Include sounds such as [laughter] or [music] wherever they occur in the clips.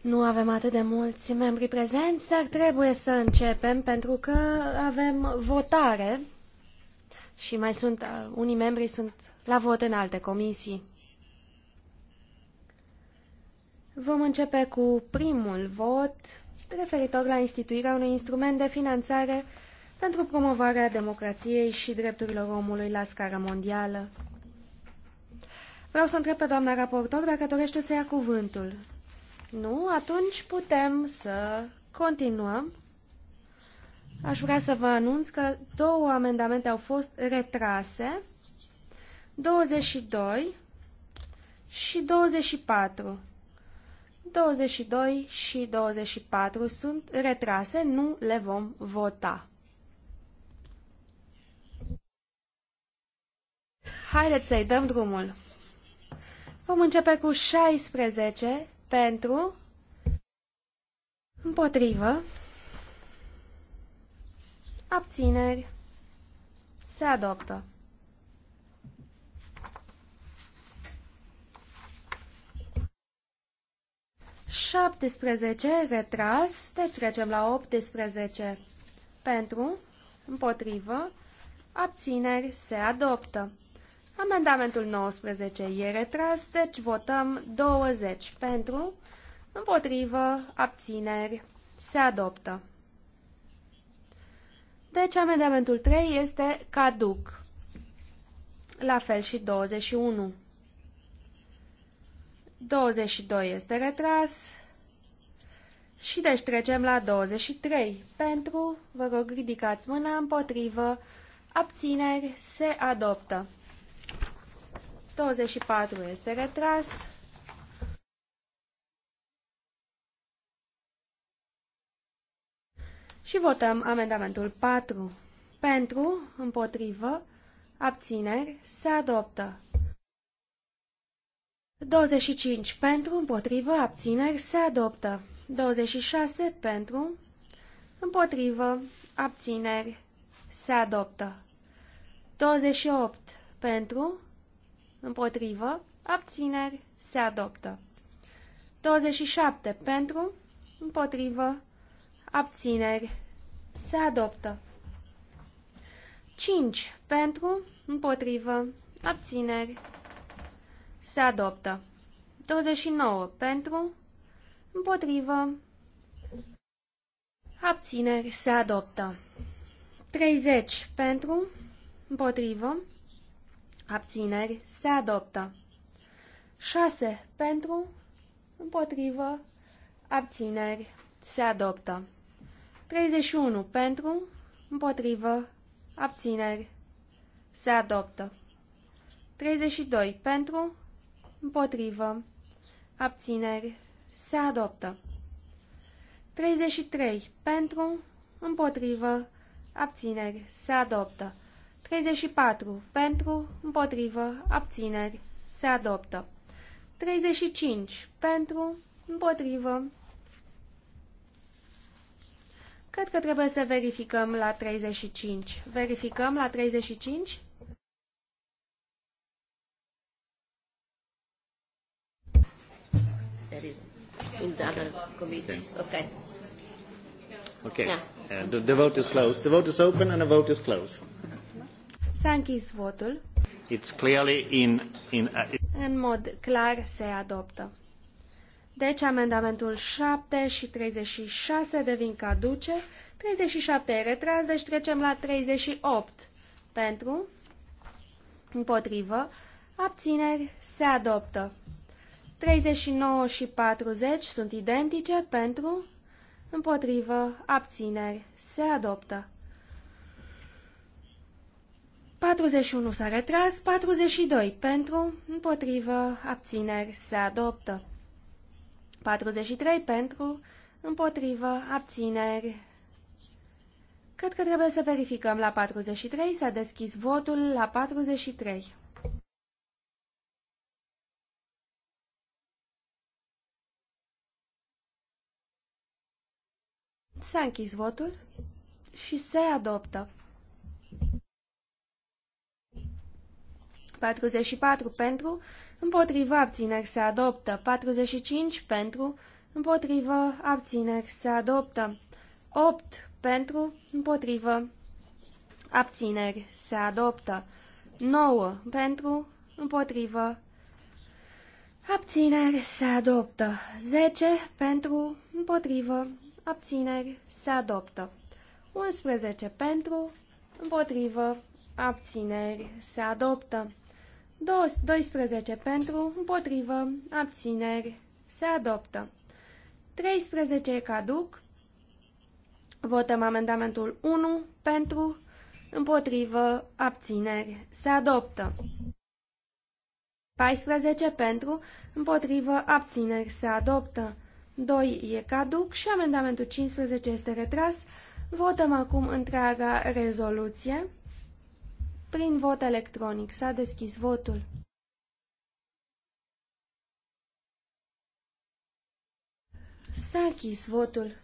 Nu avem atât de mulți membri prezenți, dar trebuie să începem pentru că avem votare și mai sunt, uh, unii membri sunt la vot în alte comisii. Vom începe cu primul vot referitor la instituirea unui instrument de finanțare pentru promovarea democrației și drepturilor omului la scară mondială. Vreau să întreb pe doamna raportor dacă dorește să ia cuvântul. Nu? Atunci putem să continuăm. Aș vrea să vă anunț că două amendamente au fost retrase, 22 și 24. 22 și 24 sunt retrase, nu le vom vota. Haideți să-i dăm drumul. Vom începe cu 16, pentru, împotrivă, abțineri, se adoptă. Șaptesprezece, retras, deci trecem la optesprezece, pentru, împotrivă, abțineri, se adoptă. Amendamentul 19 e retras, deci votăm 20 pentru, împotrivă, abțineri, se adoptă. Deci amendamentul 3 este caduc. La fel și 21. 22 este retras. Și deci trecem la 23. Pentru, vă rog, ridicați mâna împotrivă, abțineri, se adoptă. 24 este retras. Și votăm amendamentul 4. Pentru, împotrivă, abțineri, se adoptă. 25. Pentru, împotrivă, abțineri, se adoptă. 26. Pentru, împotrivă, abțineri, se adoptă. 28. Pentru, Împotrivă. Abțineri. Se adoptă. 27. Pentru. Împotrivă. Abțineri. Se adoptă. 5. Pentru. Împotrivă. Abțineri. Se adoptă. 29. Pentru. Împotrivă. Abțineri. Se adoptă. 30. Pentru. Împotrivă. Abțineri se adoptă. 6. Pentru, împotrivă, abțineri se adoptă. 31. Pentru, împotrivă, abțineri se adoptă. 32. Pentru, împotrivă, abțineri se adoptă. 33. Pentru, împotrivă, abțineri se adoptă. 34. Pentru, împotrivă, abțineri, se adoptă. 35. Pentru, împotrivă. Cred că trebuie să verificăm la 35. Verificăm la 35? In the other committees. Okay. Okay. Yeah. Uh, the, the vote is closed. The vote is open and the vote is closed. S-a închis votul. It's clearly in, in a... Uh, În mod clar se adoptă. Deci amendamentul 7 și 36 devin caduce, 37 e retras, deci trecem la 38. Pentru, împotrivă, abțineri, se adoptă. 39 și 40 sunt identice, pentru, împotrivă, abțineri, se adoptă. 41 s-a retras, 42 pentru, împotrivă, abțineri, se adoptă. 43 pentru, împotrivă, abțineri. Cred că trebuie să verificăm la 43, s-a deschis votul la 43. S-a închis votul și se adoptă. 44 pentru, împotrivă abțineri se adoptă. 45 pentru, împotrivă abțineri se adoptă. 8 pentru, împotrivă abțineri se adoptă. 9 pentru, împotrivă abțineri se adoptă. 10 pentru, împotrivă abțineri se adoptă. 11 pentru, împotrivă abțineri se adoptă. 12 pentru, împotrivă, abțineri, se adoptă. 13 caduc. Votăm amendamentul 1 pentru, împotrivă, abțineri, se adoptă. 14 pentru, împotrivă, abțineri, se adoptă. 2 e caduc și amendamentul 15 este retras. Votăm acum întreaga rezoluție prin vot electronic. S-a deschis votul. S-a închis votul.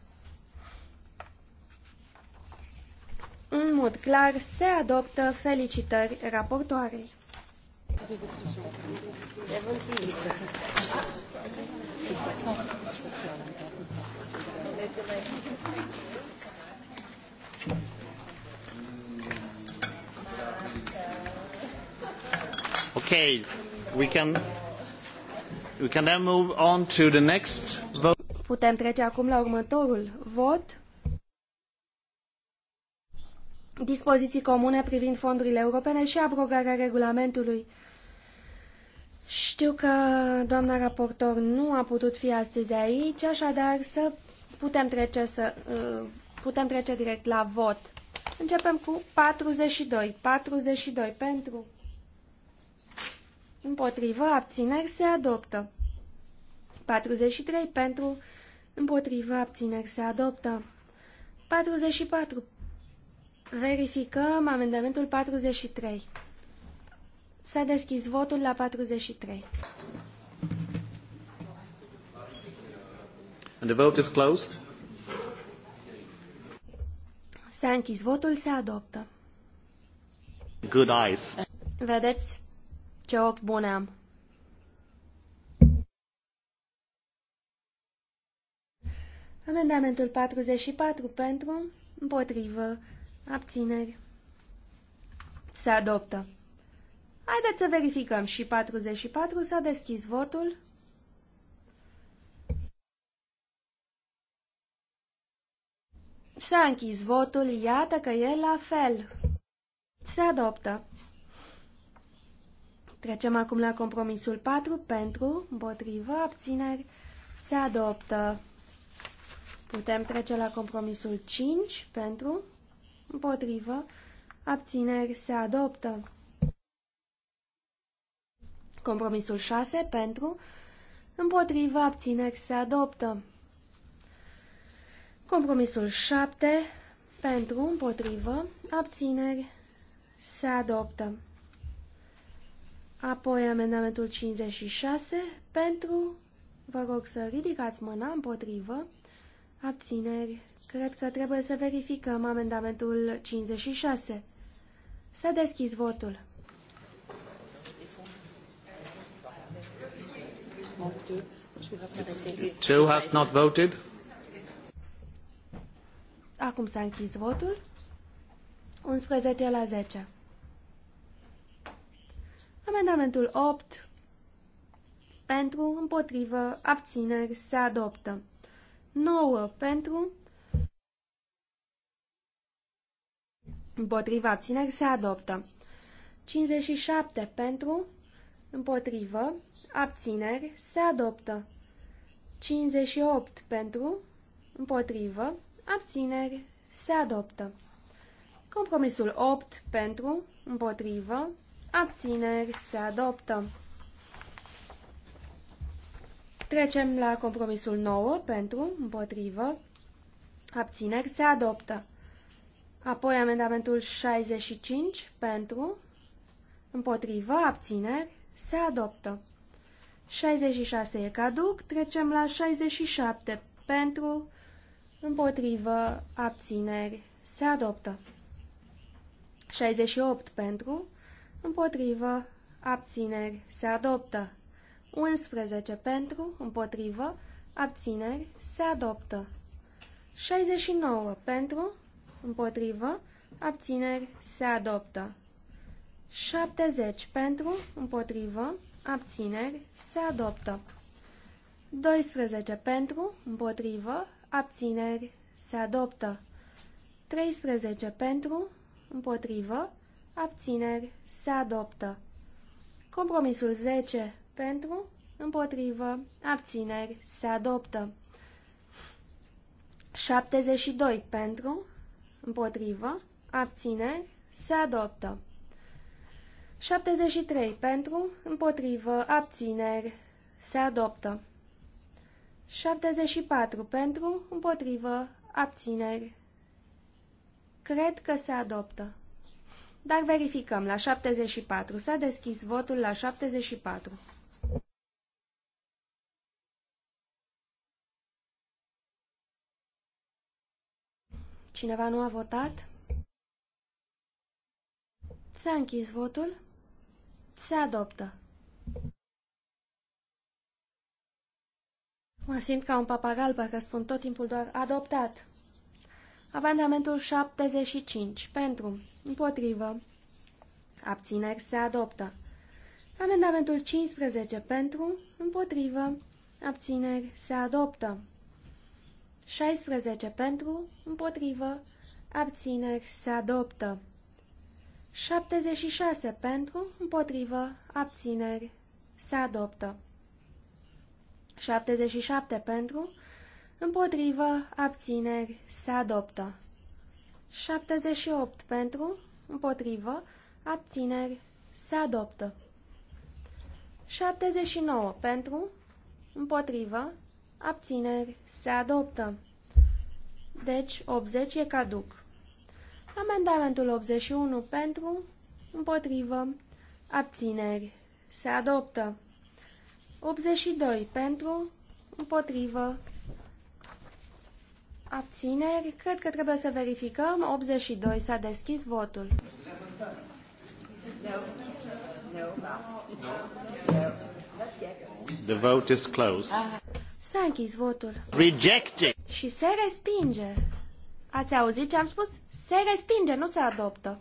În mod clar, se adoptă felicitări raportoarei. Thank you. Putem trece acum la următorul vot. Dispoziții comune privind fondurile europene și abrogarea regulamentului. Știu că doamna raportor nu a putut fi astăzi aici, așadar să putem trece, să, uh, putem trece direct la vot. Începem cu 42. 42 pentru împotrivă, abțineri, se adoptă. 43 pentru, împotrivă, abțineri, se adoptă. 44. Verificăm amendamentul 43. S-a deschis votul la 43. And the vote is closed. S-a închis votul, se adoptă. Good eyes. Vedeți ce ochi bune am! Amendamentul 44 pentru, împotrivă, abțineri. Se adoptă. Haideți să verificăm și 44 s-a deschis votul. S-a închis votul, iată că e la fel. Se adoptă. Trecem acum la compromisul 4 pentru, împotrivă, abțineri, se adoptă. Putem trece la compromisul 5 pentru, împotrivă, abțineri, se adoptă. Compromisul 6 pentru, împotrivă, abțineri, se adoptă. Compromisul 7 pentru, împotrivă, abțineri, se adoptă. Apoi amendamentul 56 pentru, vă rog să ridicați mâna împotrivă, abțineri. Cred că trebuie să verificăm amendamentul 56. Să deschis votul. Two has not voted. Acum s-a închis votul. 11 la 10. Amendamentul 8 pentru, împotrivă, abțineri, se adoptă. 9 pentru, împotrivă, abțineri, se adoptă. 57 pentru, împotrivă, abțineri, se adoptă. 58 pentru, împotrivă, abțineri, se adoptă. Compromisul 8 pentru, împotrivă, abțineri, se adoptă. Trecem la compromisul 9 pentru, împotrivă, abțineri, se adoptă. Apoi amendamentul 65 pentru, împotrivă, abțineri, se adoptă. 66 e caduc, trecem la 67 pentru, împotrivă, abțineri, se adoptă. 68 pentru, împotrivă, abțineri, se adoptă. 11 pentru, împotrivă, abțineri, se adoptă. 69 pentru, împotrivă, abțineri, se adoptă. 70 pentru, împotrivă, abțineri, se adoptă. 12 pentru, împotrivă, abțineri, se adoptă. 13 pentru, împotrivă, abțineri, se adoptă. Compromisul 10 pentru, împotrivă, abțineri, se adoptă. 72 pentru, împotrivă, abțineri, se adoptă. 73 pentru, împotrivă, abțineri, se adoptă. 74 pentru, împotrivă, abțineri. Cred că se adoptă. Dar verificăm. La 74 s-a deschis votul la 74. Cineva nu a votat? S-a închis votul. Se adoptă. Mă simt ca un papagal, parcă spun tot timpul doar adoptat. Amendamentul 75. Pentru. Împotrivă. Abțineri se adoptă. Amendamentul 15. Pentru. Împotrivă. Abțineri se adoptă. 16. Pentru. Împotrivă. Abțineri se adoptă. 76. Pentru. Împotrivă. Abțineri se adoptă. 77. Pentru. Împotrivă, abțineri, se adoptă. 78 pentru, împotrivă, abțineri, se adoptă. 79 pentru, împotrivă, abțineri, se adoptă. Deci 80 e caduc. Amendamentul 81 pentru, împotrivă, abțineri, se adoptă. 82 pentru, împotrivă, Abțineri? Cred că trebuie să verificăm. 82 s-a deschis votul. The vote is closed. S-a închis votul. Rejected. Și se respinge. Ați auzit ce am spus? Se respinge, nu se adoptă.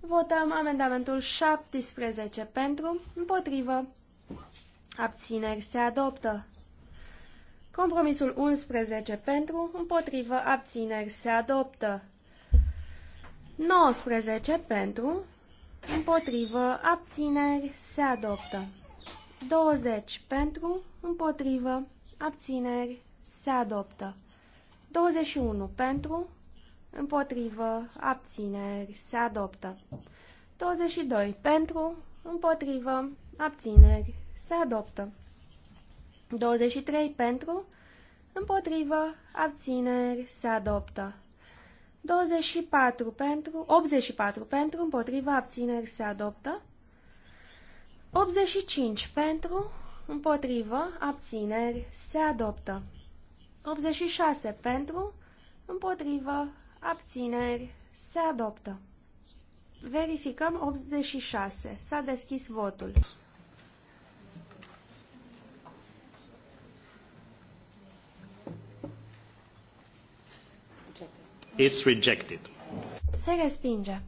Votăm amendamentul 17 pentru, împotrivă, Abțineri se adoptă. Compromisul 11 pentru, împotrivă, abțineri se adoptă. 19 pentru, împotrivă, abțineri se adoptă. 20 pentru, împotrivă, abțineri se adoptă. 21 pentru, împotrivă, abțineri se adoptă. 22 pentru, împotrivă, abțineri se adoptă. 23 pentru, împotrivă, abțineri, se adoptă. 24 pentru, 84 pentru, împotrivă, abțineri, se adoptă. 85 pentru, împotrivă, abțineri, se adoptă. 86 pentru, împotrivă, abțineri, se adoptă. Verificăm 86. S-a deschis votul. It's rejected. Se respinge.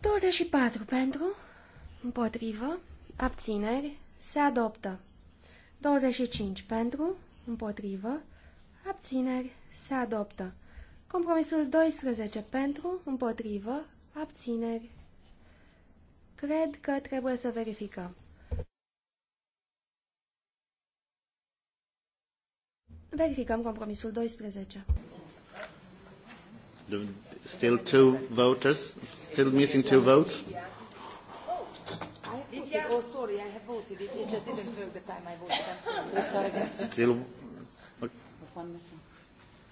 24 pentru, împotrivă, abțineri, se adoptă. 25 pentru, împotrivă, abțineri, se adoptă. Compromisul 12 pentru, împotrivă, abțineri. Cred că trebuie să verificăm. Verificăm compromisul 12. Still two voters? Still missing two votes? Oh, sorry, I have voted. It just didn't work the time I voted. I'm sorry. Let's start again. Still, one missing.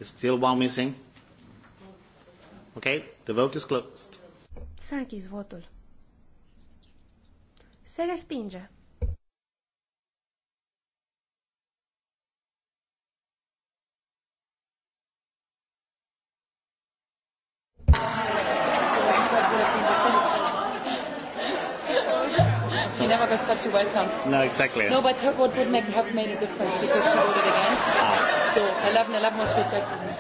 Still one missing. Okay, the vote is closed. S-a închis votul. Se respinge. she never got such a welcome. No, exactly. No, but her vote would make, have made a difference because she voted against. Ah. So 11, 11 was rejected.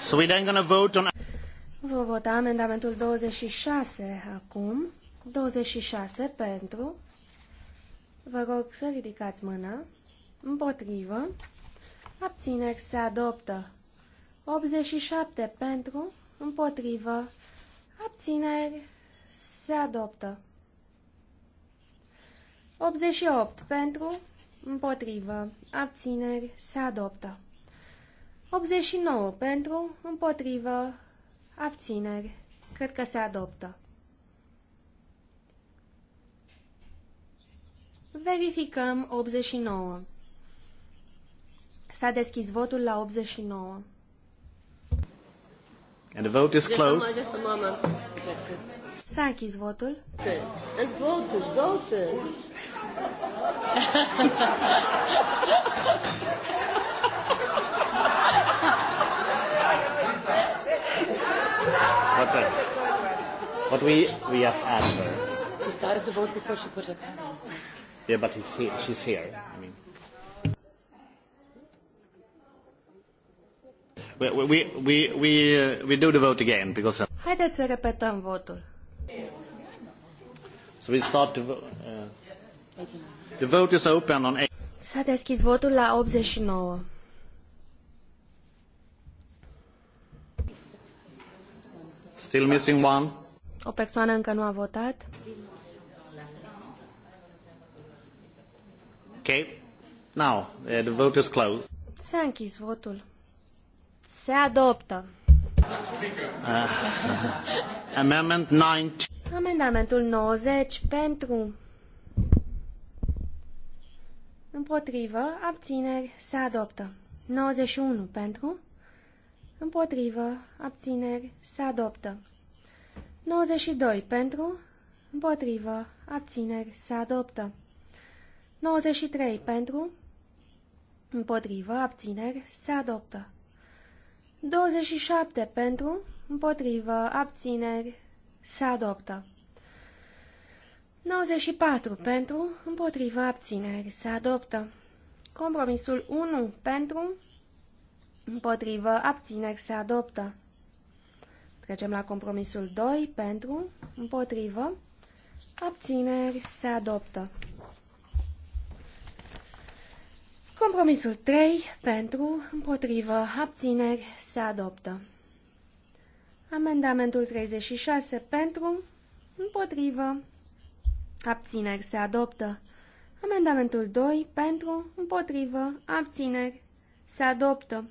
So we then going to vote on. Vom vota amendamentul 26 acum. 26 pentru. Vă rog să ridicați mâna. Împotrivă. Abțineri se adoptă. 87 pentru, împotrivă, abțineri se adoptă. 88 pentru, împotrivă, abțineri se adoptă. 89 pentru, împotrivă, abțineri, cred că se adoptă. Verificăm 89. S-a deschis votul la 89. And the vote is closed. Just a moment. S-a închis votul. And voted, voted. What What we we just asked her. We started the vote before she put her hand. Yeah, but he's here. She's here. I mean. We, we, we, uh, we, do the vote again because... Uh, Haideți să repetăm votul. So we start to, uh, the vote is open on... S-a deschis votul la 89. Still missing one. O persoană încă nu a votat. Okay. Now, uh, the vote is closed. S-a închis votul. Se adoptă. Uh, amendment 90. Amendamentul 90 pentru Împotrivă, abțineri, se adoptă. 91 pentru. Împotrivă, abțineri, se adoptă. 92 pentru. Împotrivă, abțineri, se adoptă. 93 pentru. Împotrivă, abțineri, se adoptă. 27 pentru, împotrivă, abțineri, se adoptă. 94 pentru, împotrivă, abțineri, se adoptă. Compromisul 1 pentru, împotrivă, abțineri, se adoptă. Trecem la compromisul 2 pentru, împotrivă, abțineri, se adoptă. Compromisul 3 pentru, împotrivă, abțineri se adoptă. Amendamentul 36 pentru, împotrivă, abțineri se adoptă. Amendamentul 2 pentru, împotrivă, abțineri se adoptă.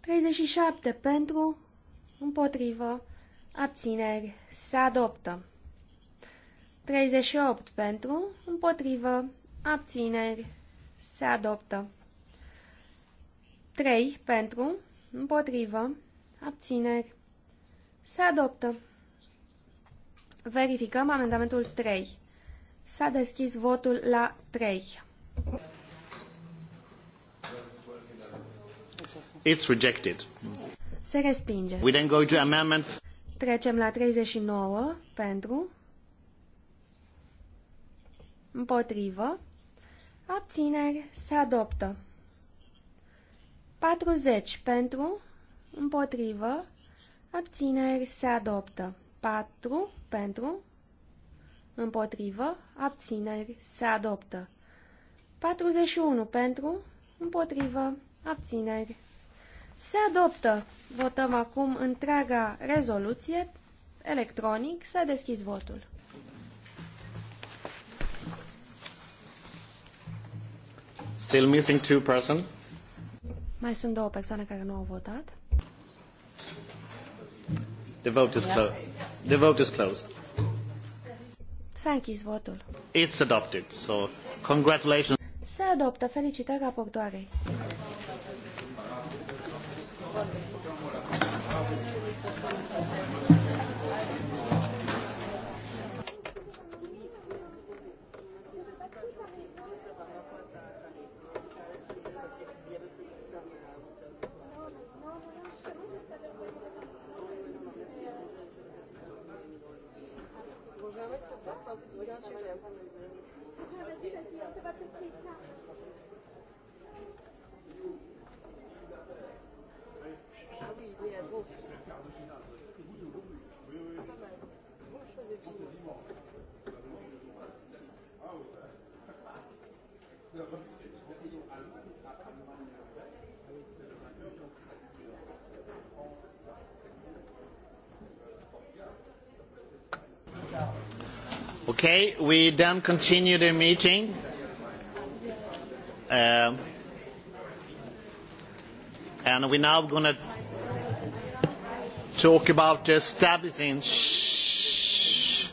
37 pentru, împotrivă, abțineri se adoptă. 38 pentru, împotrivă, abțineri se adoptă. 3 pentru, împotrivă, abțineri, se adoptă. Verificăm amendamentul 3. S-a deschis votul la 3. It's rejected. Se respinge. We then go to amendment... Trecem la 39 pentru, împotrivă, Abțineri se adoptă. 40 pentru, împotrivă, abțineri se adoptă. 4 pentru, împotrivă, abțineri se adoptă. 41 pentru, împotrivă, abțineri se adoptă. Votăm acum întreaga rezoluție electronic. S-a deschis votul. Still missing two person. Mai sunt două persoane care nu au votat. The vote is closed. The vote is closed. S-a închis votul. It's adopted, so congratulations. Se adoptă. Felicitări raportoarei. we then continue the meeting. Uh, and we're now going to talk about establishing. Shh.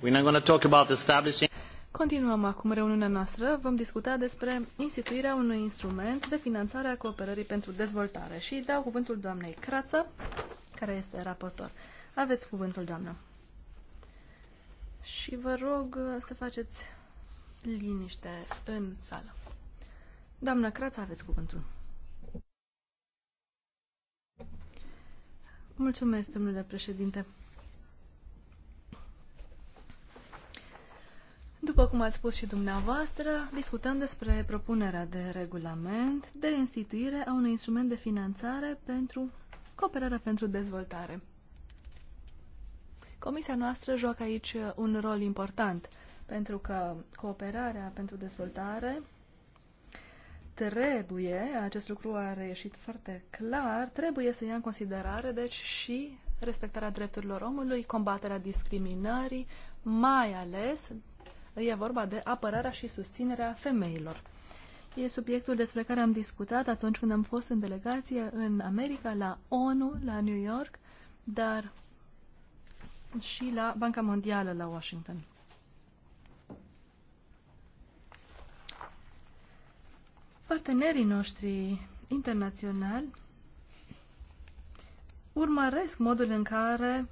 We're now going to talk about establishing. Continuăm acum reuniunea noastră. Vom discuta despre instituirea unui instrument de finanțare a cooperării pentru dezvoltare și dau cuvântul doamnei Crață, care este raportor. Aveți cuvântul, doamnă și vă rog uh, să faceți liniște în sală. Doamna Craț, aveți cuvântul. Mulțumesc, domnule președinte. După cum ați spus și dumneavoastră, discutăm despre propunerea de regulament de instituire a unui instrument de finanțare pentru cooperarea pentru dezvoltare. Comisia noastră joacă aici uh, un rol important, pentru că cooperarea pentru dezvoltare trebuie, acest lucru a reieșit foarte clar, trebuie să ia în considerare, deci, și respectarea drepturilor omului, combaterea discriminării, mai ales e vorba de apărarea și susținerea femeilor. E subiectul despre care am discutat atunci când am fost în delegație în America, la ONU, la New York, dar și la Banca Mondială la Washington. Partenerii noștri internaționali urmăresc modul în care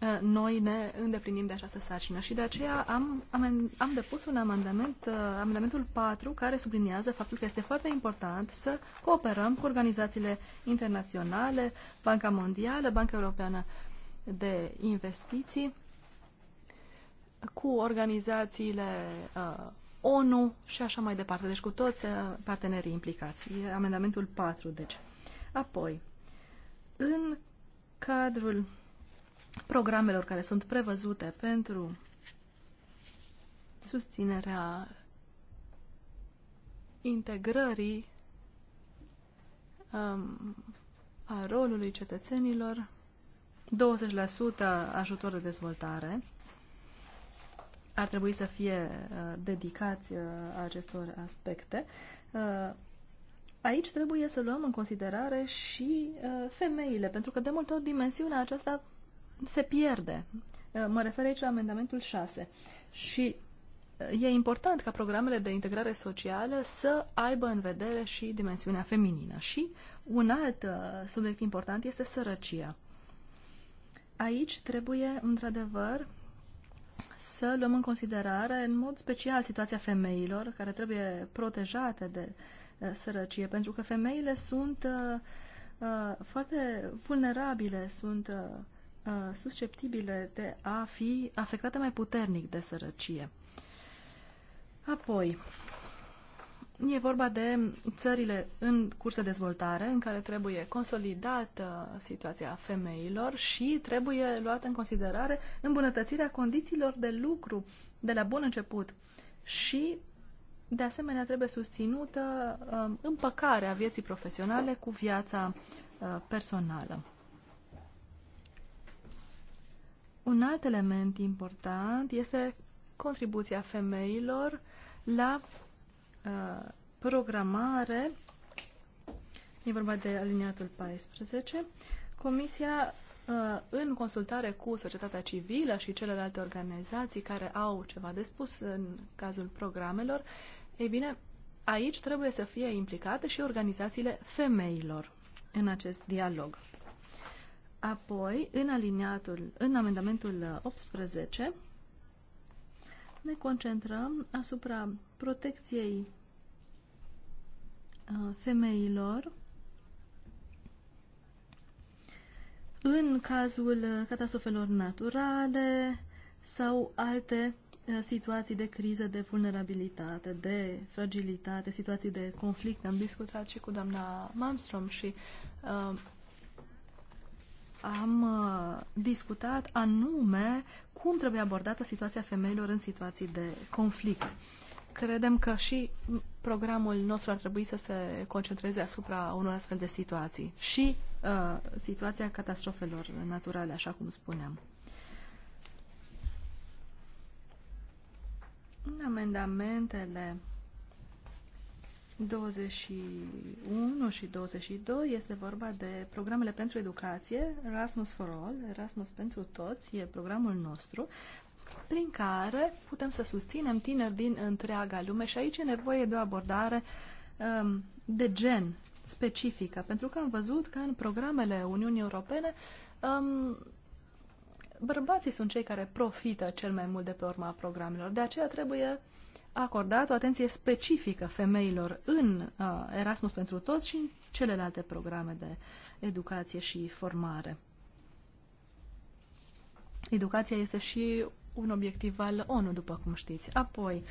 uh, noi ne îndeplinim de această sarcină și de aceea am, am, am depus un amendament, uh, amendamentul 4, care subliniază faptul că este foarte important să cooperăm cu organizațiile internaționale, Banca Mondială, Banca Europeană de investiții cu organizațiile uh, ONU și așa mai departe, deci cu toți uh, partenerii implicați. E amendamentul 4, deci. Apoi, în cadrul programelor care sunt prevăzute pentru susținerea integrării um, a rolului cetățenilor 20% ajutor de dezvoltare ar trebui să fie uh, dedicați uh, acestor aspecte. Uh, aici trebuie să luăm în considerare și femeile, pentru că de multe ori dimensiunea aceasta se pierde. Mă refer aici la amendamentul 6. Și e important ca programele de integrare socială să aibă în vedere și dimensiunea feminină. Și un alt subiect important este sărăcia aici trebuie, într-adevăr, să luăm în considerare, în mod special, situația femeilor, care trebuie protejate de uh, sărăcie, pentru că femeile sunt uh, uh, foarte vulnerabile, sunt uh, uh susceptibile de a fi afectate mai puternic de sărăcie. Apoi, E vorba de țările în curs de dezvoltare, în care trebuie consolidată situația femeilor și trebuie luată în considerare îmbunătățirea condițiilor de lucru de la bun început. Și, de asemenea, trebuie susținută um, împăcarea vieții profesionale cu viața uh, personală. Un alt element important este contribuția femeilor la Uh, programare, e vorba de aliniatul 14, Comisia, uh, în consultare cu societatea civilă și celelalte organizații care au ceva de spus în cazul programelor, ei bine, aici trebuie să fie implicate și organizațiile femeilor în acest dialog. Apoi, în aliniatul, în amendamentul 18, ne concentrăm asupra protecției femeilor în cazul catastrofelor naturale sau alte situații de criză, de vulnerabilitate, de fragilitate, situații de conflict. Am discutat și cu doamna Malmstrom și uh, am uh, discutat anume cum trebuie abordată situația femeilor în situații de conflict. Credem că și programul nostru ar trebui să se concentreze asupra unor astfel de situații și uh, situația catastrofelor naturale, așa cum spuneam. În amendamentele 21 și 22 este vorba de programele pentru educație, Erasmus for All, Erasmus pentru toți, e programul nostru, prin care putem să susținem tineri din întreaga lume și aici e nevoie de o abordare um, de gen specifică, pentru că am văzut că în programele Uniunii Europene um, bărbații sunt cei care profită cel mai mult de pe urma programelor, de aceea trebuie acordat o atenție specifică femeilor în uh, Erasmus pentru toți și în celelalte programe de educație și formare. Educația este și un obiectiv al ONU, după cum știți. Apoi,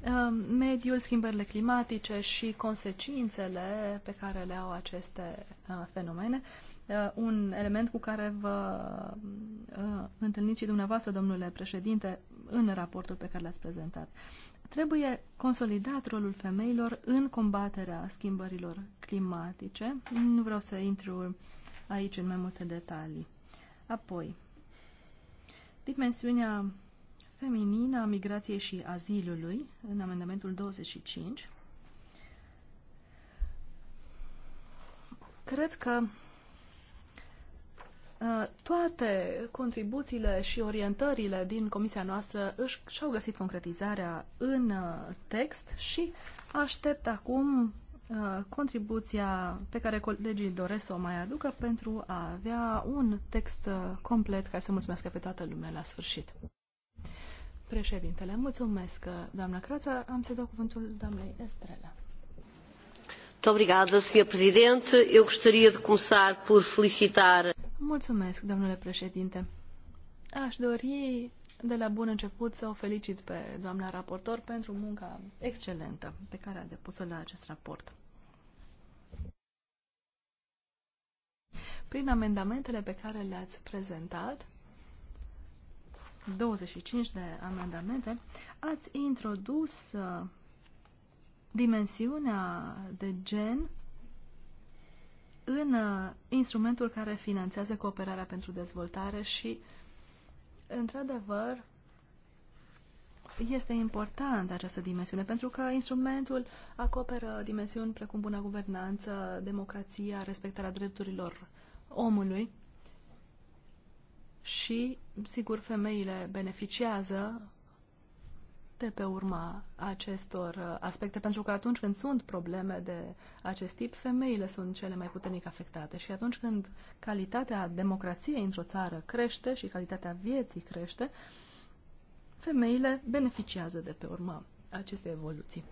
uh, mediul, schimbările climatice și consecințele pe care le au aceste uh, fenomene. Uh, un element cu care vă întâlniți și dumneavoastră, domnule președinte, în raportul pe care l-ați prezentat. Trebuie consolidat rolul femeilor în combaterea schimbărilor climatice. Nu vreau să intru aici în mai multe detalii. Apoi, dimensiunea feminină a migrației și azilului în amendamentul 25. Cred că Uh, toate contribuțiile și orientările din comisia noastră își, și-au găsit concretizarea în uh, text și aștept acum uh, contribuția pe care colegii doresc să o mai aducă pentru a avea un text complet care să mulțumesc pe toată lumea la sfârșit. Președintele, mulțumesc, doamna Crața. Am să dau cuvântul doamnei Estrela. Muito obrigada, Sr. Presidente. Eu gostaria de começar por felicitar Mulțumesc, domnule președinte. Aș dori de la bun început să o felicit pe doamna raportor pentru munca excelentă pe care a depus-o la acest raport. Prin amendamentele pe care le-ați prezentat, 25 de amendamente, ați introdus uh, dimensiunea de gen în uh, instrumentul care finanțează cooperarea pentru dezvoltare și, într-adevăr, este importantă această dimensiune, pentru că instrumentul acoperă dimensiuni precum buna guvernanță, democrația, respectarea drepturilor omului și, sigur, femeile beneficiază de pe urma acestor uh, aspecte, pentru că atunci când sunt probleme de acest tip, femeile sunt cele mai puternic afectate și atunci când calitatea democrației într-o țară crește și calitatea vieții crește, femeile beneficiază de pe urma acestei evoluții.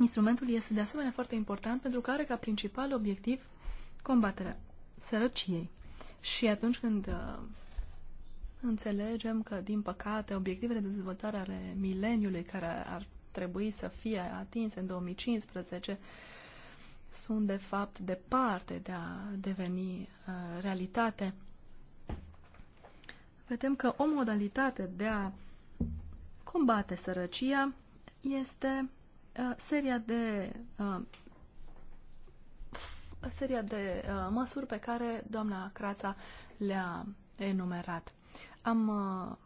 Instrumentul este de asemenea foarte important pentru că are ca principal obiectiv combaterea sărăciei. Și atunci când uh, înțelegem că, din păcate, obiectivele de dezvoltare ale mileniului care ar trebui să fie atinse în 2015 sunt, de fapt, departe de a deveni uh, realitate, vedem că o modalitate de a combate sărăcia este uh, seria de seria de uh, măsuri pe care doamna Crața le-a enumerat. Am uh,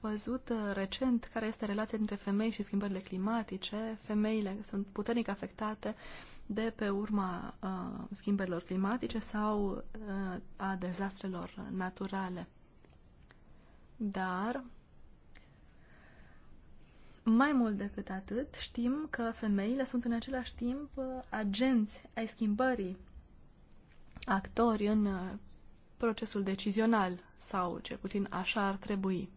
văzut uh, recent care este relația dintre femei și schimbările climatice. Femeile sunt puternic afectate de pe urma uh, schimbărilor climatice sau uh, a dezastrelor naturale. Dar mai mult decât atât, știm că femeile sunt în același timp uh, agenți ai schimbării, actori în uh, procesul decizional, sau cel puțin așa ar trebui.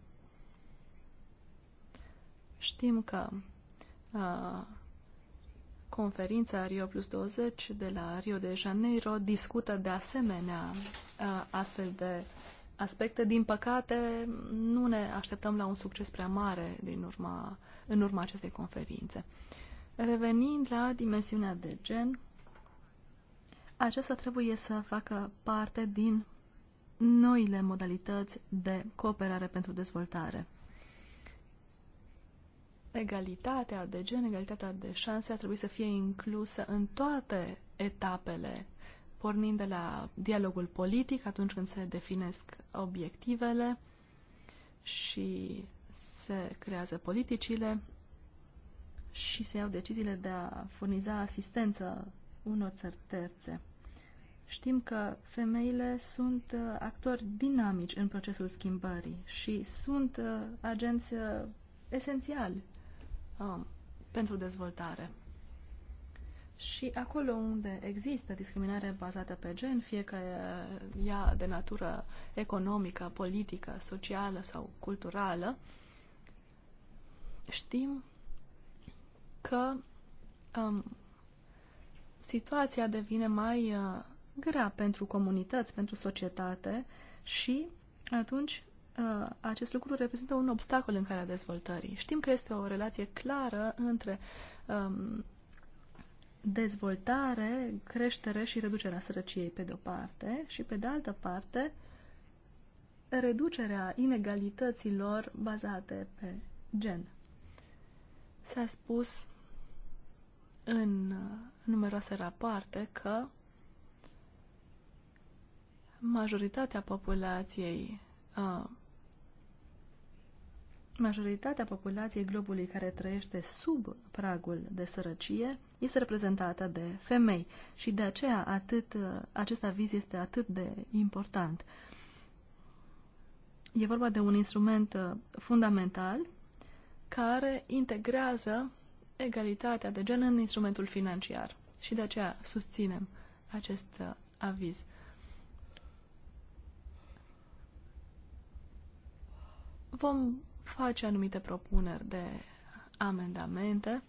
Știm că uh, conferința Rio Plus 20 de la Rio de Janeiro discută de asemenea uh, astfel de aspecte. Din păcate, nu ne așteptăm la un succes prea mare din urma, în urma acestei conferințe. Revenind la dimensiunea de gen, aceasta trebuie să facă parte din noile modalități de cooperare pentru dezvoltare. Egalitatea de gen, egalitatea de șanse a trebuit să fie inclusă în toate etapele pornind de la dialogul politic atunci când se definesc obiectivele și se creează politicile și se iau deciziile de a furniza asistență unor țări terțe. Știm că femeile sunt uh, actori dinamici în procesul schimbării și sunt uh, agenți uh, esențiali um, pentru dezvoltare. Și acolo unde există discriminare bazată pe gen, fie că ea de natură economică, politică, socială sau culturală, știm că um, situația devine mai uh, grea pentru comunități, pentru societate și atunci uh, acest lucru reprezintă un obstacol în calea dezvoltării. Știm că este o relație clară între um, dezvoltare, creștere și reducerea sărăciei pe de-o parte și pe de altă parte reducerea inegalităților bazate pe gen. S-a spus în numeroase rapoarte că majoritatea populației uh, majoritatea populației globului care trăiește sub pragul de sărăcie este reprezentată de femei și de aceea atât, acest aviz este atât de important. E vorba de un instrument uh, fundamental care integrează egalitatea de gen în instrumentul financiar și de aceea susținem acest uh, aviz. Vom face anumite propuneri de amendamente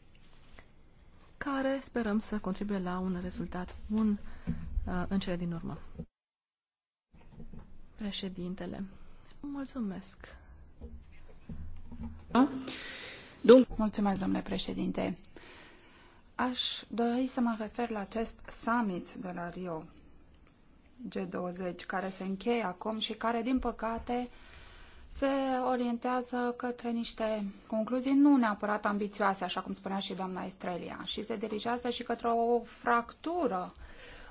care sperăm să contribuie la un rezultat bun uh, în cele din urmă. Președintele, mulțumesc. Mulțumesc, domnule președinte. Aș dori să mă refer la acest summit de la Rio G20, care se încheie acum și care, din păcate, se orientează către niște concluzii nu neapărat ambițioase, așa cum spunea și doamna Estrelia, și se dirigează și către o fractură,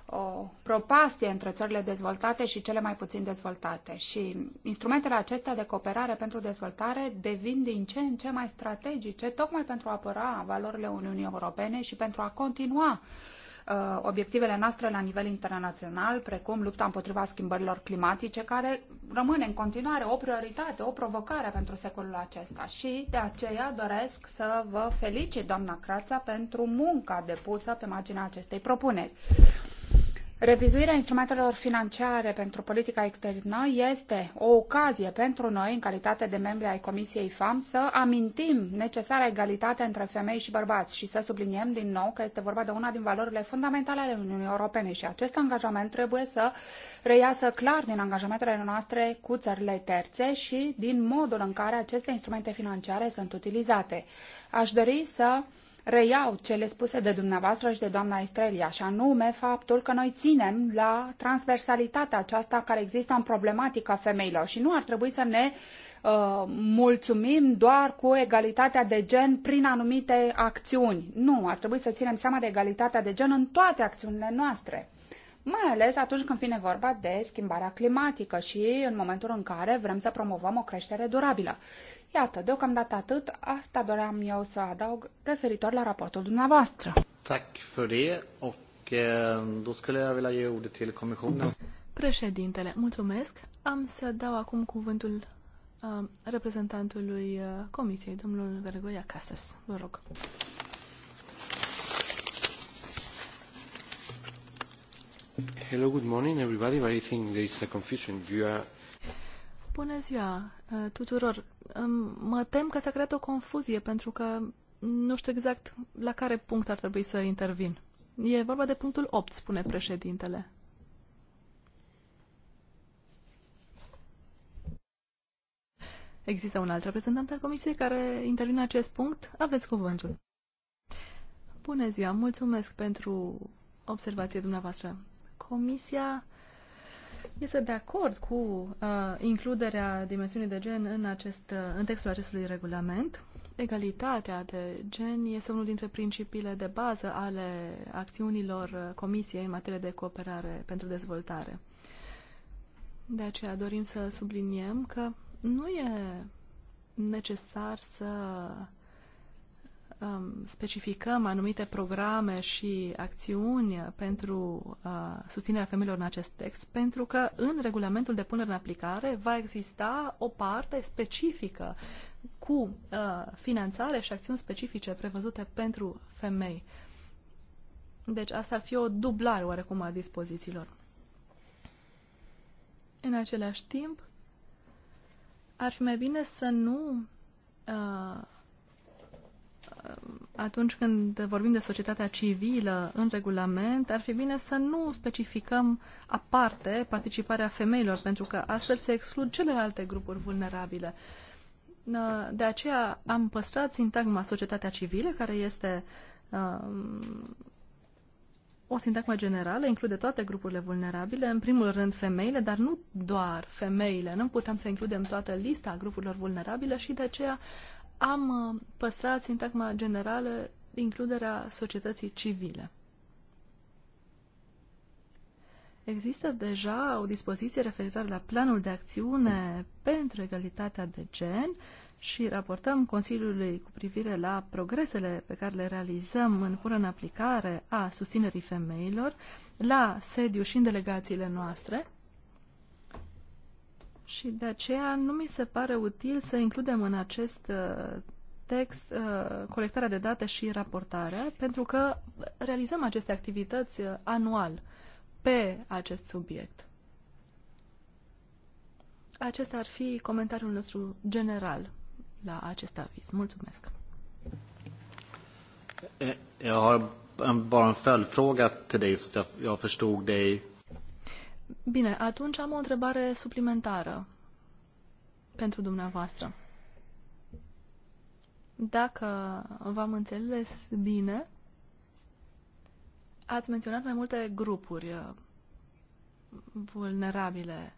o propastie între țările dezvoltate și cele mai puțin dezvoltate. Și instrumentele acestea de cooperare pentru dezvoltare devin din ce în ce mai strategice, tocmai pentru a apăra valorile Uniunii Europene și pentru a continua uh, Uh, obiectivele noastre la nivel internațional, precum lupta împotriva schimbărilor climatice, care rămâne în continuare o prioritate, o provocare pentru secolul acesta. Și de aceea doresc să vă felicit, doamna Crața, pentru munca depusă pe marginea acestei propuneri. Revizuirea instrumentelor financiare pentru politica externă este o ocazie pentru noi, în calitate de membri ai Comisiei FAM, să amintim necesara egalitate între femei și bărbați și să subliniem din nou că este vorba de una din valorile fundamentale ale Uniunii Europene și acest angajament trebuie să reiasă clar din angajamentele noastre cu țările terțe și din modul în care aceste instrumente financiare sunt utilizate. Aș dori să reiau cele spuse de dumneavoastră și de doamna Estrelia, și anume faptul că noi ținem la transversalitatea aceasta care există în problematica femeilor și nu ar trebui să ne uh, mulțumim doar cu egalitatea de gen prin anumite acțiuni. Nu, ar trebui să ținem seama de egalitatea de gen în toate acțiunile noastre mai ales atunci când vine vorba de schimbarea climatică și în momentul în care vrem să promovăm o creștere durabilă. Iată, deocamdată atât, asta doream eu să adaug referitor la raportul dumneavoastră. Tack för det och eh, då skulle jag vilja ge ordet till kommissionen. Președintele, mulțumesc. Am să dau acum cuvântul uh, reprezentantului uh, Comisiei, domnul Vergoia Casas. Vă rog. Hello, good morning everybody. I think there is a confusion. You are Bună ziua uh, tuturor! Mă tem că s-a creat o confuzie pentru că nu știu exact la care punct ar trebui să intervin. E vorba de punctul 8, spune președintele. Există un alt reprezentant al comisiei care intervine în acest punct? Aveți cuvântul. Bună ziua! Mulțumesc pentru observație dumneavoastră. Comisia este de acord cu uh, includerea dimensiunii de gen în, acest, uh, în textul acestui regulament. Egalitatea de gen este unul dintre principiile de bază ale acțiunilor uh, Comisiei în materie de cooperare pentru dezvoltare. De aceea dorim să subliniem că nu e necesar să Um, specificăm anumite programe și acțiuni pentru uh, susținerea femeilor în acest text, pentru că în regulamentul de punere în aplicare va exista o parte specifică cu uh, finanțare și acțiuni specifice prevăzute pentru femei. Deci asta ar fi o dublare oarecum a dispozițiilor. În același timp, ar fi mai bine să nu uh, atunci când vorbim de societatea civilă în regulament, ar fi bine să nu specificăm aparte participarea femeilor, pentru că astfel se exclud celelalte grupuri vulnerabile. De aceea am păstrat sintagma societatea civilă, care este um, o sintagmă generală, include toate grupurile vulnerabile, în primul rând femeile, dar nu doar femeile. Nu putem să includem toată lista grupurilor vulnerabile și de aceea am uh, păstrat sintagma generală includerea societății civile. Există deja o dispoziție referitoare la planul de acțiune pentru egalitatea de gen și raportăm Consiliului cu privire la progresele pe care le realizăm în pură în aplicare a susținerii femeilor la sediu și în delegațiile noastre și de aceea nu mi se pare util să includem în acest uh, text uh, colectarea de date și raportarea, pentru că realizăm aceste activități uh, anual pe acest subiect. Acesta ar fi comentariul nostru general la acest aviz. Mulțumesc. Eh, jag har bara en följdfråga till dig så att jag förstod dig Bine, atunci am o întrebare suplimentară pentru dumneavoastră. Dacă v-am înțeles bine, ați menționat mai multe grupuri uh, vulnerabile,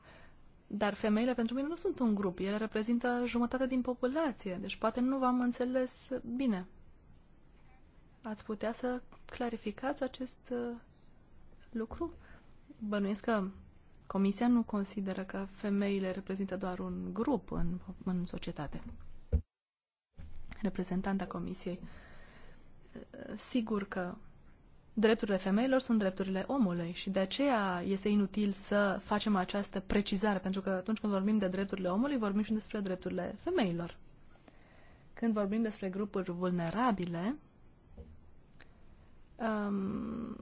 dar femeile pentru mine nu sunt un grup, ele reprezintă jumătate din populație, deci poate nu v-am înțeles bine. Ați putea să clarificați acest uh, lucru? Bănuiesc că Comisia nu consideră că femeile reprezintă doar un grup în, în societate. Reprezentanta Comisiei. Sigur că drepturile femeilor sunt drepturile omului și de aceea este inutil să facem această precizare, pentru că atunci când vorbim de drepturile omului, vorbim și despre drepturile femeilor. Când vorbim despre grupuri vulnerabile, um,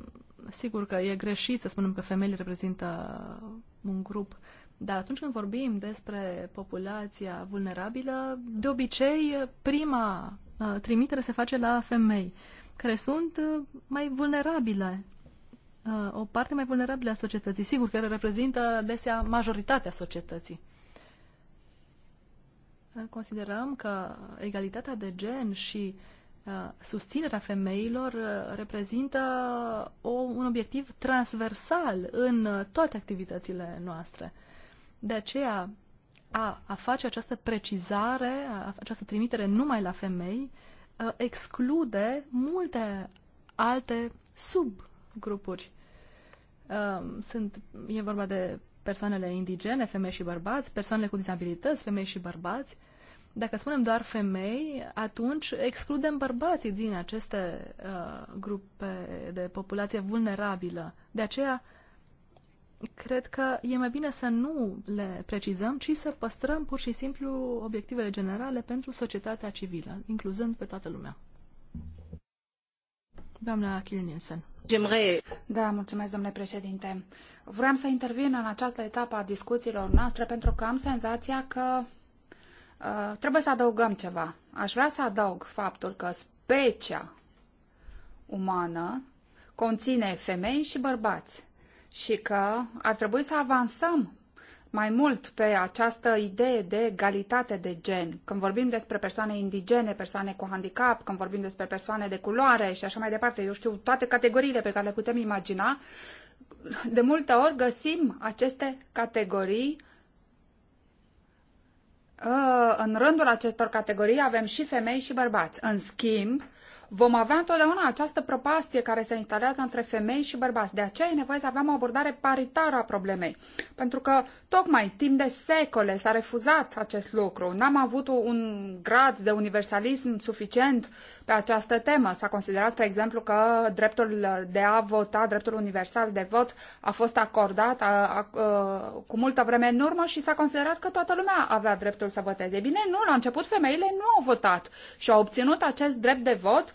sigur că e greșit să spunem că femeile reprezintă un grup, dar atunci când vorbim despre populația vulnerabilă, de obicei prima uh, trimitere se face la femei, care sunt uh, mai vulnerabile, uh, o parte mai vulnerabilă a societății, sigur, că reprezintă desea majoritatea societății. Considerăm că egalitatea de gen și uh, Uh, susținerea femeilor uh, reprezintă o, un obiectiv transversal în uh, toate activitățile noastre. De aceea, a, a face această precizare, a, această trimitere numai la femei, a, exclude multe alte subgrupuri. A, sunt, e vorba de persoanele indigene, femei și bărbați, persoanele cu dizabilități, femei și bărbați, dacă spunem doar femei, atunci excludem bărbații din aceste uh, grupe de populație vulnerabilă. De aceea, cred că e mai bine să nu le precizăm, ci să păstrăm pur și simplu obiectivele generale pentru societatea civilă, incluzând pe toată lumea. Doamna Kiel Nielsen. Da, mulțumesc, domnule președinte. Vreau să intervin în această etapă a discuțiilor noastre pentru că am senzația că Uh, trebuie să adăugăm ceva. Aș vrea să adaug faptul că specia umană conține femei și bărbați și că ar trebui să avansăm mai mult pe această idee de egalitate de gen. Când vorbim despre persoane indigene, persoane cu handicap, când vorbim despre persoane de culoare și așa mai departe, eu știu toate categoriile pe care le putem imagina, de multe ori găsim aceste categorii în rândul acestor categorii avem și femei și bărbați. În schimb, vom avea întotdeauna această prăpastie care se instalează între femei și bărbați. De aceea e nevoie să avem o abordare paritară a problemei. Pentru că tocmai timp de secole s-a refuzat acest lucru. N-am avut un grad de universalism suficient pe această temă. S-a considerat, spre exemplu, că dreptul de a vota, dreptul universal de vot a fost acordat a, a, a, cu multă vreme în urmă și s-a considerat că toată lumea avea dreptul să voteze. Bine, nu, la început femeile nu au votat și au obținut acest drept de vot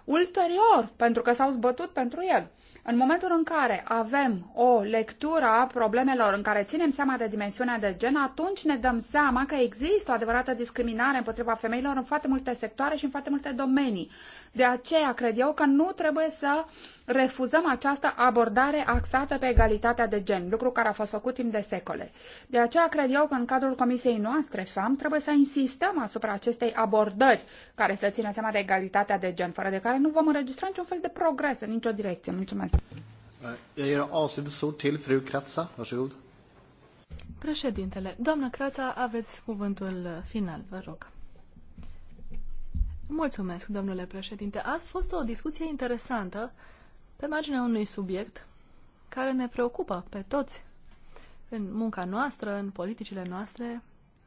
ulterior, pentru că s-au zbătut pentru el. În momentul în care avem o lectură a problemelor în care ținem seama de dimensiunea de gen, atunci ne dăm seama că există o adevărată discriminare împotriva femeilor în foarte multe sectoare și în foarte multe domenii. De aceea cred eu că nu trebuie să refuzăm această abordare axată pe egalitatea de gen, lucru care a fost făcut timp de secole. De aceea cred eu că în cadrul comisiei noastre FAM trebuie să insistăm asupra acestei abordări care să țină seama de egalitatea de gen, fără de care care nu vom înregistra niciun fel de progres în nicio direcție. Mulțumesc. Eh, jag ger avslutningsord till fru Kratsa. Varsågod. Președintele, doamnă Crața, aveți cuvântul final, vă rog. Mulțumesc, domnule președinte. A fost o discuție interesantă pe marginea unui subiect care ne preocupă pe toți în munca noastră, în politicile noastre,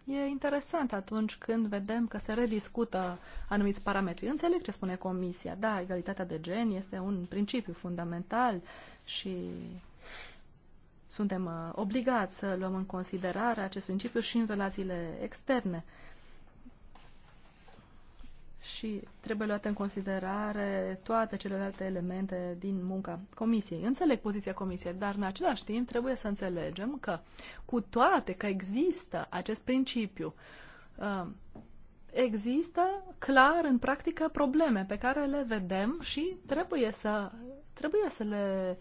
E interesant atunci când vedem că se rediscută anumiți parametri. Înțeleg ce spune Comisia. Da, egalitatea de gen este un principiu fundamental și suntem uh, obligați să luăm în considerare acest principiu și în relațiile externe și trebuie luate în considerare toate celelalte elemente din munca comisiei. Înțeleg poziția comisiei, dar în același timp trebuie să înțelegem că cu toate că există acest principiu, uh, există clar în practică probleme pe care le vedem și trebuie să, trebuie să le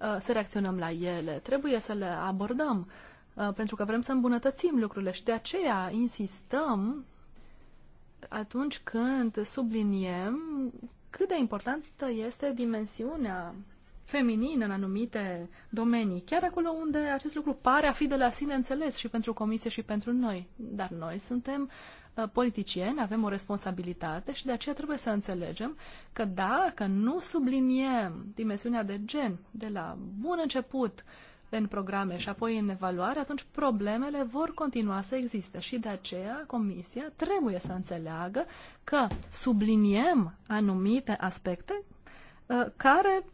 uh, să reacționăm la ele, trebuie să le abordăm uh, pentru că vrem să îmbunătățim lucrurile și de aceea insistăm atunci când subliniem cât de importantă este dimensiunea feminină în anumite domenii, chiar acolo unde acest lucru pare a fi de la sine înțeles și pentru comisie și pentru noi. Dar noi suntem uh, politicieni, avem o responsabilitate și de aceea trebuie să înțelegem că dacă nu subliniem dimensiunea de gen de la bun început, în programe și apoi în evaluare, atunci problemele vor continua să existe și de aceea Comisia trebuie să înțeleagă că subliniem anumite aspecte uh, care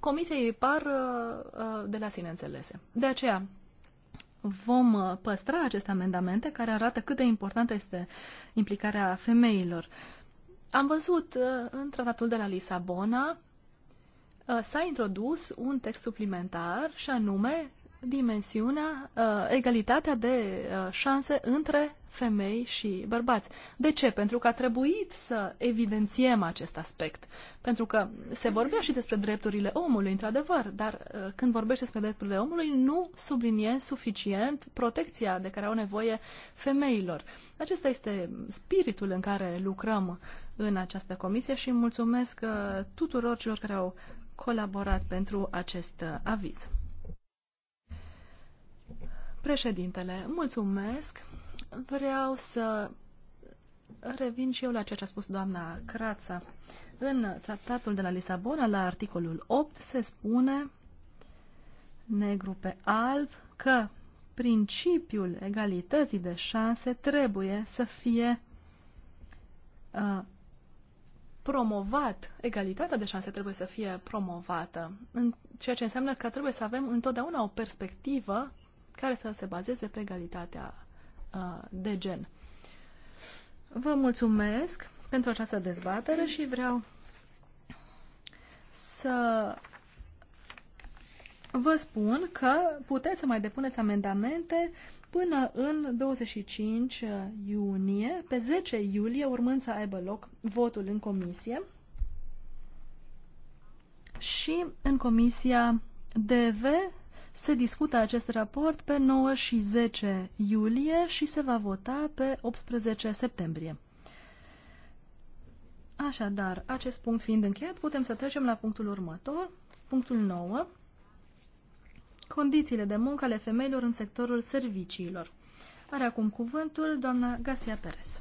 Comisiei par uh, uh, de la sine înțelese. De aceea vom păstra aceste amendamente care arată cât de importantă este implicarea femeilor. Am văzut în tratatul de la Lisabona Uh, s-a introdus un text suplimentar și anume dimensiunea, uh, egalitatea de uh, șanse între femei și bărbați. De ce? Pentru că a trebuit să evidențiem acest aspect. Pentru că se vorbea și despre drepturile omului, într-adevăr, dar când vorbește despre drepturile omului, nu sublinie suficient protecția de care au nevoie femeilor. Acesta este spiritul în care lucrăm în această comisie și mulțumesc tuturor celor care au colaborat pentru acest uh, aviz. Președintele, mulțumesc. Vreau să revin și eu la ceea ce a spus doamna Crața. În tratatul de la Lisabona, la articolul 8, se spune negru pe alb că principiul egalității de șanse trebuie să fie uh, promovat, egalitatea de șanse trebuie să fie promovată, în ceea ce înseamnă că trebuie să avem întotdeauna o perspectivă care să se bazeze pe egalitatea uh, de gen. Vă mulțumesc pentru această dezbatere și vreau să vă spun că puteți să mai depuneți amendamente până în 25 iunie, pe 10 iulie, urmând să aibă loc votul în comisie și în comisia DV se discută acest raport pe 9 și 10 iulie și se va vota pe 18 septembrie. Așadar, acest punct fiind încheiat, putem să trecem la punctul următor, punctul 9, condițiile de muncă ale femeilor în sectorul serviciilor. Are acum cuvântul doamna Garcia Perez.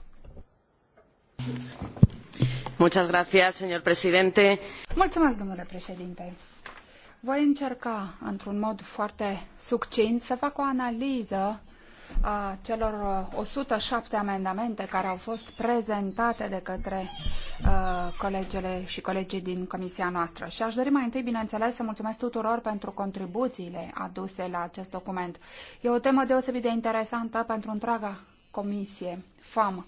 Muchas gracias, señor presidente. Mulțumesc, domnule președinte. Voi încerca, într-un mod foarte succint, să fac o analiză a celor 107 uh, amendamente care au fost prezentate de către uh, colegele și colegii din comisia noastră. Și aș dori mai întâi, bineînțeles, să mulțumesc tuturor pentru contribuțiile aduse la acest document. E o temă deosebit de interesantă pentru întreaga comisie, FAM.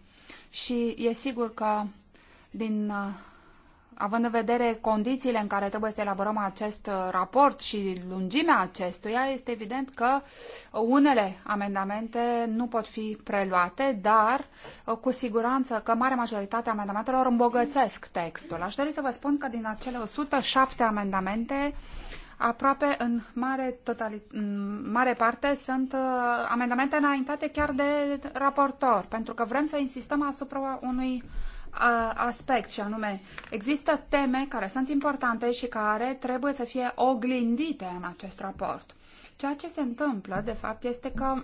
Și e sigur că din uh, având în vedere condițiile în care trebuie să elaborăm acest uh, raport și lungimea acestuia, este evident că unele amendamente nu pot fi preluate, dar uh, cu siguranță că mare majoritatea amendamentelor îmbogățesc textul. Aș dori să vă spun că din acele 107 amendamente, aproape în mare, totali, în mare parte sunt uh, amendamente înaintate chiar de raportor, pentru că vrem să insistăm asupra unui aspect și anume există teme care sunt importante și care trebuie să fie oglindite în acest raport. Ceea ce se întâmplă, de fapt, este că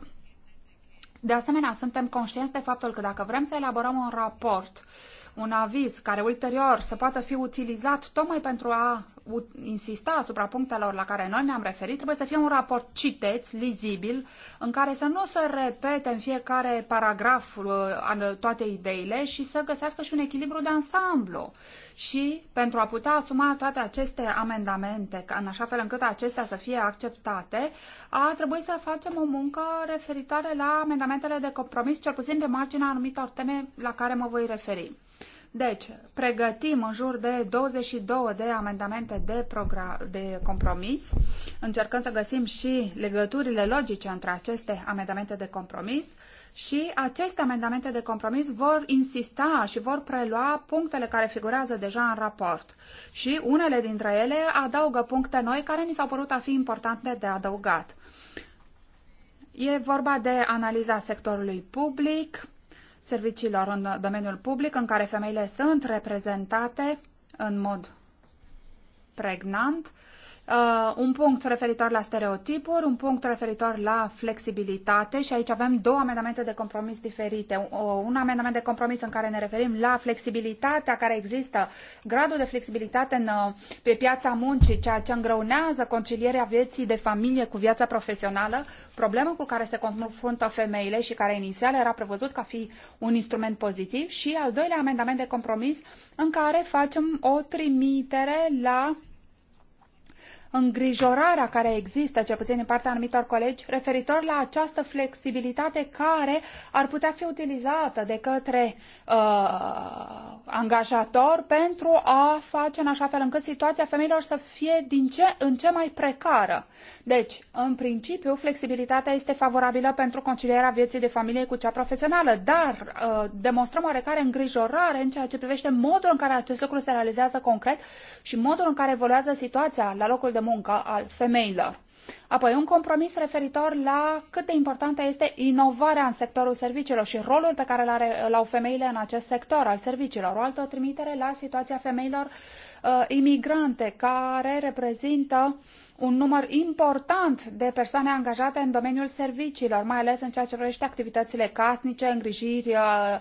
de asemenea, suntem conștienți de faptul că dacă vrem să elaborăm un raport, un aviz care ulterior să poată fi utilizat tocmai pentru a insista asupra punctelor la care noi ne-am referit, trebuie să fie un raport citeț, lizibil, în care să nu se repete în fiecare paragraf uh, toate ideile și să găsească și un echilibru de ansamblu. Și pentru a putea asuma toate aceste amendamente, în așa fel încât acestea să fie acceptate, a trebuit să facem o muncă referitoare la amendamentele de compromis, cel puțin pe marginea anumitor teme la care mă voi referi. Deci, pregătim în jur de 22 de amendamente de, de compromis, încercăm să găsim și legăturile logice între aceste amendamente de compromis și aceste amendamente de compromis vor insista și vor prelua punctele care figurează deja în raport și unele dintre ele adaugă puncte noi care ni s-au părut a fi importante de adăugat. E vorba de analiza sectorului public, serviciilor în domeniul public, în care femeile sunt reprezentate în mod pregnant uh, un punct referitor la stereotipuri, un punct referitor la flexibilitate și aici avem două amendamente de compromis diferite. Un uh, amendament de compromis în care ne referim la flexibilitatea care există, gradul de flexibilitate în, uh, pe piața muncii, ceea ce îngreunează concilierea vieții de familie cu viața profesională, problemă cu care se confruntă femeile și care inițial era prevăzut ca fi un instrument pozitiv și al doilea amendament de compromis în care facem o trimitere la îngrijorarea care există, cel puțin din partea anumitor colegi, referitor la această flexibilitate care ar putea fi utilizată de către uh, angajator pentru a face în așa fel încât situația femeilor să fie din ce în ce mai precară. Deci, în principiu, flexibilitatea este favorabilă pentru concilierea vieții de familie cu cea profesională, dar uh, demonstrăm oarecare îngrijorare în ceea ce privește modul în care acest lucru se realizează concret și modul în care evoluează situația la locul de muncă al femeilor. Apoi, un compromis referitor la cât de importantă este inovarea în sectorul serviciilor și rolul pe care îl are femeile în acest sector al serviciilor. O altă trimitere la situația femeilor uh, imigrante, care reprezintă un număr important de persoane angajate în domeniul serviciilor, mai ales în ceea ce privește activitățile casnice, îngrijiri uh,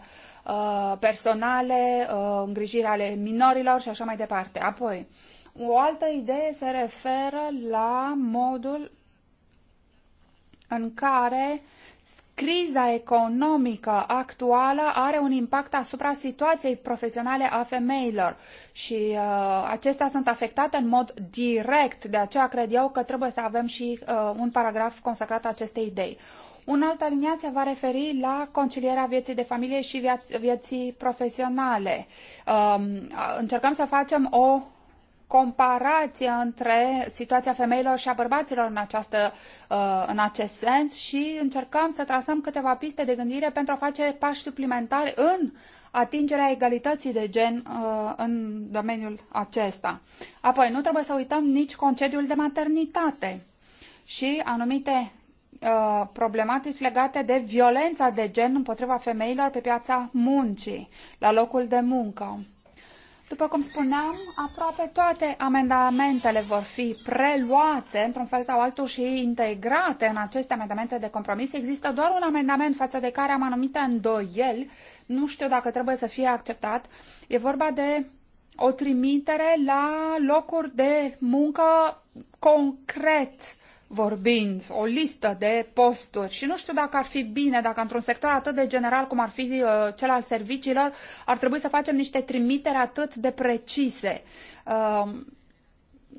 uh personale, uh, îngrijiri ale minorilor și așa mai departe. Apoi, uh, o altă idee se referă la modul în care criza economică actuală are un impact asupra situației profesionale a femeilor și uh, acestea sunt afectate în mod direct, de aceea cred eu că trebuie să avem și uh, un paragraf consacrat acestei idei. Un alt aliniat se va referi la concilierea vieții de familie și vieț- vieții profesionale. Uh, încercăm să facem o comparație între situația femeilor și a bărbaților în, această, uh, în acest sens și încercăm să trasăm câteva piste de gândire pentru a face pași suplimentari în atingerea egalității de gen uh, în domeniul acesta. Apoi, nu trebuie să uităm nici concediul de maternitate și anumite uh, problematici legate de violența de gen împotriva femeilor pe piața muncii, la locul de muncă. După cum spuneam, aproape toate amendamentele vor fi preluate într-un fel sau altul și integrate în aceste amendamente de compromis. Există doar un amendament față de care am anumite îndoieli. Nu știu dacă trebuie să fie acceptat. E vorba de o trimitere la locuri de muncă concret vorbind, o listă de posturi și nu știu dacă ar fi bine, dacă într-un sector atât de general cum ar fi uh, cel al serviciilor, ar trebui să facem niște trimiteri atât de precise. Uh,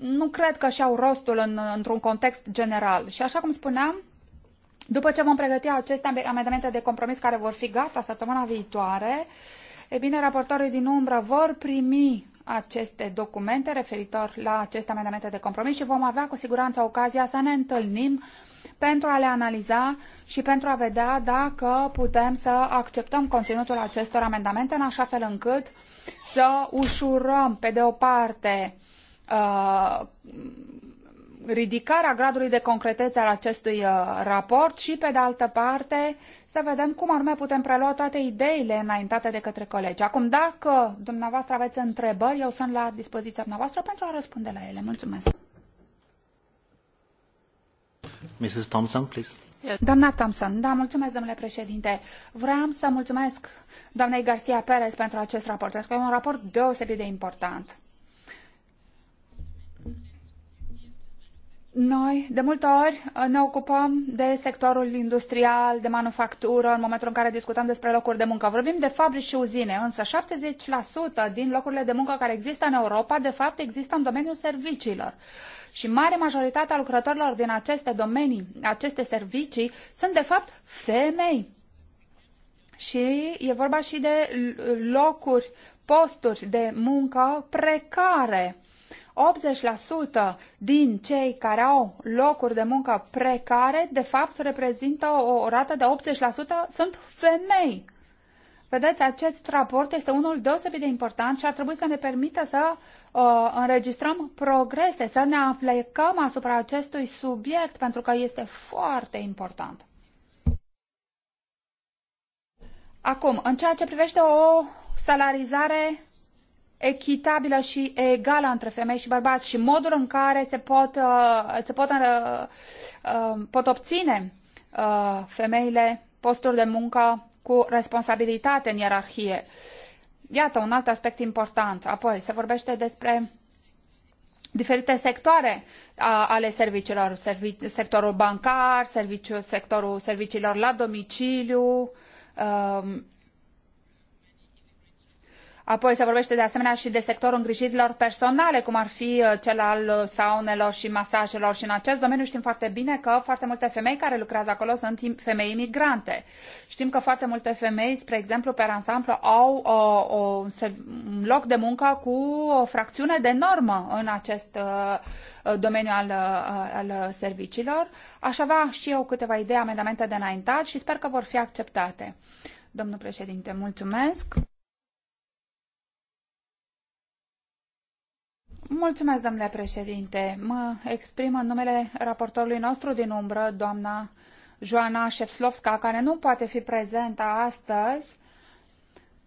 nu cred că și-au rostul în, într-un context general. Și așa cum spuneam, după ce vom pregăti aceste amendamente de compromis care vor fi gata săptămâna viitoare, e bine, raportorii din umbră vor primi aceste documente referitor la aceste amendamente de compromis și vom avea cu siguranță ocazia să ne întâlnim pentru a le analiza și pentru a vedea dacă putem să acceptăm conținutul acestor amendamente în așa fel încât să ușurăm, pe de o parte, uh, ridicarea gradului de concretețe al acestui uh, raport și, pe de altă parte, să vedem cum anume putem prelua toate ideile înaintate de către colegi. Acum, dacă dumneavoastră aveți întrebări, eu sunt la dispoziția dumneavoastră pentru a răspunde la ele. Mulțumesc. Mrs. Thompson, please. Doamna Thompson, da, mulțumesc, domnule președinte. Vreau să mulțumesc doamnei Garcia Perez pentru acest raport, pentru că e un raport deosebit de important. Noi, de multe ori, ne ocupăm de sectorul industrial, de manufactură, în momentul în care discutăm despre locuri de muncă. Vorbim de fabrici și uzine, însă 70% din locurile de muncă care există în Europa, de fapt, există în domeniul serviciilor. Și mare majoritatea lucrătorilor din aceste domenii, aceste servicii, sunt, de fapt, femei. Și e vorba și de locuri, posturi de muncă precare 80% din cei care au locuri de muncă precare, de fapt, reprezintă o rată de 80% sunt femei. Vedeți, acest raport este unul deosebit de important și ar trebui să ne permită să uh, înregistrăm progrese, să ne aplecăm asupra acestui subiect, pentru că este foarte important. Acum, în ceea ce privește o salarizare echitabilă și egală între femei și bărbați și modul în care se pot, uh, se pot, uh, uh, pot obține femeile posturi de muncă cu responsabilitate în ierarhie. Iată un alt aspect important. Apoi se vorbește despre diferite sectoare ale serviciilor, sectorul bancar, serviciul, sectorul serviciilor la domiciliu, um, Apoi se vorbește de asemenea și de sectorul îngrijirilor personale, cum ar fi uh, cel al uh, saunelor și masajelor. Și în acest domeniu știm foarte bine că foarte multe femei care lucrează acolo sunt femei imigrante. Știm că foarte multe femei, spre exemplu, pe ansamblu, au uh, o, o, un loc de muncă cu o fracțiune de normă în acest domeniu al, al serviciilor. Aș avea și eu câteva idei, amendamente de înaintat și sper că vor fi acceptate. Domnul președinte, mulțumesc. Mulțumesc, domnule președinte. Mă exprim în numele raportorului nostru din umbră, doamna Joana Șefslovska, care nu poate fi prezentă astăzi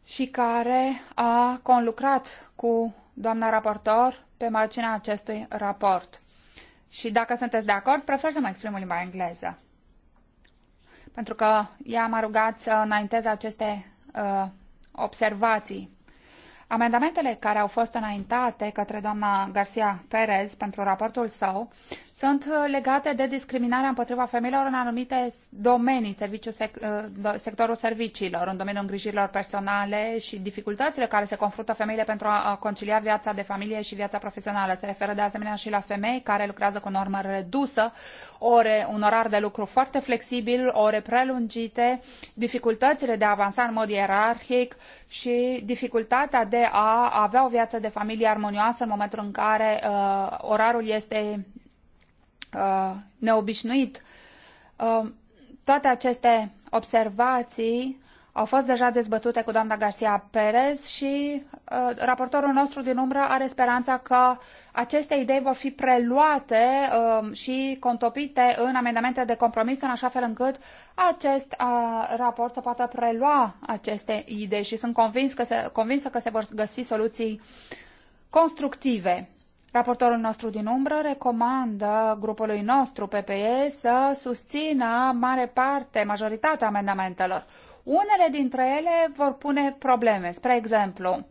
și care a conlucrat cu doamna raportor pe marginea acestui raport. Și dacă sunteți de acord, prefer să mă exprim în limba engleză. Pentru că ea m-a rugat să înaintez aceste uh, observații. Amendamentele care au fost înaintate către doamna Garcia Perez pentru raportul său sunt uh, legate de discriminarea împotriva femeilor în anumite domenii, serviciu, uh, sectorul serviciilor, în domeniul îngrijirilor personale și dificultățile care se confruntă femeile pentru a concilia viața de familie și viața profesională. Se referă de asemenea și la femei care lucrează cu normă redusă, ore, un orar de lucru foarte flexibil, ore prelungite, dificultățile de a avansa în mod ierarhic și dificultatea de a avea o viață de familie armonioasă în momentul în care uh, orarul este Uh, neobișnuit. Uh, toate aceste observații au fost deja dezbătute cu doamna Garcia Perez și uh, raportorul nostru din umbră are speranța că aceste idei vor fi preluate și contopite în amendamente de compromis în așa fel încât acest raport să poată prelua aceste idei și sunt convins că se, convinsă că se vor găsi soluții constructive. Raportorul nostru din umbră recomandă grupului nostru PPE să susțină mare parte, majoritatea amendamentelor. Unele dintre ele vor pune probleme. Spre exemplu,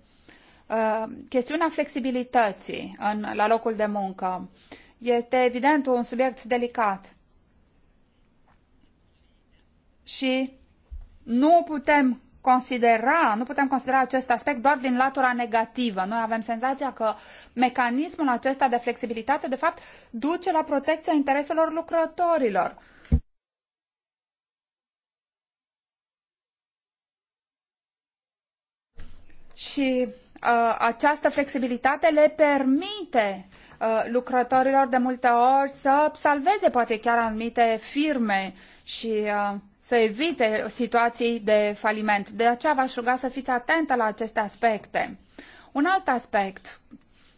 uh, chestiunea flexibilității în, la locul de muncă este evident un subiect delicat. Și nu putem considera, nu putem considera acest aspect doar din latura negativă. Noi avem senzația că mecanismul acesta de flexibilitate, de fapt, duce la protecția intereselor lucrătorilor. Și uh, această flexibilitate le permite uh, lucrătorilor de multe ori să salveze poate chiar anumite firme și uh, să evite situații de faliment. De aceea v-aș ruga să fiți atentă la aceste aspecte. Un alt aspect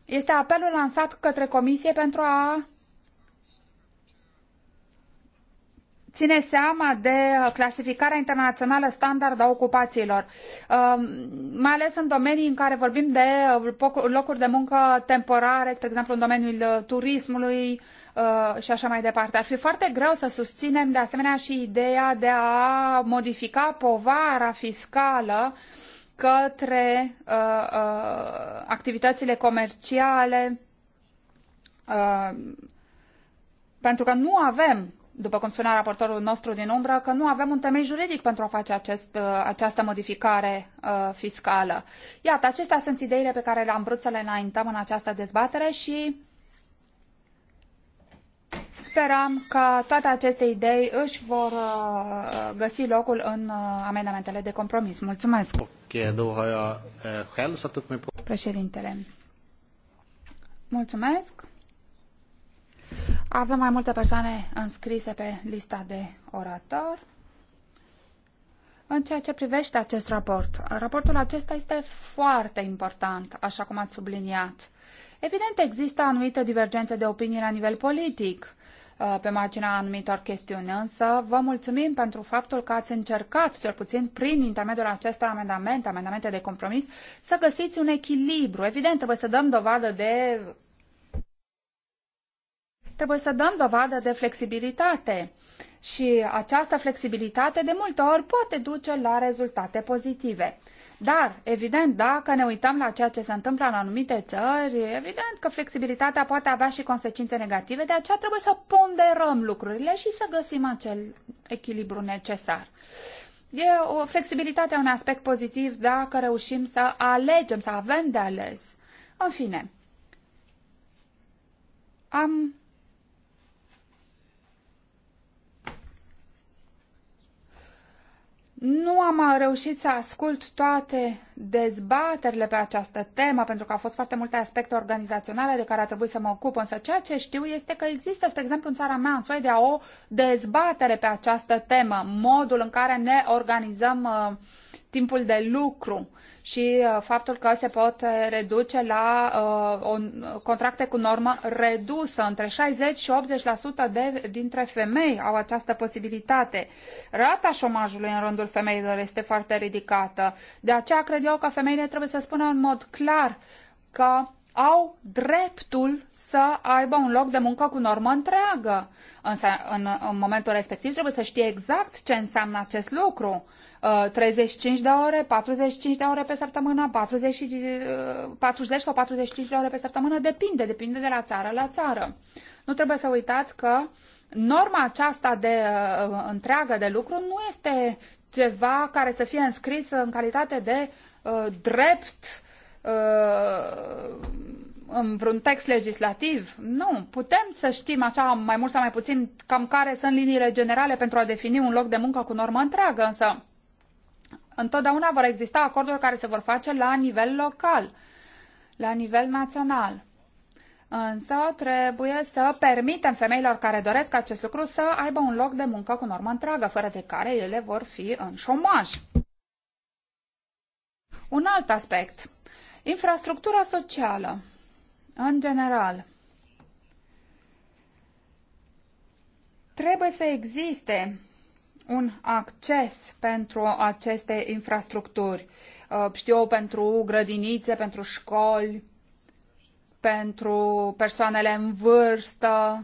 este apelul lansat către Comisie pentru a ține seama de uh, clasificarea internațională standard a ocupațiilor, um, mai ales în domenii în care vorbim de uh, locuri de muncă temporare, spre exemplu în domeniul uh, turismului și așa mai departe. Ar fi foarte greu să susținem de asemenea și ideea de a modifica povara fiscală către activitățile comerciale, pentru că nu avem după cum spunea raportorul nostru din umbră, că nu avem un temei juridic pentru a face acest, uh, această modificare uh, fiscală. Iată, acestea sunt ideile pe care le-am vrut să le înaintăm în această dezbatere și sperăm că toate aceste idei își vor uh, găsi locul în uh, amendamentele de compromis. Mulțumesc! Eh, Președintele, mulțumesc! Avem mai multe persoane înscrise pe lista de orator. În ceea ce privește acest raport, raportul acesta este foarte important, așa cum ați subliniat. Evident, există anumite divergențe de opinie la nivel politic uh, pe marginea anumitor chestiuni, însă vă mulțumim pentru faptul că ați încercat, cel puțin prin intermediul acestor amendamente, amendamente de compromis, să găsiți un echilibru. Evident, trebuie să dăm dovadă de Trebuie să dăm dovadă de flexibilitate și această flexibilitate de multe ori poate duce la rezultate pozitive. Dar, evident, dacă ne uităm la ceea ce se întâmplă în anumite țări, evident că flexibilitatea poate avea și consecințe negative, de aceea trebuie să ponderăm lucrurile și să găsim acel echilibru necesar. E o flexibilitate, un aspect pozitiv dacă reușim să alegem, să avem de ales. În fine, am Nu am reușit să ascult toate dezbaterile pe această temă, pentru că au fost foarte multe aspecte organizaționale de care a trebuit să mă ocup, însă ceea ce știu este că există, spre exemplu, în țara mea, în Suedia, o dezbatere pe această temă, modul în care ne organizăm uh, timpul de lucru. Uh, și uh, faptul că se pot uh, reduce la uh, contracte cu normă redusă. Între 60 și 80% de, dintre femei au această posibilitate. Rata șomajului în rândul femeilor este foarte ridicată. De aceea cred eu că femeile trebuie să spună în mod clar că au dreptul să aibă un loc de muncă cu normă întreagă. Însă, în, în momentul respectiv, trebuie să știe exact ce înseamnă acest lucru. 35 uh, de ore, 45 de ore pe săptămână, 40, 40 uh, sau 45 de ore pe săptămână, depinde, depinde de la țară la țară. Nu trebuie să uitați că norma aceasta de uh, întreagă de lucru nu este ceva care să fie înscris în calitate de uh, drept uh, în vreun text legislativ. Nu, putem să știm așa mai mult sau mai puțin cam care sunt liniile generale pentru a defini un loc de muncă cu normă întreagă, însă întotdeauna vor exista acorduri care se vor face la nivel local, la nivel național. Însă trebuie să permitem femeilor care doresc acest lucru să aibă un loc de muncă cu normă întreagă, fără de care ele vor fi în șomaj. Un alt aspect. Infrastructura socială, în general, trebuie să existe un acces pentru aceste infrastructuri. Uh, știu eu, pentru grădinițe, pentru școli, pentru persoanele în vârstă.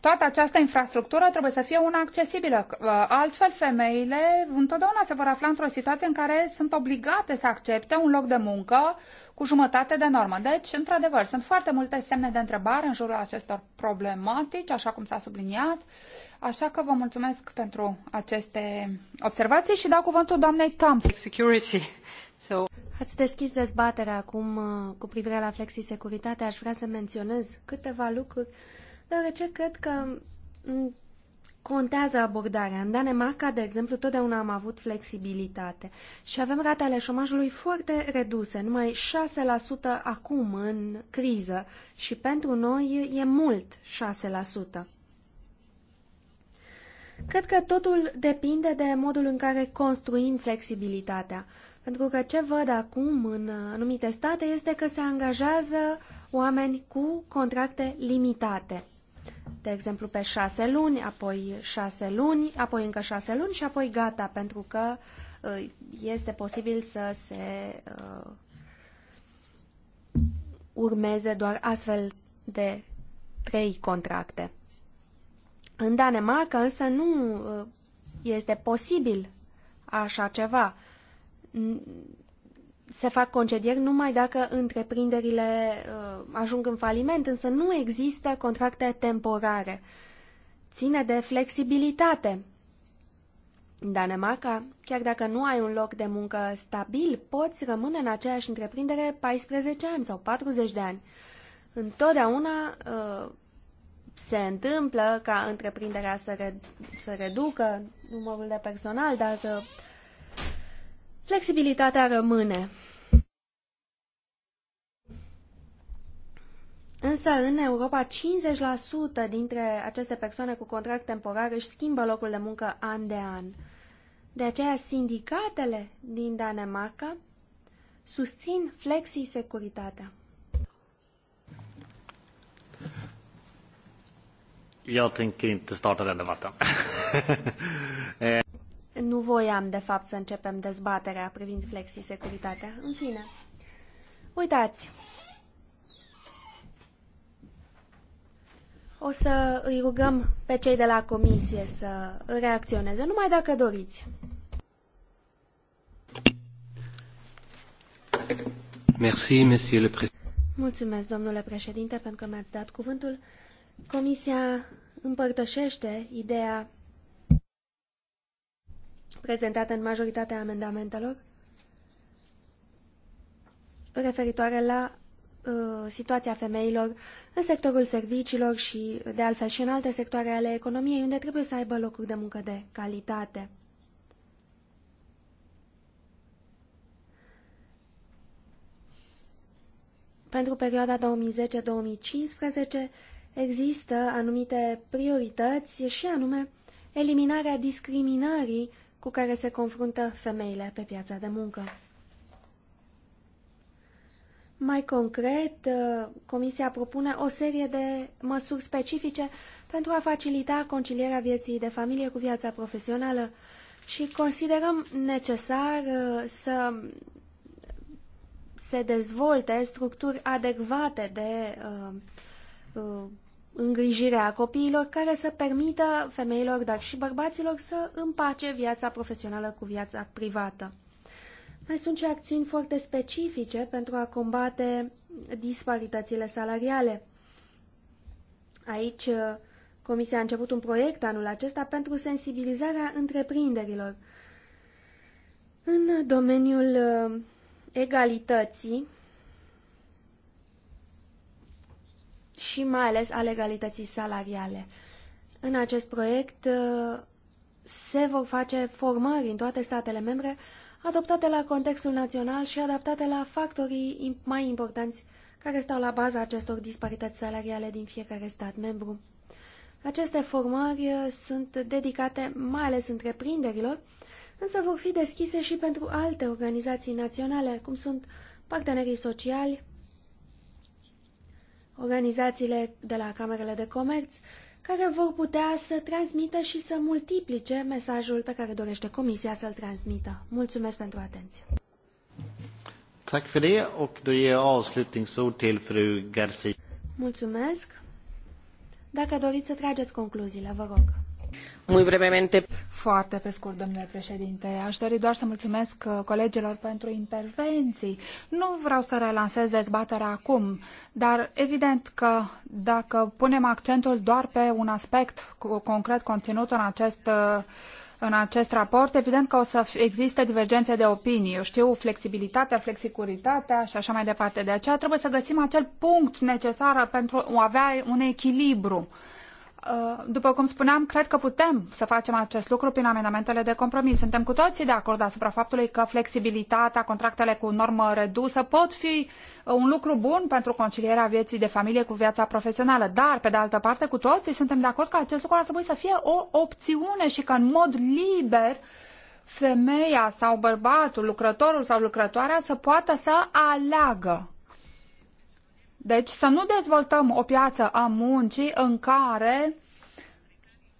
Toată această infrastructură trebuie să fie una accesibilă. Uh, altfel, femeile întotdeauna se vor afla într-o situație în care sunt obligate să accepte un loc de muncă cu jumătate de normă. Deci, într-adevăr, sunt foarte multe semne de întrebare în jurul acestor problematici, așa cum s-a subliniat, așa că vă mulțumesc pentru aceste observații și dau cuvântul doamnei Thompson. Security. So... Ați deschis dezbaterea acum uh, cu privire la flexisecuritate. Aș vrea să menționez câteva lucruri, deoarece cred că mm, Contează abordarea. În Danemarca, de exemplu, totdeauna am avut flexibilitate și avem rate ale șomajului foarte reduse, numai 6% acum în criză și pentru noi e mult 6%. Cred că totul depinde de modul în care construim flexibilitatea. Pentru că ce văd acum în anumite state este că se angajează oameni cu contracte limitate de exemplu, pe șase luni, apoi șase luni, apoi încă șase luni și apoi gata, pentru că uh, este posibil să se uh, urmeze doar astfel de trei contracte. În Danemarca însă nu uh, este posibil așa ceva se fac concedieri numai dacă întreprinderile uh, ajung în faliment, însă nu există contracte temporare. Ține de flexibilitate. În Danemarca, chiar dacă nu ai un loc de muncă stabil, poți rămâne în aceeași întreprindere 14 ani sau 40 de ani. Întotdeauna uh, se întâmplă ca întreprinderea să, reducă numărul de personal, dar uh, Flexibilitatea rămâne. Însă în Europa 50% dintre aceste persoane cu contract temporar își schimbă locul de muncă an de an. De aceea sindicatele din Danemarca susțin flexi-securitatea. Jag tänker inte starta den debatten. [laughs] Nu voiam, de fapt, să începem dezbaterea privind flexi-securitatea. În fine. Uitați! O să îi rugăm pe cei de la comisie să reacționeze, numai dacă doriți. Merci, monsieur le Mulțumesc, domnule președinte, pentru că mi-ați dat cuvântul. Comisia împărtășește ideea prezentate în majoritatea amendamentelor referitoare la uh, situația femeilor în sectorul serviciilor și, de altfel, și în alte sectoare ale economiei, unde trebuie să aibă locuri de muncă de calitate. Pentru perioada 2010-2015 există anumite priorități și anume eliminarea discriminării cu care se confruntă femeile pe piața de muncă. Mai concret, uh, Comisia propune o serie de măsuri specifice pentru a facilita concilierea vieții de familie cu viața profesională și considerăm necesar uh, să se dezvolte structuri adecvate de uh, îngrijirea copiilor care să permită femeilor, dar și bărbaților să împace viața profesională cu viața privată. Mai sunt și acțiuni foarte specifice pentru a combate disparitățile salariale. Aici uh, Comisia a început un proiect anul acesta pentru sensibilizarea întreprinderilor. În domeniul uh, egalității, și mai ales a legalității salariale. În acest proiect uh, se vor face formări în toate statele membre adoptate la contextul național și adaptate la factorii mai importanți care stau la baza acestor disparități salariale din fiecare stat membru. Aceste formări uh, sunt dedicate mai ales întreprinderilor, însă vor fi deschise și pentru alte organizații naționale, cum sunt partenerii sociali, organizațiile de la Camerele de Comerț, care vor putea să transmită și să multiplice mesajul pe care dorește Comisia să-l transmită. Mulțumesc pentru atenție. Tack för det och då ger jag avslutningsord till fru Garcia. Mulțumesc. Dacă doriți să trageți concluziile, vă rog. Muy brevemente. Foarte pe scurt, domnule președinte. Aș dori doar să mulțumesc uh, colegilor pentru intervenții. Nu vreau să relansez dezbaterea acum, dar evident că dacă punem accentul doar pe un aspect concret conținut în acest uh, în acest raport, evident că o să existe divergențe de opinii. Eu știu flexibilitatea, flexicuritatea și așa mai departe. De aceea trebuie să găsim acel punct necesar pentru a avea un echilibru. Uh, Uh, după cum spuneam, cred că putem să facem acest lucru prin amendamentele de compromis. Suntem cu toții de acord asupra faptului că flexibilitatea, contractele cu normă redusă pot fi uh, un lucru bun pentru concilierea vieții de familie cu viața profesională, dar, pe de altă parte, cu toții suntem de acord că acest lucru ar trebui să fie o opțiune și că în mod liber femeia sau bărbatul, lucrătorul sau lucrătoarea să poată să aleagă deci să nu dezvoltăm o piață a muncii în care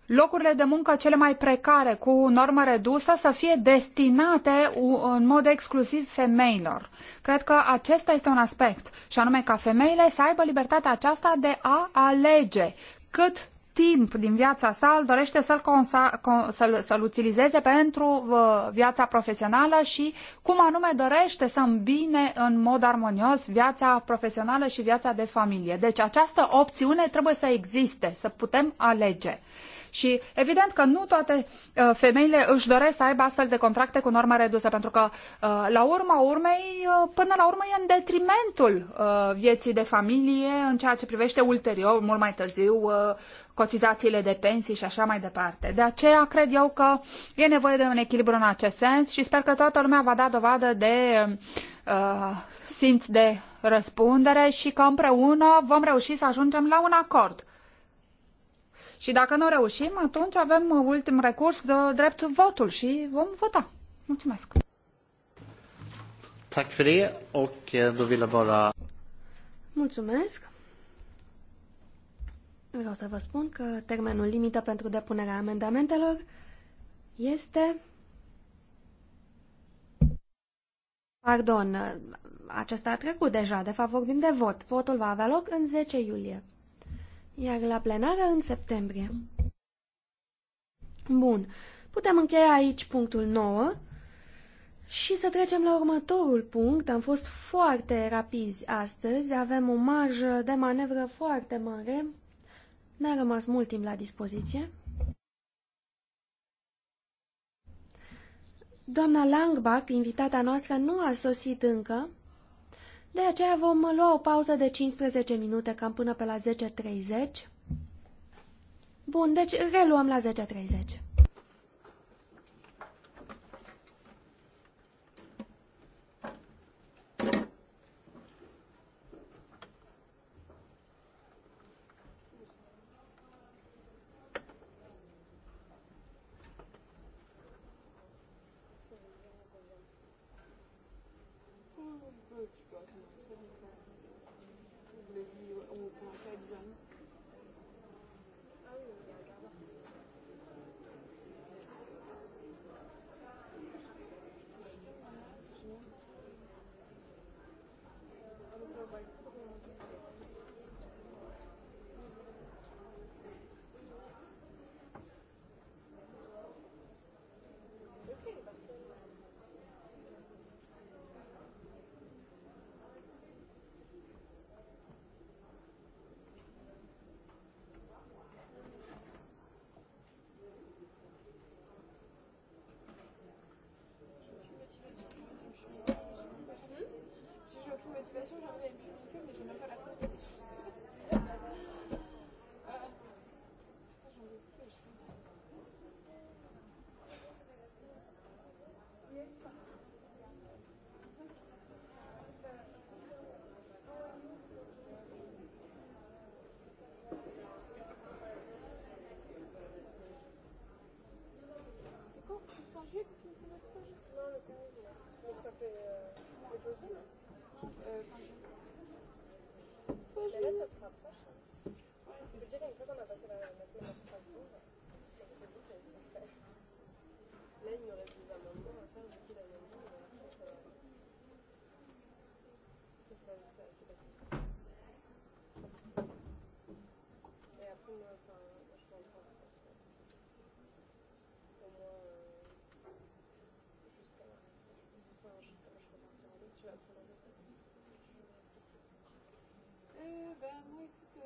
locurile de muncă cele mai precare cu normă redusă să fie destinate în mod exclusiv femeilor. Cred că acesta este un aspect și anume ca femeile să aibă libertatea aceasta de a alege cât timp din viața sa îl dorește să-l, să să utilizeze pentru uh, viața profesională și cum anume dorește să îmbine în mod armonios viața profesională și viața de familie. Deci această opțiune trebuie să existe, să putem alege. Și evident că nu toate uh, femeile își doresc să aibă astfel de contracte cu normă redusă, pentru că uh, la urma urmei, uh, până la urmă e în detrimentul vieții de familie în ceea ce privește ulterior, mult mai târziu, cotizațiile de pensii și așa mai departe. De aceea cred eu că e nevoie de un echilibru în acest sens și sper că toată lumea va da dovadă de uh, simț de răspundere și că împreună vom reuși să ajungem la un acord. Și dacă nu reușim, atunci avem uh, ultim recurs de drept votul și vom vota. Mulțumesc! Tack för det och eh, då vill jag bara... Mulțumesc! Vreau să vă spun că termenul limită pentru depunerea amendamentelor este... Pardon, acesta a trecut deja, de fapt vorbim de vot. Votul va avea loc în 10 iulie iar la plenară în septembrie. Bun, putem încheia aici punctul 9 și să trecem la următorul punct. Am fost foarte rapizi astăzi, avem o marjă de manevră foarte mare. N-a rămas mult timp la dispoziție. Doamna Langbach, invitata noastră, nu a sosit încă, de aceea vom lua o pauză de 15 minute, cam până pe la 10.30. Bun, deci reluăm la 10.30.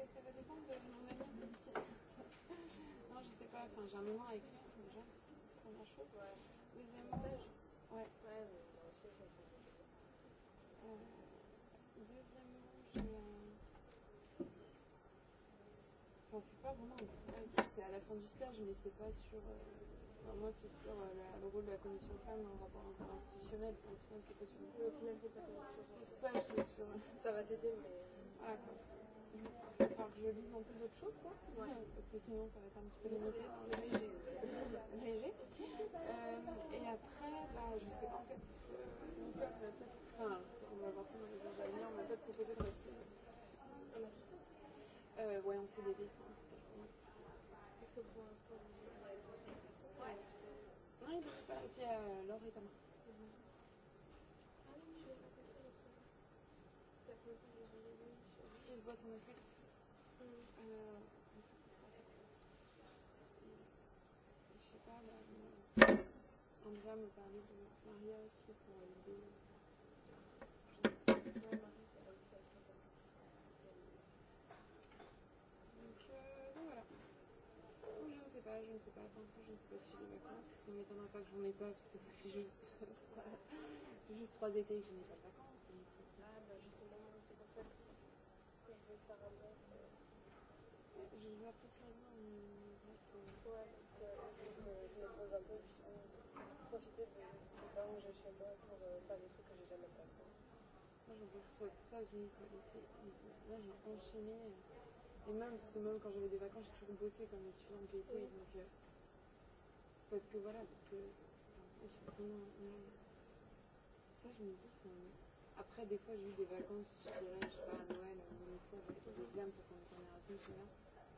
euh, ça va dépendre de mon analyse. non, je sais pas. Enfin, j'ai un mémoire à écrire déjà. Première chose. Ouais. Deuxièmement. Stage. Ouais. Ouais, mais moi je vais faire. Euh, deuxièmement, j'ai un. Enfin, c'est pas vraiment. Ouais, c'est à la fin du stage, mais c'est pas sur. Euh... Enfin, moi, c'est sur euh, le rôle de la commission femme en rapport institutionnel. Enfin, au final, c'est pas sur. Au final, c'est pas sur. Sur stage, c'est sur. Ça va t'aider, mais. Voilà, quoi. Il va je lise un peu d'autres choses, quoi. Ouais. Parce que sinon, ça va être un petit peu limité. Léger. Léger. Euh, et après, bah, je sais pas, en fait, peut-être. Enfin, on va voir ça dans les On peut-être de rester. Euh, ouais, on fait des défis. que pour l'instant. Ouais. pas. Et puis, euh, Laure et Thomas. because in the fixed și pe alea am vrea mecanism, Maria și cu bine. je ne sais pas, pour l'instant je ne sais pas si j'ai des vacances. Ça ne m'étonnerait pas que j'en ai pas parce que ça fait juste, juste trois étés que je n'ai pas de vacances. J'ai l'impression que Ouais, parce que je me pose un peu, profiter du temps que j'ai chez moi pour faire des trucs que j'ai jamais fait. Moi, je trouve ça, ça j'ai là, j'ai enchaîné. Et même, parce que même quand j'avais des vacances, j'ai toujours bossé comme l'été. Oui. Donc, euh, parce que voilà, parce que. Enfin, ça, je me dis, enfin, Après, des fois, j'ai eu des vacances, je dirais, je sais pas, à Noël, à mon lycée, avec les examens pour qu'on tourne Erasmus, là,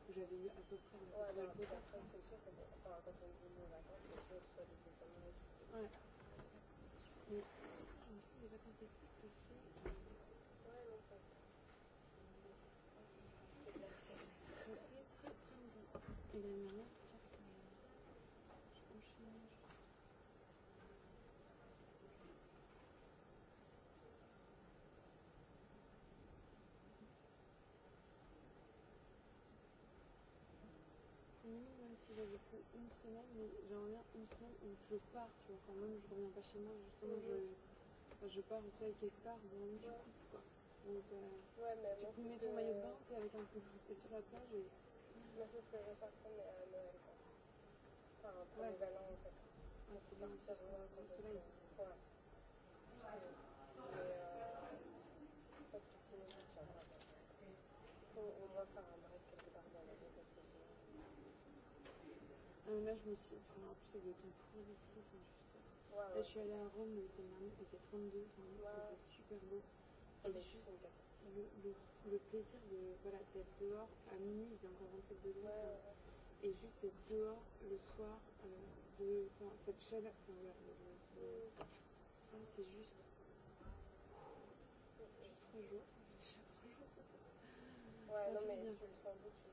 où j'avais eu à peu près un peu de quota. Après, c'est sûr que enfin, quand on est mis vacances, c'est sûr soit des examens. Ouais. Mais ça, je me suis les vacances d'été, c'est fait. Ouais, non, ça C'est clair, c'est vrai. Ça fait très, très longtemps. Et dernière, si j'avais pris une semaine, mais j'aimerais bien une semaine où je pars, tu vois, quand même, je reviens pas chez moi, justement, je, mhm. je pars quelque part, bon, ouais. quoi. Donc, euh, ouais, mais tu ton maillot de bain, tu sais, avec un peu de sur la plage et... Moi, c'est ce que je vais faire, mais à Noël, quoi. Enfin, ouais. en fait. Ouais. euh, parce que sinon, tu Il faut au moins faire un bain. Euh, là, je me suis. Enfin, en plus, ça doit être une foule ici. Enfin, juste... ouais, ouais. Là, je suis allée à Rome le week il faisait 32. Enfin, ouais. Wow. C'était super beau. Et juste le, le, le plaisir de voilà, d'être dehors à minuit, il faisait encore 27 degrés. Ouais, ouais. Et juste d'être dehors le soir, euh, de, cette chaleur. Enfin, voilà, de, de, de, mm. ça, c'est juste. Juste trois jours. Déjà trois jours, ça fait. Ouais, ça non, fait mais bien. tu le sens beaucoup.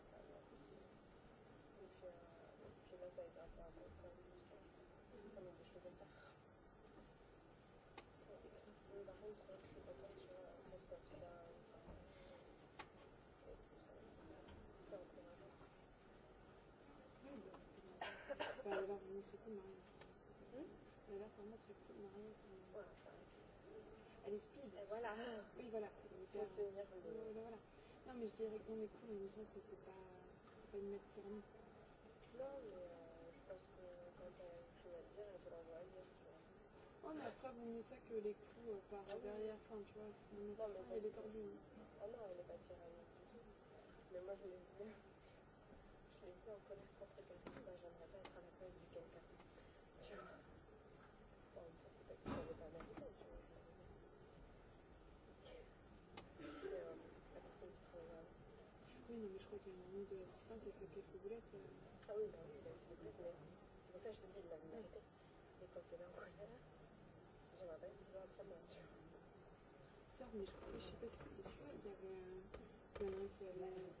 رغم مشركين معايا انا رايحه مصر كتير معايا السبيد voilà euh, oui voilà voilà non mais je dirais que dans mes cours les gens c'est pas pas une matière non mais euh, je pense que quand tu as une chose à dire elle te l'envoie dire Oh, mais après, vaut mieux ça que les coups euh, par ah, derrière, enfin, tu vois, non, mais elle est tordue. Ah non, elle est pas tirée. Mais moi, je l'ai vu. [laughs] Je l'ai vu en colère хотим, ну, да, станки каких-то гулять. А вы, да, вы, да, C'est pour ça que je te dis de la vérité. Et quand t'es là en colère, si je m'appelle, c'est un très bon Ça, mais je, je sais pas si c'était celui-là, il y avait un, il y en a un qui avait...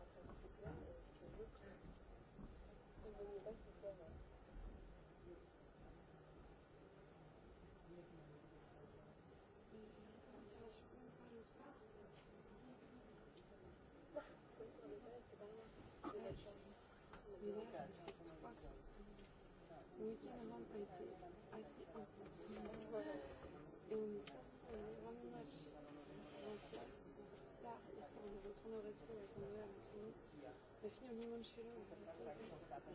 week-end euh, été assez intense. Et on est sorti, on est vraiment hier soir, on est retourné au resto avec mon verre On a fini au limoncello au resto. C'est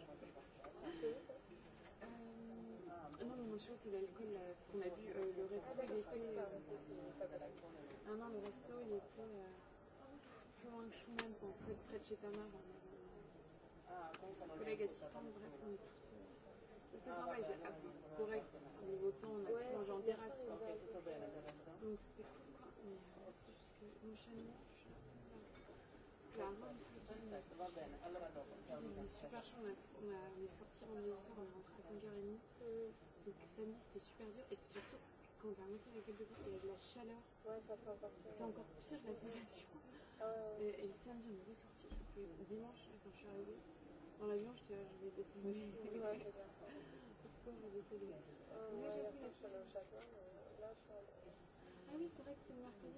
où ça non, le moncho, c'est l'alcool euh, qu'on a bu. Euh, le resto, ah, il était. Euh, ah non, le resto, il était euh, plus loin que Schumann, près, près de chez Tamar. Hein collègues assistants, bref, on est tous. C'était sympa, ils étaient corrects au niveau temps, on a pu manger en terrasse. Quoi. Donc c'était cool, quoi. Mais euh, c'est juste que l'enchaînement, je suis là. Clairement, c'est super chaud, on, a, on, a, on est sorti en 2 heures, on est rentré à 5h30. Mm. Donc samedi, c'était super dur. Et surtout, quand on va monter avec quelques groupes, il y a de la chaleur. Ouais, ça fait encore pire. C'est encore pire l'association. Euh... Ah et, et le samedi, on est ressorti. Dimanche, quand je suis arrivée. Dans l'avion, je te je vais Ah oui, c'est vrai que c'est mercredi.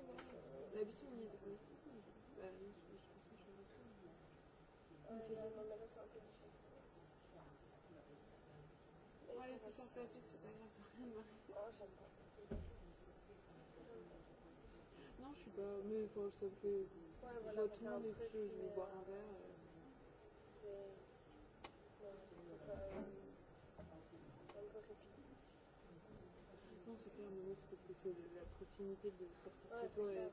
Ouais. on y était comme ça. je, pense que je suis restée. Ouais, c'est un peu difficile. Ouais, les sous sont c'est pas grave. Oh, j'aime pas. Non, je suis pas. Mais enfin, ça fait. Ouais, voilà, je vois tout le monde et je vais boire un verre. C'est. Non, c'est pas un moment, c'est parce que c'est la proximité de sortir ouais, Chico et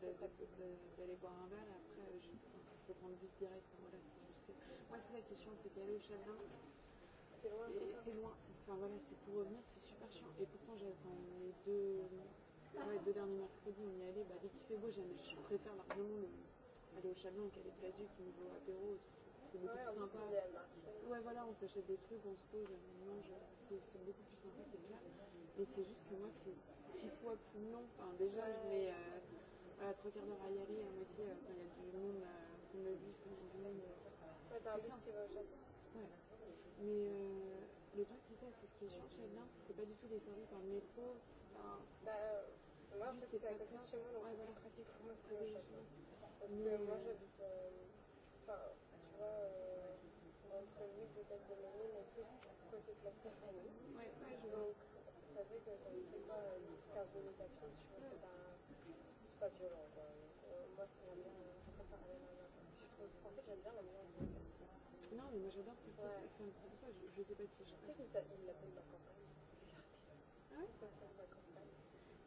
d'aller boire un verre. Et après, euh, je, il faut prendre le bus direct. Voilà, c'est juste que... Moi, c'est ça qui est chiant, c'est qu'aller au Chablin, c'est loin. C'est loin. Enfin, voilà, c'est pour revenir, c'est super chiant. Et pourtant, j'ai enfin, les deux, ouais, deux derniers mercredis, on y allait. Bah, dès qu'il fait beau, je préfère largement le, aller au Chablin qu'aller Place du niveau apéro. Tout c'est beaucoup ouais, plus sympa. Ouais, voilà, on s'achète des trucs, on se pose, on mange, c'est beaucoup plus sympa, c'est clair. Mais c'est juste que moi, c'est six fois plus long. Enfin, déjà, je mets euh, voilà, trois quarts d'heure à y aller, à moitié, euh, quand il y a du monde, euh, on me bus, quand il y a du monde. Euh, ouais, t'as un bus qui va au Ouais. Mais euh, le truc, c'est ça, c'est ce qui est chiant chez Adlin, c'est que c'est pas du tout desservi par le métro. Enfin, bah, euh, moi, en fait, c'est à côté de chez moi, donc ouais, c'est voilà. pratique pour moi, ah, c'est Parce que moi, euh, j'habite. Euh, enfin, entre, euh, de Manille et plus côté de la Ouais, ouais, je Donc, ça fait que ça fait 10-15 minutes à pied, tu vois, c'est pas, pas violent. Quoi. Donc, euh, moi, j'aime bien, je préfère aller là-bas. en fait, j'aime bien l'ambiance quartier. Non, mais moi, j'adore ce quartier. Ouais. Enfin, c'est pour ça je, je sais pas si Tu sais la campagne, ce quartier. Ah ouais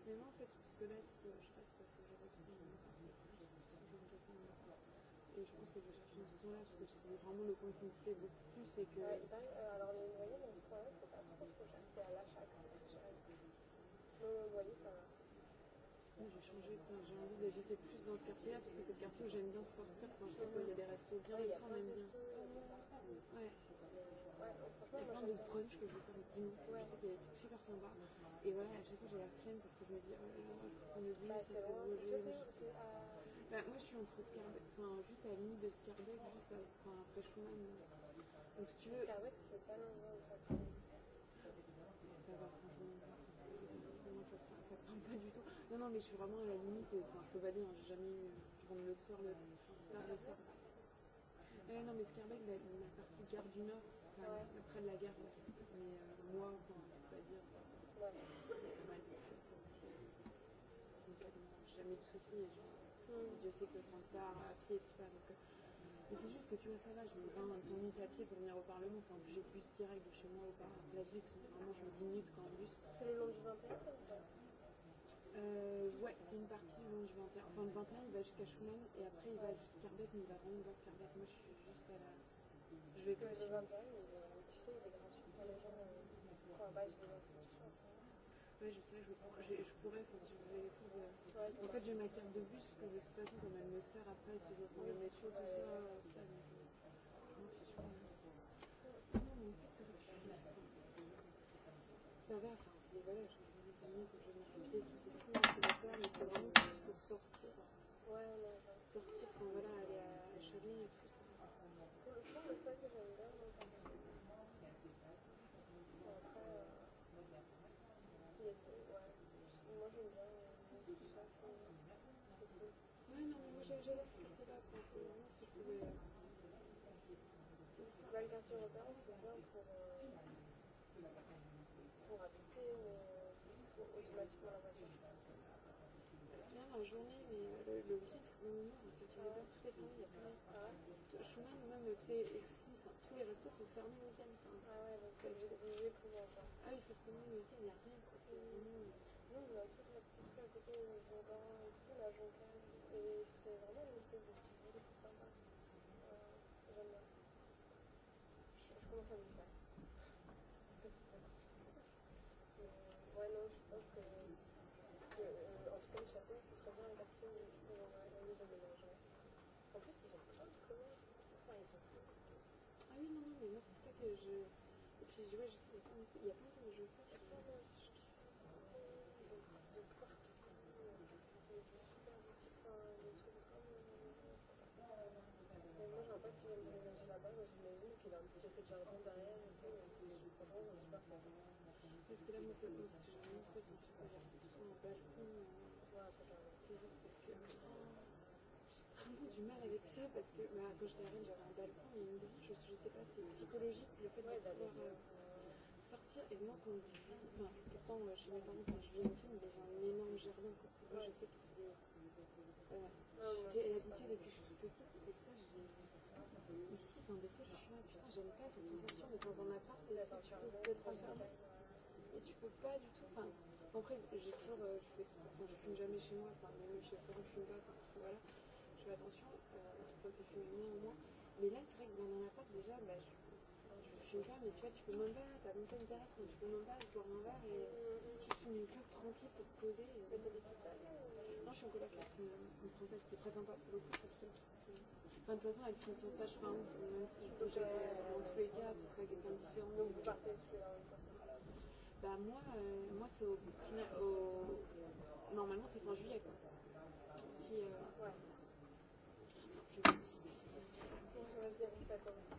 Mais moi, en fait, parce que là, si, je faut que je que je pense que je suis du tout là, parce que c'est vraiment le point qui me plaît beaucoup plus, c'est que... Ouais, ben, euh, alors les loyers dans ce coin-là, c'est pas trop trop cher, c'est à l'achat que c'est très cher. Le loyer, ça va. Moi, j'ai changé, j'ai envie d'habiter plus dans ce quartier-là, parce que c'est le quartier où j'aime bien sortir, quand je sais qu'il y a des restos bien, ouais, on aime bien. Ouais. Ouais, il y a plein de brunch que je vais faire le dimanche. Ouais. Je sais qu'il y a des trucs super sympas. Et voilà, à chaque fois j'ai la flemme parce que je me dis, oh là là, on oublie, c'est pour bouger. Bah, moi, je suis entre Scarbeck, enfin, juste à la limite de Scarbeck, juste à, enfin, après Schumann. Donc, si tu veux. Scarbeck, c'est pas l'endroit où ça prend. Ça va, franchement. Non, ça prend, ça prend pas du tout. Non, non, mais je suis vraiment à la limite, enfin, je peux pas dire, j'ai jamais eu. Je rentre le soir, le. le soir. Eh, non, mais Scarbeck, la, la partie gare du Nord, enfin, ouais. près de la gare, là. Mais euh, moi, enfin, je peux pas dire. Ouais. J'ai jamais de soucis. Et je... Dieu sait que je prends ça à pied, tout ça. Donc, euh, mais c'est juste que tu vois, ça va, je mets 20, 25 minutes à pied pour venir au Parlement. Enfin, j'ai plus direct de chez moi au Parlement. Place Vix, vraiment, je mets 10 minutes quand en bus. C'est le long du 21 ça ou pas euh, ouais, c'est une partie du long du 21. Enfin, le 21, il va jusqu'à Schumann et après, il va jusqu'à Carbet, mais il va vraiment dans ce Carbet. Moi, je suis juste à la. Je vais pas. Le 21, il est, tu sais, il est gratuit pour les gens. Enfin, bah, je vais aussi. Ouais, je sais, je, je, je pourrais, enfin, si vous avez fait de... ouais, En fait, j'ai ma carte de bus, parce que de toute façon, comme elle me sert après, si je prends le métro, tout ça... Euh, ça me... Euh, non, mais en plus, c'est vrai que je suis... Ça va, enfin, c'est... Voilà, je me dis, c'est mieux que je mette pied, tout ça, tout, c'est mais c'est vraiment pour sortir. Ouais, là, là. Sortir, enfin, voilà, aller à, à Chalon et tout ça. Pour le coup, le seul que j'aime bien, moi, Ouais, non, mais moi j'ai reçu quelques dates, donc c'est vraiment si je pouvais. Si quartier européen, c'est bien pour, euh, pour habiter euh, pour, automatiquement la voiture, je pense. la journée, mais le, week-end, c'est quand même mort. tu toutes les familles, il y a plein Schumann, même, tu sais, tous les restos sont fermés le week-end. ah ouais, donc c'est obligé pour. Ah oui, forcément, le week-end, il n'y a rien. Quoi. Mmh arrive, toute notre section à côté, au niveau d'un et tout, la jonquette, et c'est vraiment une espèce de petite ville qui est sympa. Euh, J'aime bien. Je, je commence à m'y faire. Petit à petit. Mais ouais, non, je pense que, que euh, en tout cas, le ce serait bien un quartier où je pourrais aller déménager. En plus, ils ont plein de commerces. Enfin, ils sont Ah oui, non, non, mais moi, c'est ça que je. Et puis, je sais, il y a plein de choses que je fais. qu'il a un petit peu de jardin derrière et tout, et c'est je comprends, je sais pas ça. Parce que là, moi, c'est parce que je montre si tu peux lire sur mon balcon ou un truc comme ça. parce que j'ai vraiment du mal avec ça, parce que bah, quand j'étais reine, j'avais un balcon, et une je, je sais pas, c'est psychologique le fait ouais, de pouvoir euh, sortir. Et moi, quand je vis, enfin, pourtant, euh, chez mes parents, quand je vis en ville, j'ai un énorme jardin. Quoi. Moi, ouais. je sais que c'est. Euh, j'ai ah l'habitude depuis que je suis petite, et ça, j'ai. Mais ici, quand des fois, je suis là, putain, j'aime pas cette sensation d'être dans un appart où là, tu peux deux, trois heures. Et tu peux pas du tout. Enfin, après, j'ai toujours. Euh, je, fais, enfin, je fume jamais chez moi, enfin, même chez Florent, je fume pas, enfin, parce que voilà, je fais attention, euh, ça me fait fumer moins au moins. Mais là, c'est vrai que dans un appart, déjà, bah, je, je fume pas, mais tu vois, tu peux même pas, t'as même pas une terrasse, mais tu peux même pas, je bois verre et je fume une clope tranquille pour te poser. Et... Mais euh Non, je suis en coloc avec une, une française qui est très sympa pour le coup, je suis absolument. Enfin, de toute façon, la définition stage fin août, même si je bougeais dans euh, tous les cas, ce serait quelqu'un de différent. Donc vous partez euh, Bah moi, euh, moi c'est au, au... Normalement c'est fin juillet quoi. Si... Euh... Ouais. Non, je vais... Vas-y, à qui t'as commencé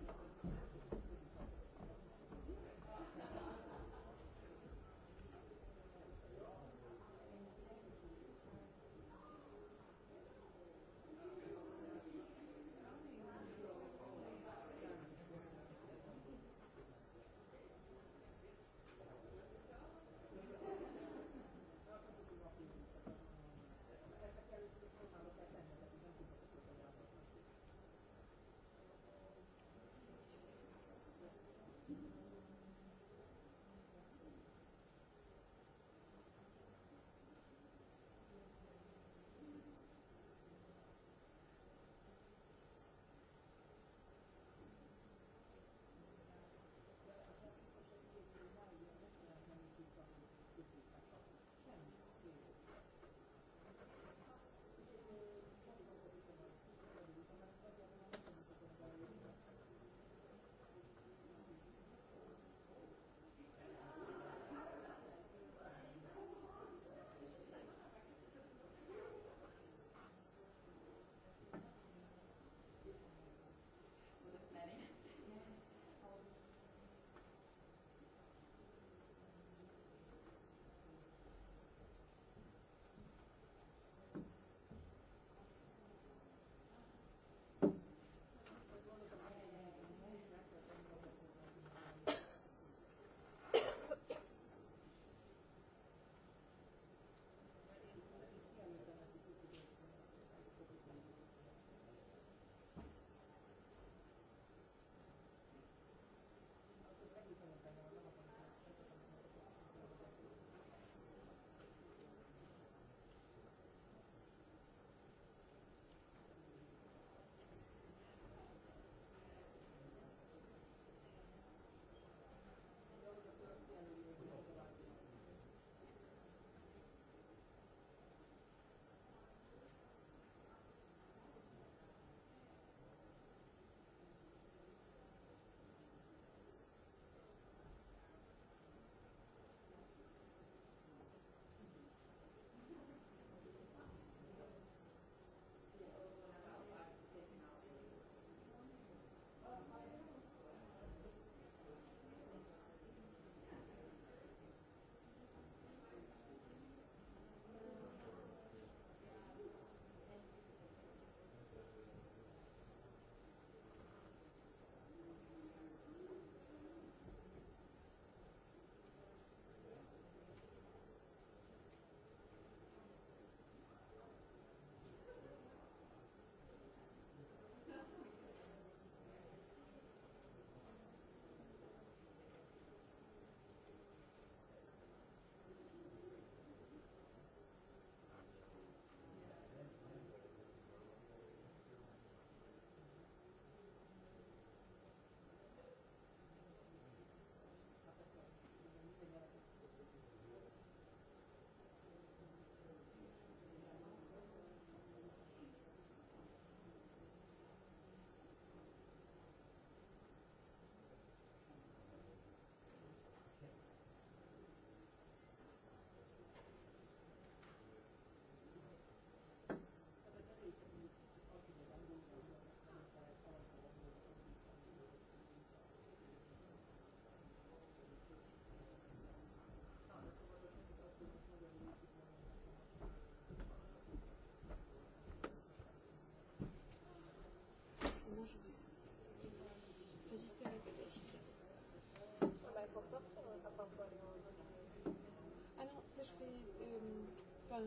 Enfin,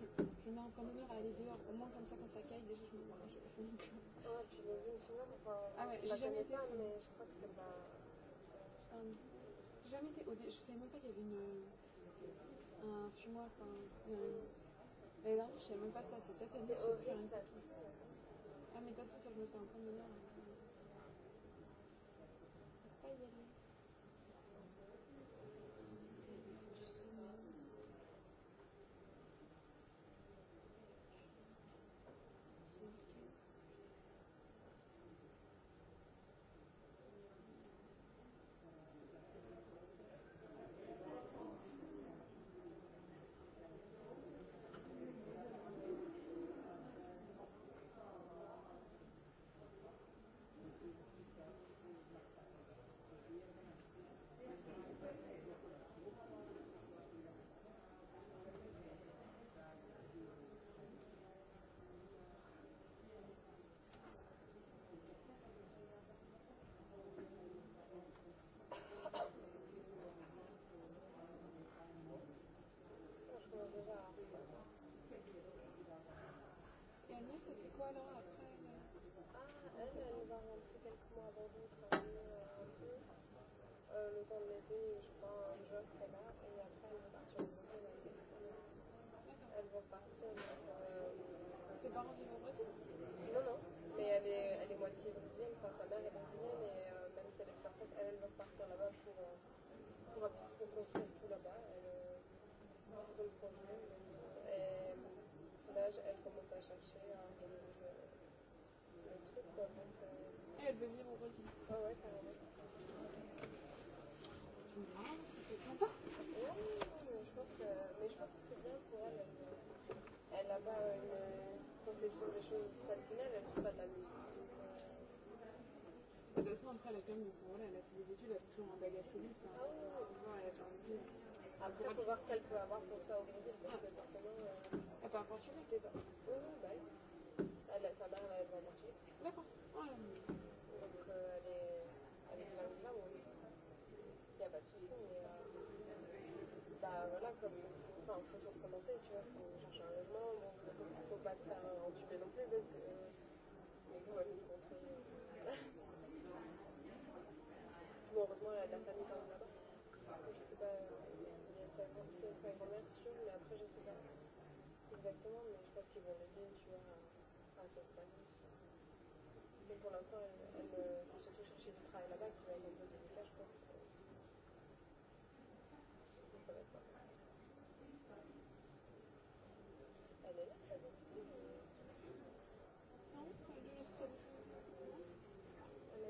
je, je mets encore une heure à aller dehors. Au moins, comme ça, quand ça caille, déjà, je me vois. Je ah, puis les unes finales, enfin. Ah ouais, j'ai jamais été. Pas, mais je crois que c'est pas. Un... J'ai jamais été. Je savais même pas qu'il y avait une. Un fumoir, enfin. L'année eh dernière, je savais même pas ça. C'est cette année, je sais plus Ah, mais de toute façon, ça, je me fais un point d'honneur. Hein. ça fait quoi alors après Ah, elle, elle va rentrer quelques mois avant nous travailler euh, un peu. Euh, le temps de l'été, je prends un job qu'elle a et après elle va partir au Brésil avec des Elle va partir. Euh, Ses parents vivent au Brésil Non, non, mais elle est, elle est moitié brésilienne. Enfin, sa mère est brésilienne et euh, même si elle est française, elle, elle va partir là-bas pour, euh, pour, pour construire tout là-bas. Elle, euh, elle commence à chercher quoi. Eh, Donc, Elle veut vivre au Brésil. Ah ouais, carrément. Tu me diras, c'était sympa. Ouais, mais je pense que, mais je c'est bien pour elle. Elle n'a pas une conception des choses traditionnelles, elle ne fait pas de la musique. De toute façon, après, elle a quand même bon, elle a fait des études, elle a toujours un bagage ah solide. Enfin, Après, il voir ce qu'elle peut avoir pour ça au Brésil, parce que forcément. Euh... Elle peut avoir chez elle, t'es pas. Oui, oui, bah oui elle, sa mère, elle va la D'accord. Donc, euh, elle est, elle est là, là il n'y a pas de souci, mais euh, bah voilà, comme, faut se recommencer, tu vois, faut chercher un logement, faut, faut pas se faire entuber non plus, parce que c'est quand même contre. bon, heureusement, la famille quand même là-bas. Je sais pas, il y a sa, grand-mère, sûr, mais après, je sais pas exactement, mais je pense qu'ils vont l'aider, tu vois. Mais pour l'instant, elle, elle, c'est surtout chercher du travail là-bas qui va être un peu délicat, je pense. ça va être Elle est là, elle Non, Elle a mis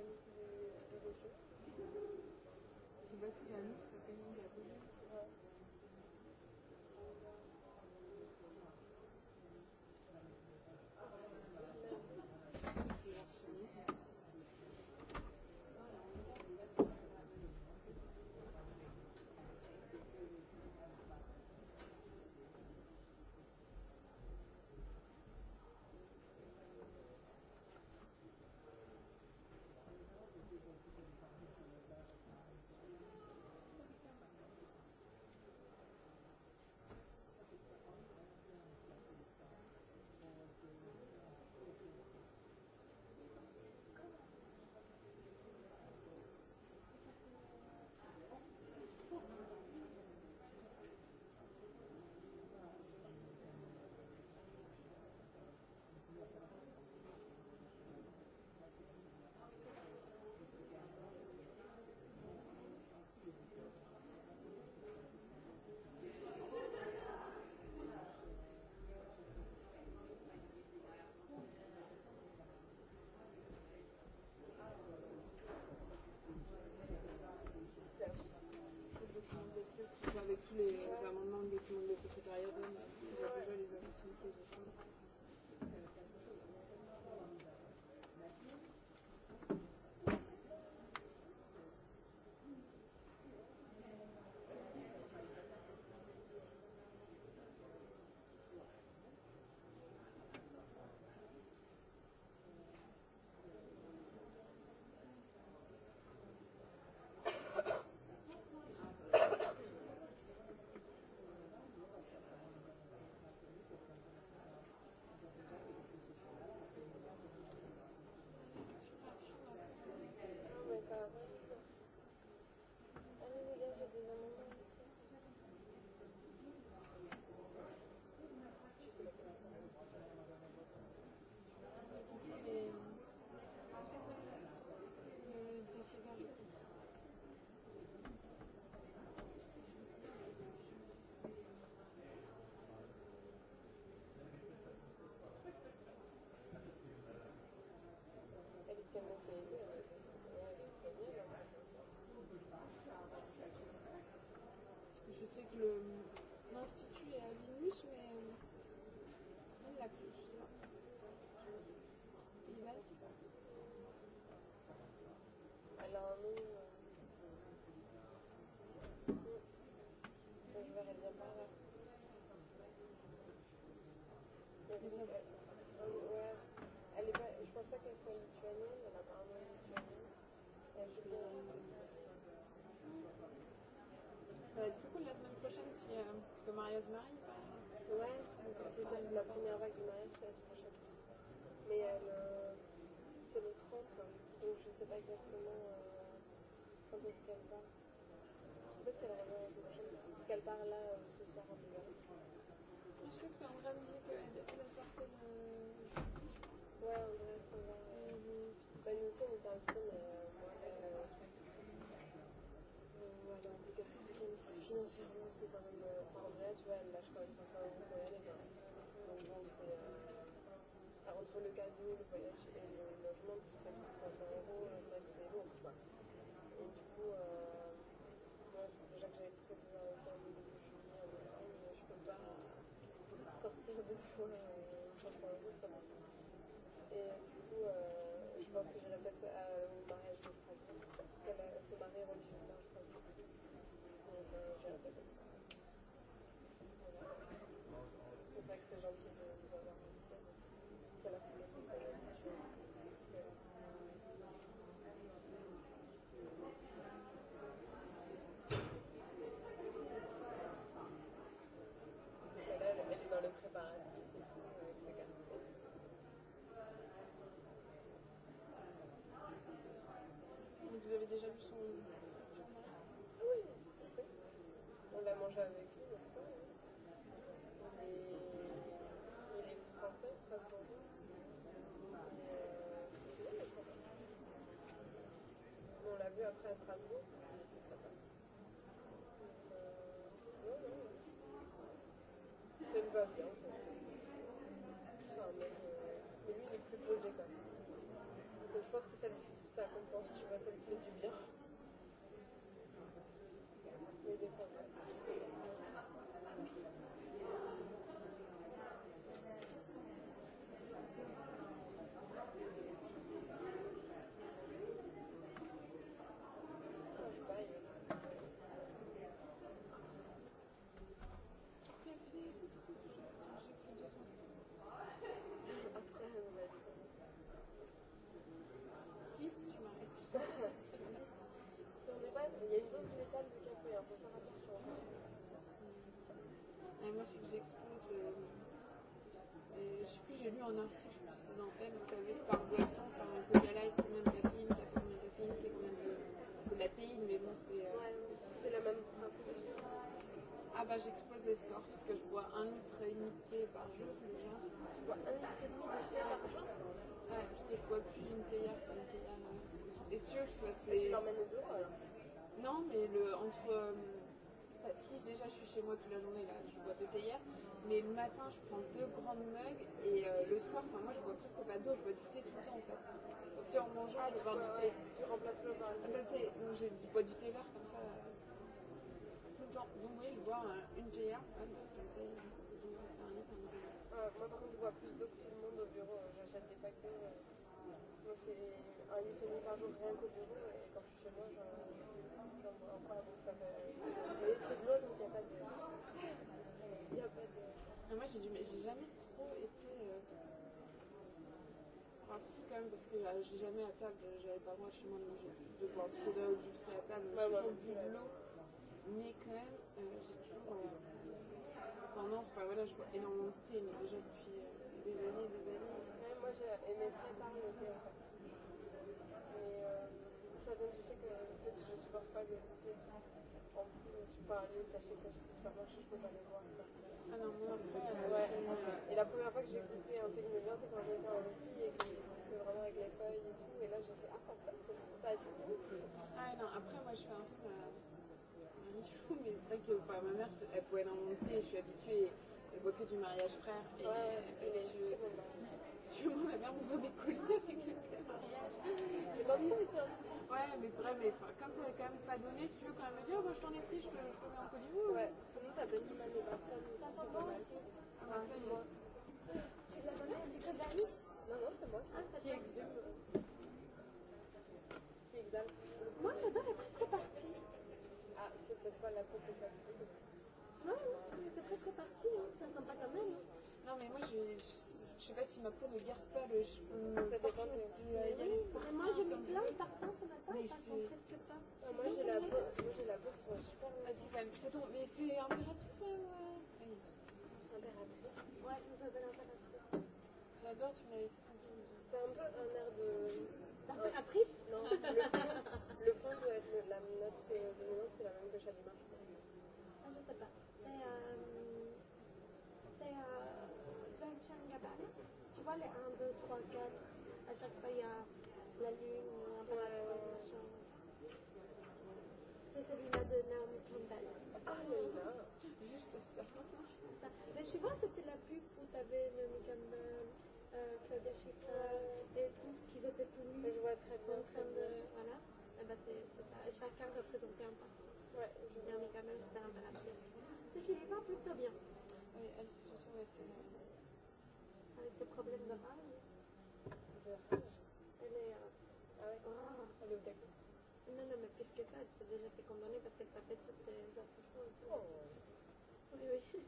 des, des pas si c'est sais que le, l'institut est à Vilnius, mais euh, l'a plus. Je sais pas. Il Elle a un nom. Euh... je verrai bien par là. Mais ouais. Elle est pas, je pense pas qu'elle soit lituanienne, elle a pas un nom lituanien. Elle euh, est aussi, euh, parce que Maria se marie. Bah, ouais, c'est ça. La première vague du mariage, c'est la semaine prochaine. Mais elle, euh, c'est le 30, donc je sais pas exactement euh, quand est-ce qu'elle part. Je sais pas si elle revient la semaine prochaine, parce qu'elle part là euh, ce soir en Bulgarie. Je pense qu'en vrai, elle dit qu'elle le jeudi, Ouais, en vrai, ça va. Mm -hmm. bah, nous aussi, on nous a invités, mais euh, euh, euh, voilà, financièrement eller ska liksom så hon börjar lite. Hon, hon ser, ja, hon skulle kanske gjorde på er under någon procent så hon är sexig ihop va. И чего, также я купила там, я еще куда, со всех душой. à Strasbourg. Ça me va bien. C'est un mec. Mais lui, il est plus posé quand même. Donc je pense que ça, ça compense, tu vois, ça lui fait du bien. j'expose le. Et, je sais plus, j'ai lu un article, je dans elle, où tu par boisson, enfin, le coca light, combien de caféine, café, combien de caféine, qui combien de. C'est de la théine, mais bon, c'est. Euh... Ouais, c'est le même principe. Ah bah j'expose les scores parce que je bois un litre et demi de thé par jour déjà. Tu bois un litre et demi de thé par jour Ouais, parce que je bois plus une théière qu'une euh, théière. Et si tu veux, ça c'est. Tu l'emmènes au bureau alors Non, mais le, entre. Euh, fait, si déjà je suis chez moi toute la journée, là, je bois deux théières, mais le matin je prends deux grandes mugs et euh, le soir, enfin moi je bois presque pas d'eau, je bois du thé tout le temps en fait. si en mangeant, ah, je bois du thé. Tu remplaces le vin. Le thé, donc je bois du thé vert comme ça tout le temps. Donc oui, je bois un, une théière, ouais, ah, ça me fait un litre, un litre. Euh, moi par contre, je bois plus d'eau que tout le monde au bureau, euh, j'achète des paquets. Euh, moi c'est un litre et demi par jour rien qu'au bureau et quand je suis chez moi, j'en pourquoi vous savez. C'est glauque, donc il n'y a pas de. Il n'y a pas de. Mais moi, j'ai, dû, j'ai jamais trop été. Euh... Enfin, si, quand même, parce que là, euh, j'ai jamais à table, euh, j'avais pas le droit chez moi de manger de boire du soda ou du fruit à table, j'ai toujours bu de l'eau. Mais quand même, euh, j'ai toujours euh, tendance, enfin voilà, je bois énormément de thé, mais déjà depuis euh, des années et des années. Même moi, j'ai aimé très tard le thé, en fait. Mais euh, ça vient du fait que je ne pas les en plus, je peux aller, sachez que je ne pas moi, je peux pas les voir. Ah non, moi après, ouais. Et la première fois que j'ai écouté un truc de c'est quand j'étais en Russie et que j'écoutais vraiment avec les feuilles et tout. Et là, j'ai fait, ah, en fait, c'est pour du coup. Ah non, après, moi, je fais un peu mais c'est vrai que enfin, ma mère, elle pouvait l'en monter, je suis habituée, elle voit que du mariage frère. Et, ouais, et, et, et, et, et, tu vois, ma mère m'envoie mes colis avec les clés mariage. Et si, ouais, mais c'est vrai, mais comme ça n'est quand même pas donné, si tu veux quand même me dire, moi je t'en ai pris, je te, je te mets en colis. Ouais, sinon t'as pas dit mal de Barcelone. Ça sent bon aussi. Ah, ouais, c'est moi. Tu l'as donné du club d'amis Non, non, c'est moi qui, ah, qui exhume. Qui exhale. Moi, ma dame est presque partie. Ah, c'est peut-être pas la propre partie. Ouais, ouais, c'est presque parti, hein. ça sent pas quand même. Hein. Non, mais moi, je, je je sais pas si ma peau ne garde pas le. le ça dépend de... du. Euh, mais oui, mais moi j'ai mis plein de parfums ce matin mais ça sent presque pas. Ah, moi j'ai la peau, moi j'ai la peau qui sent super bien. Vas-y, Femme, ça tombe. Mais c'est impératrice euh... Impératrice Ouais, je m'appelle impératrice. J'adore, tu m'avais fait sentir. C'est un peu un air de. Impératrice ah. Non, le fond, le fond doit être la note euh, dominante, c'est la même que Chalimard. pas les 1, 2, 3, 4. À chaque fois, il y a la lune ou un ouais. machin. C'est celui-là de Naomi Campbell. Oh là juste ça. Juste ça. Mais tu vois, c'était la pub où t'avais Naomi Campbell. Euh, Claudia Schiffer ouais. et tous qu'ils étaient tous nus. Je vois très bien. En train de... Voilà. Et ben c'est ça. Et chacun représentait un pas. Ouais. Naomi Campbell, c'était l'impératrice. C'est qu'il est pas plutôt bien. Oui, elle s'est surtout restée ce problème de rage. Elle est. Euh, ah ouais. oh, elle est au taquet. Non, non, mais pire que ça, elle s'est déjà fait condamner parce qu'elle tapait sur ses affiches. Oh. Oui, oui.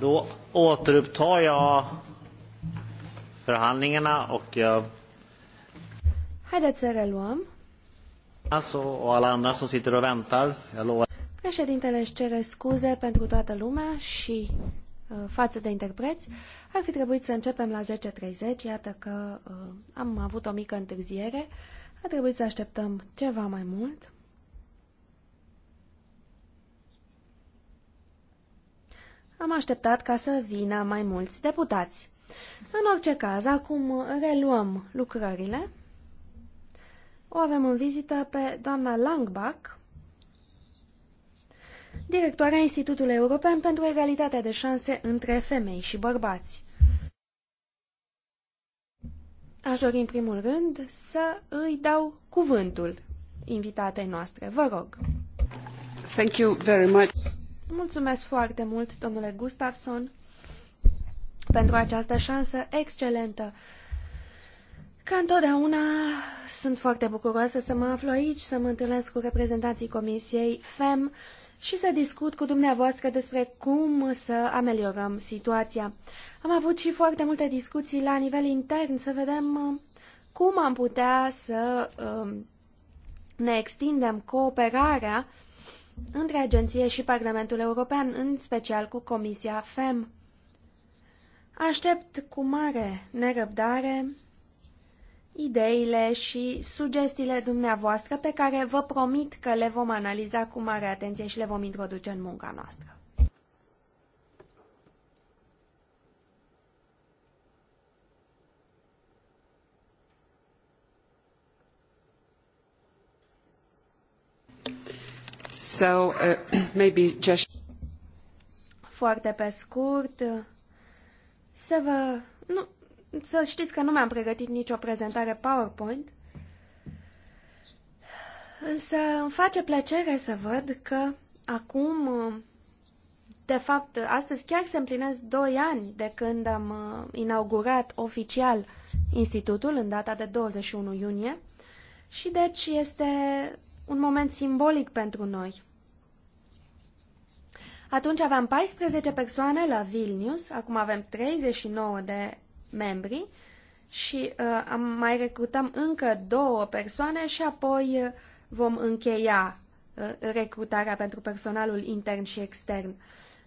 Då återupptar jag förhandlingarna och jag... Haideți să reluăm. Alltså, och alla andra som sitter och väntar. Jag lovar. Președintele își cere scuze pentru toată lumea și uh, față de interpreți. Ar fi trebuit să începem la 10.30, iată că uh, am avut o mică întârziere. A trebuit să așteptăm ceva mai mult. Am așteptat ca să vină mai mulți deputați. În orice caz, acum reluăm lucrările. O avem în vizită pe doamna Langbach, directoarea Institutului European pentru Egalitatea de Șanse între Femei și Bărbați. Aș dori în primul rând să îi dau cuvântul invitatei noastre. Vă rog. Thank you very much. Mulțumesc foarte mult, domnule Gustafsson, pentru această șansă excelentă. Ca întotdeauna, sunt foarte bucuroasă să mă aflu aici, să mă întâlnesc cu reprezentanții Comisiei FEM și să discut cu dumneavoastră despre cum să ameliorăm situația. Am avut și foarte multe discuții la nivel intern să vedem uh, cum am putea să uh, ne extindem cooperarea între agenție și Parlamentul European, în special cu Comisia FEM. Aștept cu mare nerăbdare ideile și sugestiile dumneavoastră pe care vă promit că le vom analiza cu mare atenție și le vom introduce în munca noastră. Uh, [clears throat] Foarte pe scurt, să vă... Nu, să știți că nu mi-am pregătit nicio prezentare PowerPoint, însă îmi face plăcere să văd că acum, de fapt, astăzi chiar se împlinesc 2 ani de când am uh, inaugurat oficial institutul în data de 21 iunie și deci este un moment simbolic pentru noi. Atunci aveam 14 persoane la Vilnius, acum avem 39 de membri și uh, am mai recrutăm încă două persoane și apoi uh, vom încheia uh, recrutarea pentru personalul intern și extern.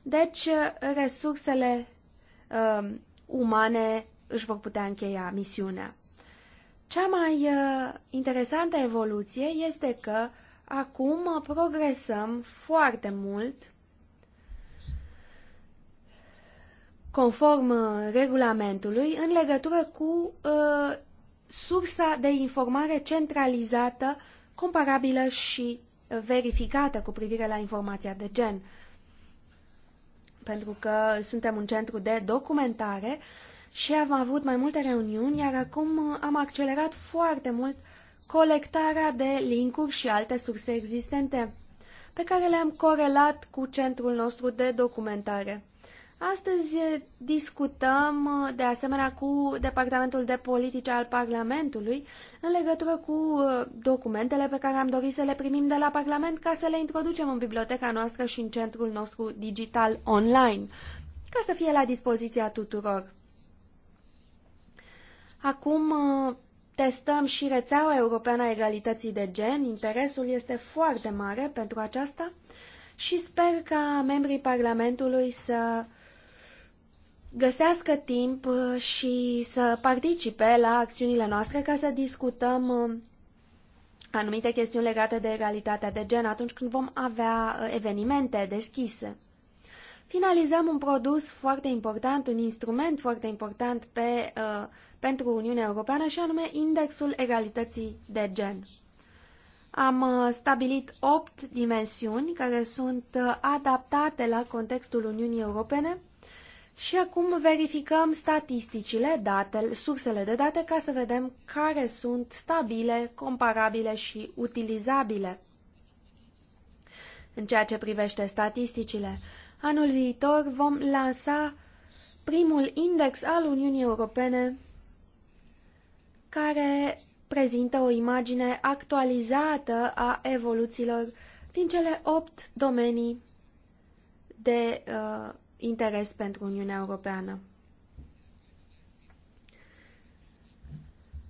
Deci, uh, resursele uh, umane își vor putea încheia misiunea. Cea mai uh, interesantă evoluție este că acum progresăm foarte mult conform uh, regulamentului în legătură cu uh, sursa de informare centralizată, comparabilă și uh, verificată cu privire la informația de gen. Pentru că suntem un centru de documentare și am avut mai multe reuniuni, iar acum uh, am accelerat foarte mult colectarea de linkuri și alte surse existente pe care le-am corelat cu centrul nostru de documentare. Astăzi uh, discutăm uh, de asemenea cu Departamentul de Politice al Parlamentului în legătură cu documentele pe care am dorit să le primim de la Parlament ca să le introducem în biblioteca noastră și în centrul nostru digital online, ca să fie la dispoziția tuturor. Acum uh, testăm și rețeaua europeană a egalității de gen. Interesul este foarte mare pentru aceasta și sper ca membrii Parlamentului să găsească timp uh, și să participe la acțiunile noastre ca să discutăm uh, anumite chestiuni legate de egalitatea de gen atunci când vom avea evenimente deschise finalizăm un produs foarte important, un instrument foarte important pe, uh, pentru Uniunea Europeană și anume Indexul Egalității de Gen. Am uh, stabilit opt dimensiuni care sunt uh, adaptate la contextul Uniunii Europene și acum verificăm statisticile, datele, sursele de date ca să vedem care sunt stabile, comparabile și utilizabile. În ceea ce privește statisticile, Anul viitor vom lansa primul index al Uniunii Europene care prezintă o imagine actualizată a evoluțiilor din cele opt domenii de uh, interes pentru Uniunea Europeană.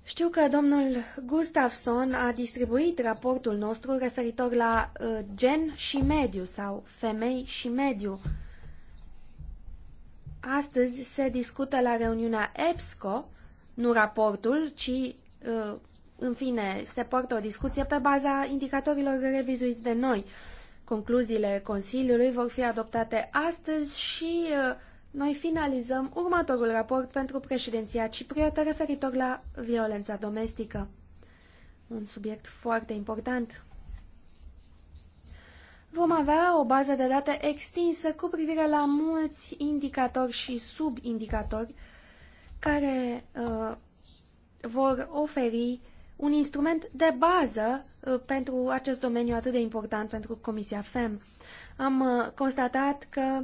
Știu că domnul Gustafsson a distribuit raportul nostru referitor la uh, gen și mediu sau femei și mediu. Astăzi se discută la reuniunea EPSCO, nu raportul, ci, uh, în fine, se poartă o discuție pe baza indicatorilor revizuiți de noi. Concluziile Consiliului vor fi adoptate astăzi și uh, noi finalizăm următorul raport pentru președinția cipriotă referitor la violența domestică. Un subiect foarte important. Vom avea o bază de date extinsă cu privire la mulți indicatori și subindicatori care uh, vor oferi un instrument de bază uh, pentru acest domeniu atât de important pentru Comisia FEM. Am uh, constatat că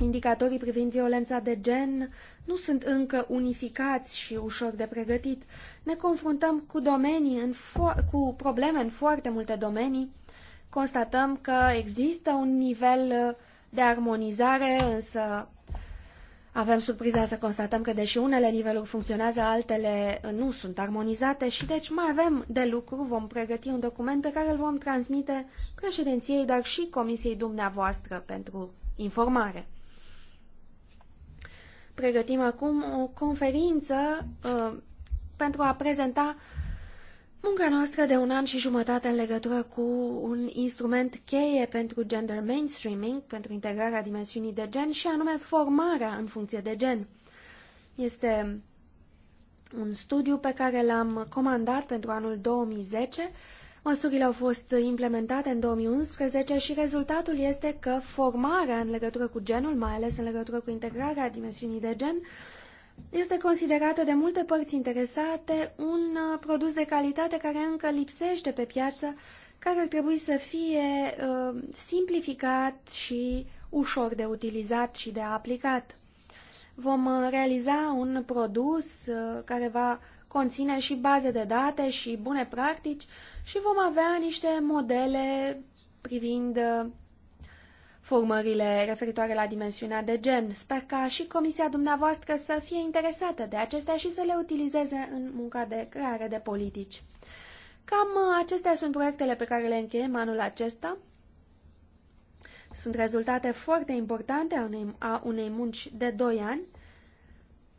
Indicatorii privind violența de gen nu sunt încă unificați și ușor de pregătit. Ne confruntăm cu, domenii în cu probleme în foarte multe domenii. Constatăm că există un nivel uh, de armonizare, însă avem surpriza să constatăm că deși unele niveluri funcționează, altele uh, nu sunt armonizate și deci mai avem de lucru, vom pregăti un document pe care îl vom transmite președinției, dar și comisiei dumneavoastră pentru informare pregătim acum o conferință uh, pentru a prezenta munca noastră de un an și jumătate în legătură cu un instrument cheie pentru gender mainstreaming, pentru integrarea dimensiunii de gen și anume formarea în funcție de gen. Este un studiu pe care l-am comandat pentru anul 2010 Măsurile au fost implementate în 2011 și rezultatul este că formarea în legătură cu genul, mai ales în legătură cu integrarea dimensiunii de gen, este considerată de multe părți interesate un uh, produs de calitate care încă lipsește pe piață, care ar trebui să fie uh, simplificat și ușor de utilizat și de aplicat. Vom uh, realiza un produs uh, care va conține și baze de date și bune practici și vom avea niște modele privind uh, formările referitoare la dimensiunea de gen. Sper ca și comisia dumneavoastră să fie interesată de acestea și să le utilizeze în munca de creare de politici. Cam uh, acestea sunt proiectele pe care le încheiem anul acesta. Sunt rezultate foarte importante a unei, a unei munci de 2 ani.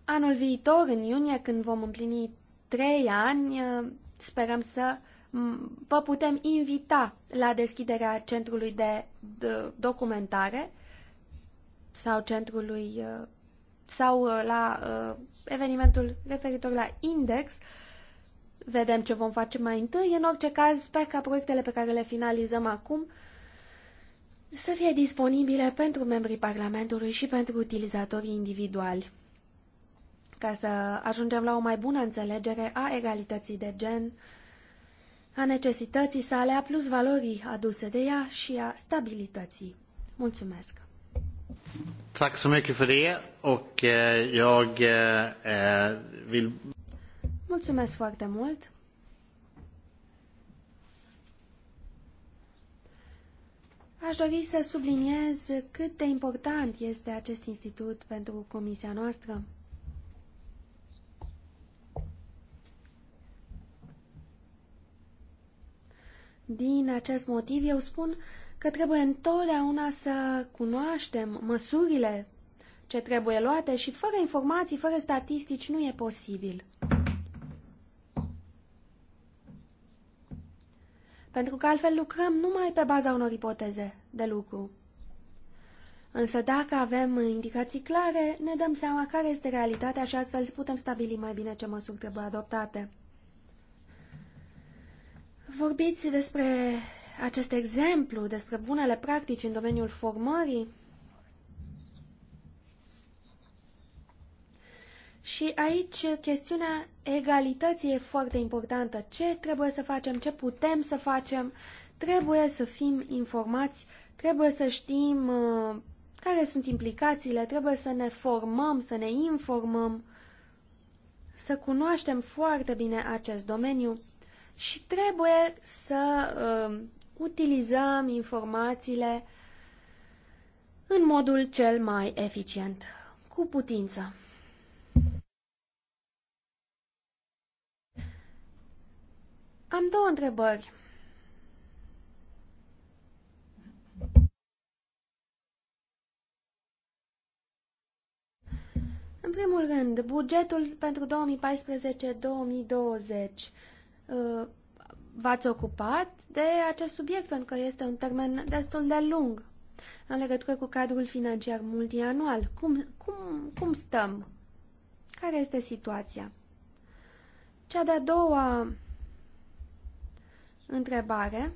Anul viitor, în iunie, când vom împlini 3 ani, uh, sperăm să vă putem invita la deschiderea centrului de documentare sau centrului uh, sau uh, la uh, evenimentul referitor la index. Vedem ce vom face mai întâi. În orice caz, sper ca proiectele pe care le finalizăm acum să fie disponibile pentru membrii Parlamentului și pentru utilizatorii individuali, ca să ajungem la o mai bună înțelegere a egalității de gen a necesității sale, a plus valorii aduse de ea și a stabilității. Mulțumesc! Tack så mycket för det och eh, jag eh, eh, vill... Mulțumesc foarte mult! Aș dori să subliniez cât de important este acest institut pentru comisia noastră. Din acest motiv, eu spun că trebuie întotdeauna să cunoaștem măsurile ce trebuie luate și fără informații, fără statistici, nu e posibil. Pentru că altfel lucrăm numai pe baza unor ipoteze de lucru. Însă dacă avem indicații clare, ne dăm seama care este realitatea și astfel putem stabili mai bine ce măsuri trebuie adoptate. Vorbiți despre acest exemplu, despre bunele practici în domeniul formării. Și aici chestiunea egalității e foarte importantă. Ce trebuie să facem, ce putem să facem, trebuie să fim informați, trebuie să știm uh, care sunt implicațiile, trebuie să ne formăm, să ne informăm, să cunoaștem foarte bine acest domeniu și trebuie să uh, utilizăm informațiile în modul cel mai eficient, cu putință. Am două întrebări. În primul rând, bugetul pentru 2014-2020 Uh, v-ați ocupat de acest subiect, pentru că este un termen destul de lung în legătură cu cadrul financiar multianual. Cum, cum, cum stăm? Care este situația? Cea de-a doua întrebare.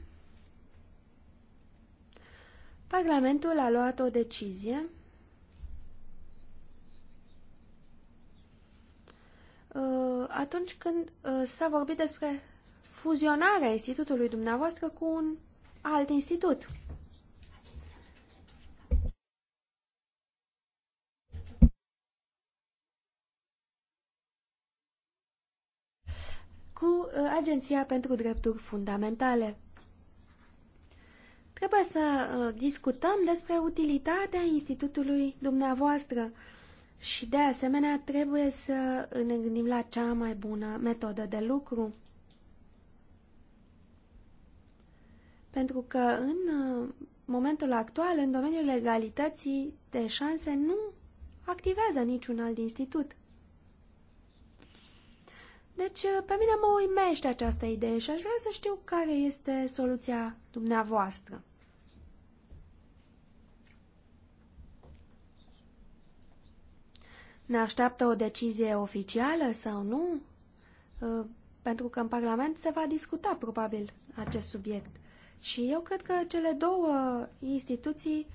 Parlamentul a luat o decizie Uh, atunci când uh, s-a vorbit despre fuzionarea institutului dumneavoastră cu un alt institut. cu uh, Agenția pentru Drepturi Fundamentale. Trebuie să discutăm despre utilitatea institutului dumneavoastră. Și de asemenea trebuie să ne gândim la cea mai bună metodă de lucru. Pentru că în uh, momentul actual, în domeniul legalității de șanse, nu activează niciun alt institut. Deci, uh, pe mine mă uimește această idee și aș vrea să știu care este soluția dumneavoastră. Ne așteaptă o decizie oficială sau nu? Uh, pentru că în Parlament se va discuta probabil acest subiect. Și eu cred că cele două instituții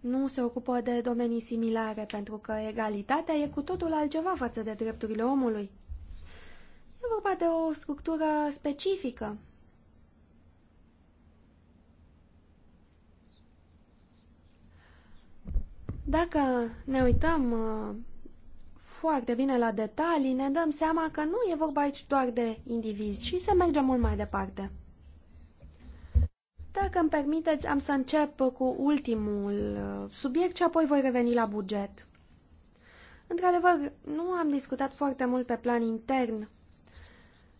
nu se ocupă de domenii similare, pentru că egalitatea e cu totul altceva față de drepturile omului. E vorba de o structură specifică. Dacă ne uităm uh, foarte bine la detalii, ne dăm seama că nu e vorba aici doar de indivizi și se merge mult mai departe. Dacă îmi permiteți, am să încep cu ultimul uh, subiect și apoi voi reveni la buget. Într-adevăr, nu am discutat foarte mult pe plan intern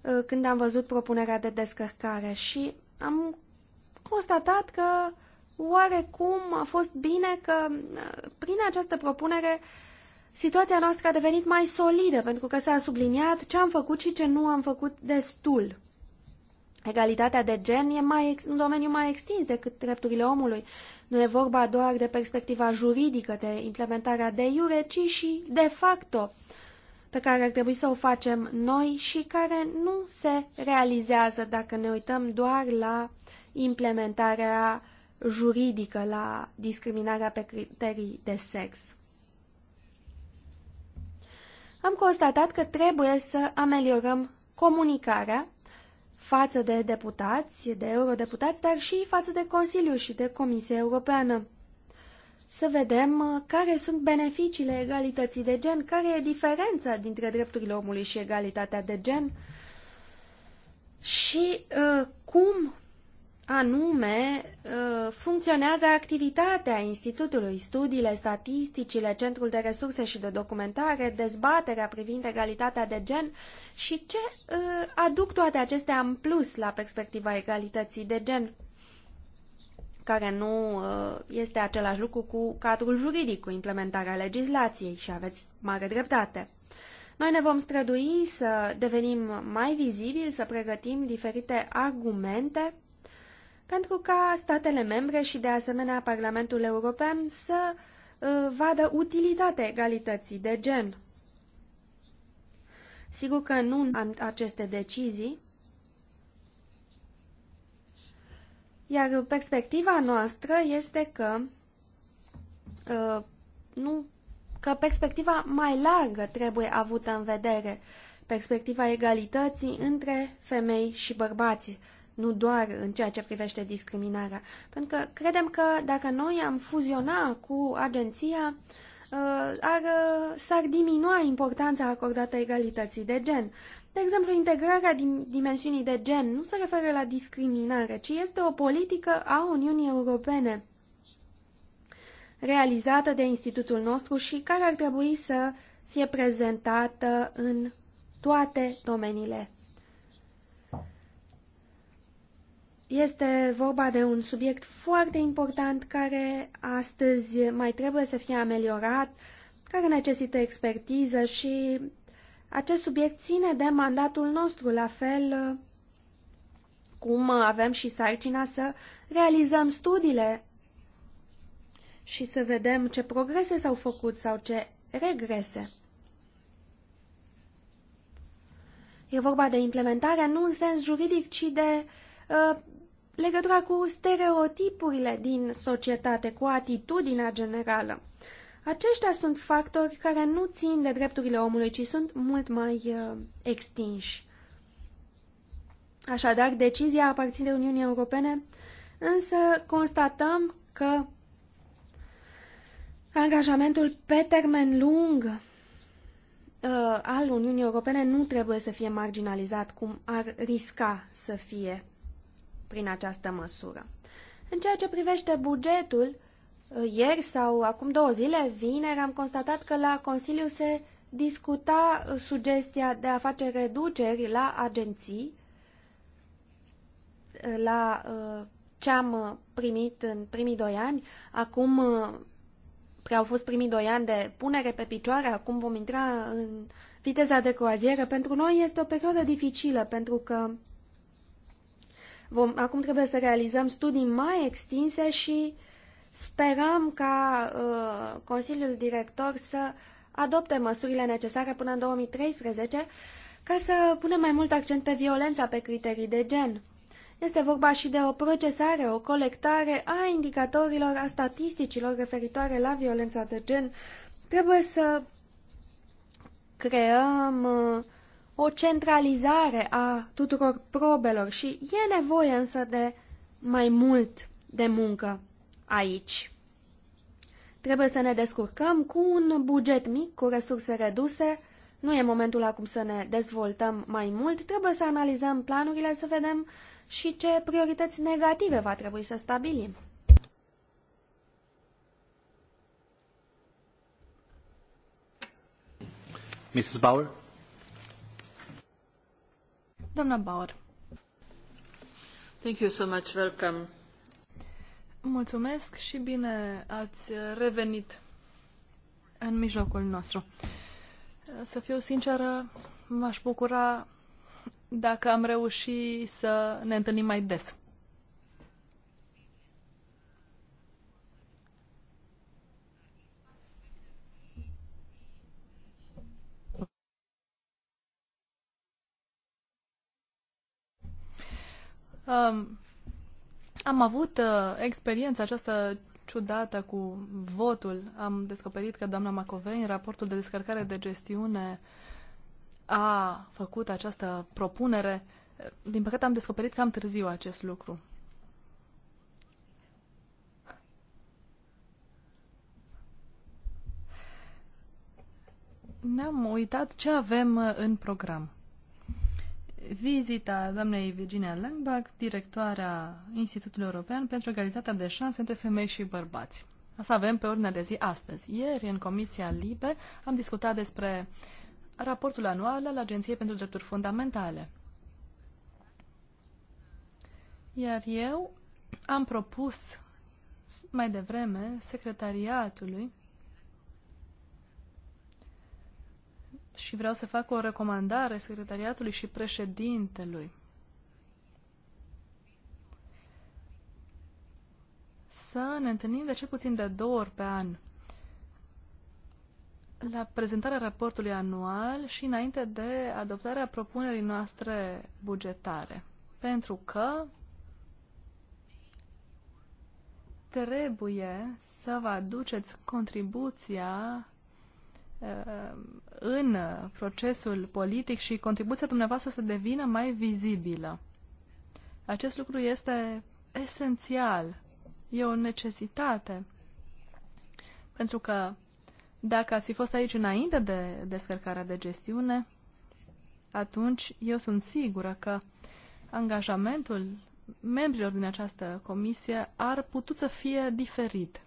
uh, când am văzut propunerea de descărcare și am constatat că oarecum a fost bine că uh, prin această propunere uh, situația noastră a devenit mai solidă, pentru că s-a subliniat ce am făcut și ce nu am făcut destul. Egalitatea de gen e mai, un domeniu mai extins decât drepturile omului. Nu e vorba doar de perspectiva juridică, de implementarea de iure, ci și de facto, pe care ar trebui să o facem noi și care nu se realizează dacă ne uităm doar la implementarea juridică, la discriminarea pe criterii de sex am constatat că trebuie să ameliorăm comunicarea față de deputați, de eurodeputați, dar și față de Consiliu și de Comisia Europeană. Să vedem uh, care sunt beneficiile egalității de gen, care e diferența dintre drepturile omului și egalitatea de gen și uh, cum anume uh, funcționează activitatea Institutului, studiile, statisticile, Centrul de Resurse și de Documentare, dezbaterea privind egalitatea de gen și ce uh, aduc toate acestea în plus la perspectiva egalității de gen, care nu uh, este același lucru cu cadrul juridic, cu implementarea legislației și aveți mare dreptate. Noi ne vom strădui să devenim mai vizibili, să pregătim diferite argumente pentru ca statele membre și de asemenea Parlamentul European să uh, vadă utilitatea egalității de gen. Sigur că nu am aceste decizii, iar perspectiva noastră este că uh, nu, că perspectiva mai largă trebuie avută în vedere, perspectiva egalității între femei și bărbați nu doar în ceea ce privește discriminarea. Pentru că credem că dacă noi am fuziona cu agenția, uh, ar, uh, s-ar diminua importanța acordată egalității de gen. De exemplu, integrarea din dimensiunii de gen nu se referă la discriminare, ci este o politică a Uniunii Europene realizată de institutul nostru și care ar trebui să fie prezentată în toate domeniile Este vorba de un subiect foarte important care astăzi mai trebuie să fie ameliorat, care necesită expertiză și acest subiect ține de mandatul nostru, la fel uh, cum avem și sarcina să realizăm studiile și să vedem ce progrese s-au făcut sau ce regrese. E vorba de implementare nu în sens juridic, ci de uh, legătura cu stereotipurile din societate, cu atitudinea generală. Aceștia sunt factori care nu țin de drepturile omului, ci sunt mult mai uh, extinși. Așadar, decizia aparține de Uniunii Europene, însă constatăm că angajamentul pe termen lung uh, al Uniunii Europene nu trebuie să fie marginalizat, cum ar risca să fie prin această măsură. În ceea ce privește bugetul, uh, ieri sau acum două zile, vineri, am constatat că la Consiliu se discuta uh, sugestia de a face reduceri la agenții, uh, la ce am primit în primii doi ani. Acum prea au fost primii doi ani de punere pe picioare, acum vom intra în viteza de croazieră. Pentru noi este o perioadă dificilă, pentru că Vom, acum trebuie să realizăm studii mai extinse și sperăm ca uh, Consiliul Director să adopte măsurile necesare până în 2013 ca să punem mai mult accent pe violența pe criterii de gen. Este vorba și de o procesare, o colectare a indicatorilor, a statisticilor referitoare la violența de gen. Trebuie să creăm uh, o centralizare a tuturor probelor și e nevoie însă de mai mult de muncă aici. Trebuie să ne descurcăm cu un buget mic, cu resurse reduse. Nu e momentul acum să ne dezvoltăm mai mult. Trebuie să analizăm planurile, să vedem și ce priorități negative va trebui să stabilim. Mrs. Bauer? doamna Bauer. Thank you so much. Welcome. Mulțumesc și bine ați revenit în mijlocul nostru. Să fiu sinceră, m-aș bucura dacă am reușit să ne întâlnim mai des. Um, am avut uh, experiența aceasta ciudată cu votul. Am descoperit că doamna Macovei, în raportul de descărcare de gestiune, a făcut această propunere. Din păcate am descoperit cam târziu acest lucru. Ne-am uitat ce avem uh, în program vizita doamnei Virginia Langbach, directoarea Institutului European pentru Egalitatea de Șanse între Femei și Bărbați. Asta avem pe ordinea de zi astăzi. Ieri, în Comisia Libe, am discutat despre raportul anual al Agenției pentru Drepturi Fundamentale. Iar eu am propus mai devreme secretariatului și vreau să fac o recomandare secretariatului și președintelui. Să ne întâlnim de cel puțin de două ori pe an la prezentarea raportului anual și înainte de adoptarea propunerii noastre bugetare. Pentru că trebuie să vă aduceți contribuția Uh, în procesul politic și contribuția dumneavoastră să devină mai vizibilă. Acest lucru este esențial, e o necesitate, pentru că dacă ați fi fost aici înainte de descărcarea de gestiune, atunci eu sunt sigură că angajamentul membrilor din această comisie ar putut să fie diferit.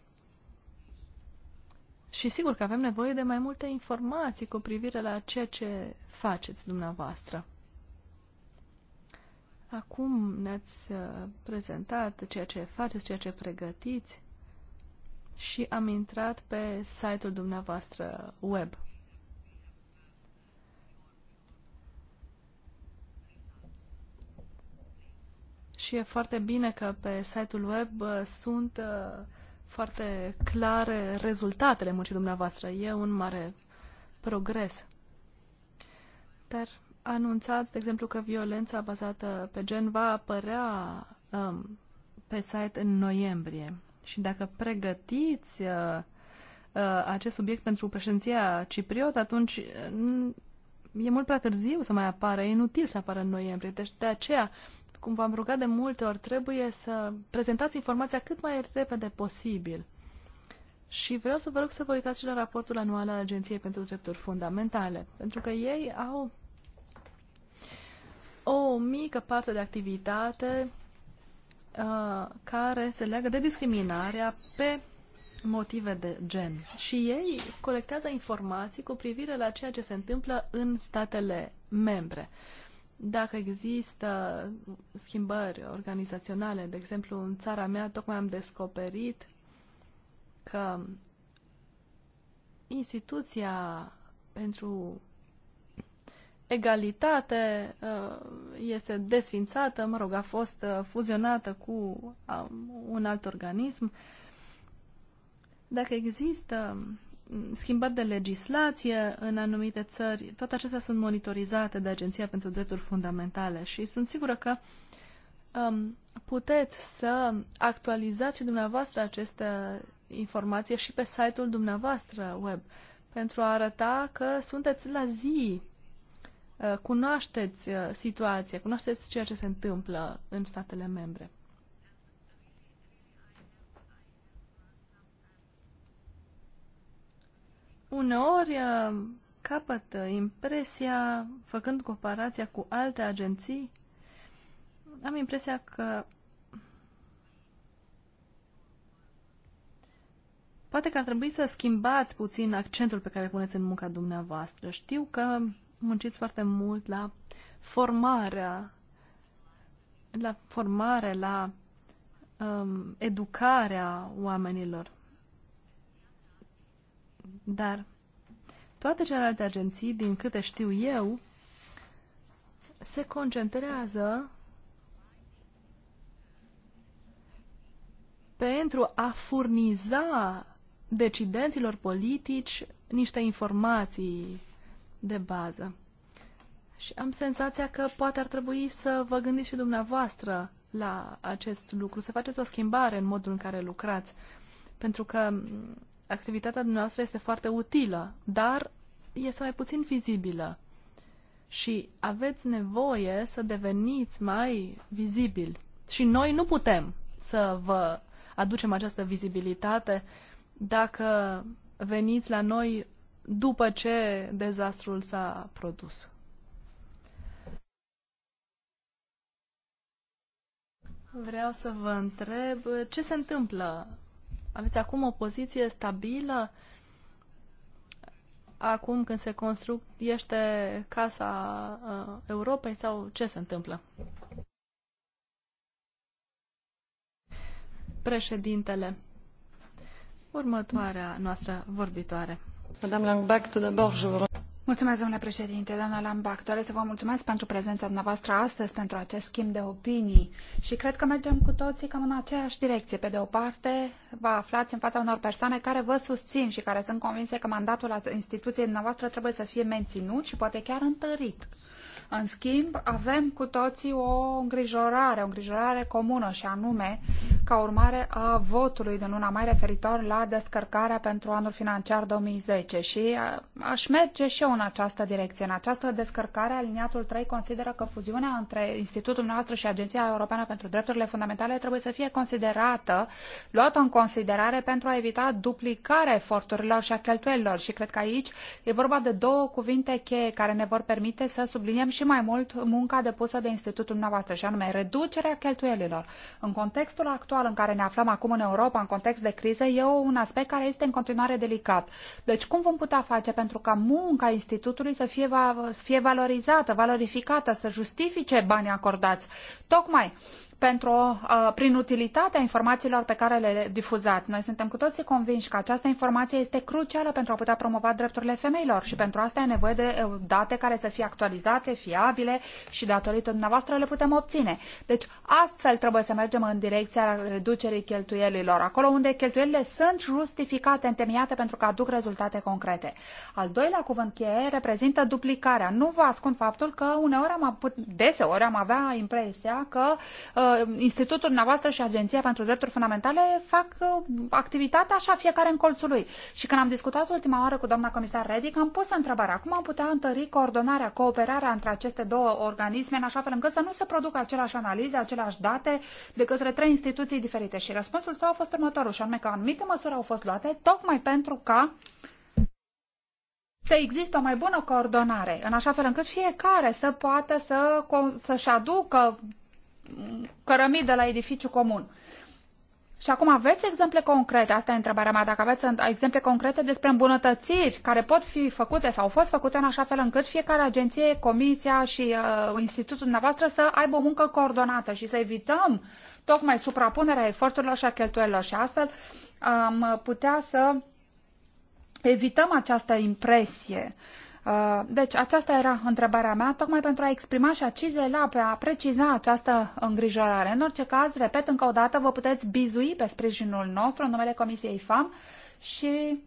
Și sigur că avem nevoie de mai multe informații cu privire la ceea ce faceți dumneavoastră. Acum ne-ați uh, prezentat ceea ce faceți, ceea ce pregătiți și am intrat pe site-ul dumneavoastră web. Și e foarte bine că pe site-ul web uh, sunt uh, foarte clare rezultatele muncii dumneavoastră. E un mare progres. Dar anunțați, de exemplu, că violența bazată pe gen va apărea um, pe site în noiembrie. Și dacă pregătiți uh, uh, acest subiect pentru președinția cipriot, atunci uh, e mult prea târziu să mai apară, e inutil să apară în noiembrie. Deci de aceea uh, cum v-am rugat de multe ori, trebuie să prezentați informația cât mai repede posibil. Și vreau să vă rog să vă uitați și la raportul anual al Agenției pentru Drepturi Fundamentale, pentru că ei au o mică parte de activitate uh, care se leagă de discriminarea pe motive de gen. Și ei colectează informații cu privire la ceea ce se întâmplă în statele membre dacă există schimbări organizaționale. De exemplu, în țara mea tocmai am descoperit că instituția pentru egalitate uh, este desfințată, mă rog, a fost uh, fuzionată cu um, un alt organism. Dacă există schimbări de legislație în anumite țări, toate acestea sunt monitorizate de Agenția pentru Drepturi Fundamentale și sunt sigură că um, puteți să actualizați și dumneavoastră aceste informații și pe site-ul dumneavoastră web pentru a arăta că sunteți la zi, uh, cunoașteți uh, situația, cunoașteți ceea ce se întâmplă în statele membre. uneori uh, capătă uh, impresia, făcând comparația cu alte agenții, am impresia că poate că ar trebui să schimbați puțin accentul pe care puneți în munca dumneavoastră. Știu că munciți foarte mult la formarea, la formare, la um, educarea oamenilor. Dar toate celelalte agenții, din câte știu eu, se concentrează pentru a furniza decidenților politici niște informații de bază. Și am senzația că poate ar trebui să vă gândiți și dumneavoastră la acest lucru, să faceți o schimbare în modul în care lucrați. Pentru că activitatea dumneavoastră este foarte utilă, dar este mai puțin vizibilă și aveți nevoie să deveniți mai vizibili. Și noi nu putem să vă aducem această vizibilitate dacă veniți la noi după ce dezastrul s-a produs. Vreau să vă întreb ce se întâmplă aveți acum o poziție stabilă? Acum când se construiește Casa uh, Europei sau ce se întâmplă? Președintele, următoarea noastră vorbitoare. Madame Langbach, tout d'abord, je vous Mulțumesc, domnule președinte, doamna Lambac. Doresc să vă mulțumesc pentru prezența dumneavoastră astăzi, pentru acest schimb de opinii și cred că mergem cu toții cam în aceeași direcție. Pe de o parte, vă aflați în fața unor persoane care vă susțin și care sunt convinse că mandatul instituției dumneavoastră trebuie să fie menținut și poate chiar întărit. În schimb, avem cu toții o îngrijorare, o îngrijorare comună și anume ca urmare a votului din luna mai referitor la descărcarea pentru anul financiar 2010 și aș merge și eu în această direcție. În această descărcare, aliniatul 3 consideră că fuziunea între Institutul nostru și Agenția Europeană pentru Drepturile Fundamentale trebuie să fie considerată, luată în considerare pentru a evita duplicarea eforturilor și a cheltuielilor și cred că aici e vorba de două cuvinte cheie care ne vor permite să subliniem și mai mult munca depusă de institutul dumneavoastră, și anume reducerea cheltuielilor. În contextul actual în care ne aflăm acum în Europa, în context de criză, e un aspect care este în continuare delicat. Deci cum vom putea face pentru ca munca institutului să fie, va, să fie valorizată, valorificată, să justifice banii acordați? Tocmai pentru, uh, prin utilitatea informațiilor pe care le difuzați. Noi suntem cu toții convinși că această informație este crucială pentru a putea promova drepturile femeilor și pentru asta e nevoie de uh, date care să fie actualizate, fiabile și datorită dumneavoastră le putem obține. Deci astfel trebuie să mergem în direcția reducerii cheltuielilor, acolo unde cheltuielile sunt justificate, întemeiate pentru că aduc rezultate concrete. Al doilea cuvânt cheie reprezintă duplicarea. Nu vă ascund faptul că uneori am, deseori am avea impresia că uh, Uh, institutul dumneavoastră și Agenția pentru Drepturi Fundamentale fac uh, activitatea așa fiecare în colțul lui. Și când am discutat ultima oară cu doamna comisar Redic, am pus întrebarea cum am putea întări coordonarea, cooperarea între aceste două organisme în așa fel încât să nu se producă aceleași analize, aceleași date de către trei instituții diferite. Și răspunsul său a fost următorul, și anume că anumite măsuri au fost luate tocmai pentru ca să există o mai bună coordonare, în așa fel încât fiecare să poată să, să-și aducă cărămidă la edificiu comun. Și acum aveți exemple concrete, asta e întrebarea mea, dacă aveți exemple concrete despre îmbunătățiri care pot fi făcute sau au fost făcute în așa fel încât fiecare agenție, comisia și uh, institutul dumneavoastră să aibă o muncă coordonată și să evităm tocmai suprapunerea eforturilor și a cheltuielor și astfel am um, putea să evităm această impresie uh, Uh, deci, aceasta era întrebarea mea, tocmai pentru a exprima și a cizela, pe a preciza această îngrijorare. În orice caz, repet încă o dată, vă puteți bizui pe sprijinul nostru în numele Comisiei FAM și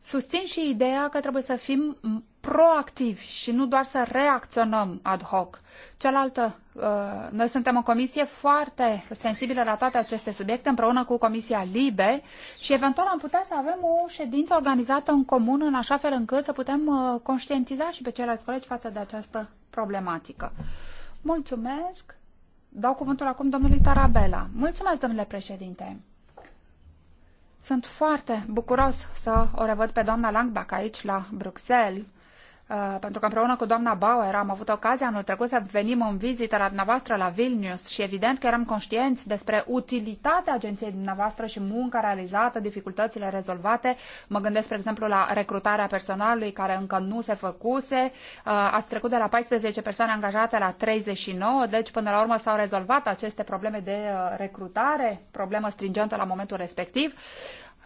susțin și ideea că trebuie să fim proactivi și nu doar să reacționăm ad hoc. Cealaltă, uh, noi suntem o comisie foarte sensibilă la toate aceste subiecte, împreună cu Comisia Libe și eventual am putea să avem o ședință organizată în comun, în așa fel încât să putem uh, conștientiza și pe ceilalți colegi față de această problematică. Mulțumesc! Dau cuvântul acum domnului Tarabela. Mulțumesc, domnule președinte! Sunt foarte bucuros să o revăd pe doamna Langbach aici, la Bruxelles, Uh, pentru că împreună cu doamna Bauer am avut ocazia anul trecut să venim în vizită la dumneavoastră la Vilnius și evident că eram conștienți despre utilitatea agenției dumneavoastră și munca realizată, dificultățile rezolvate. Mă gândesc, spre exemplu, la recrutarea personalului care încă nu se făcuse. Uh, ați trecut de la 14 persoane angajate la 39, deci până la urmă s-au rezolvat aceste probleme de uh, recrutare, problemă stringentă la momentul respectiv.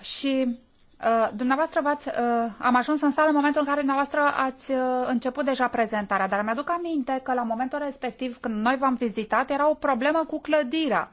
Și Uh, dumneavoastră v-ați, uh, am ajuns în sală în momentul în care dumneavoastră ați uh, început deja prezentarea, dar mi-aduc aminte că la momentul respectiv, când noi v-am vizitat, era o problemă cu clădirea.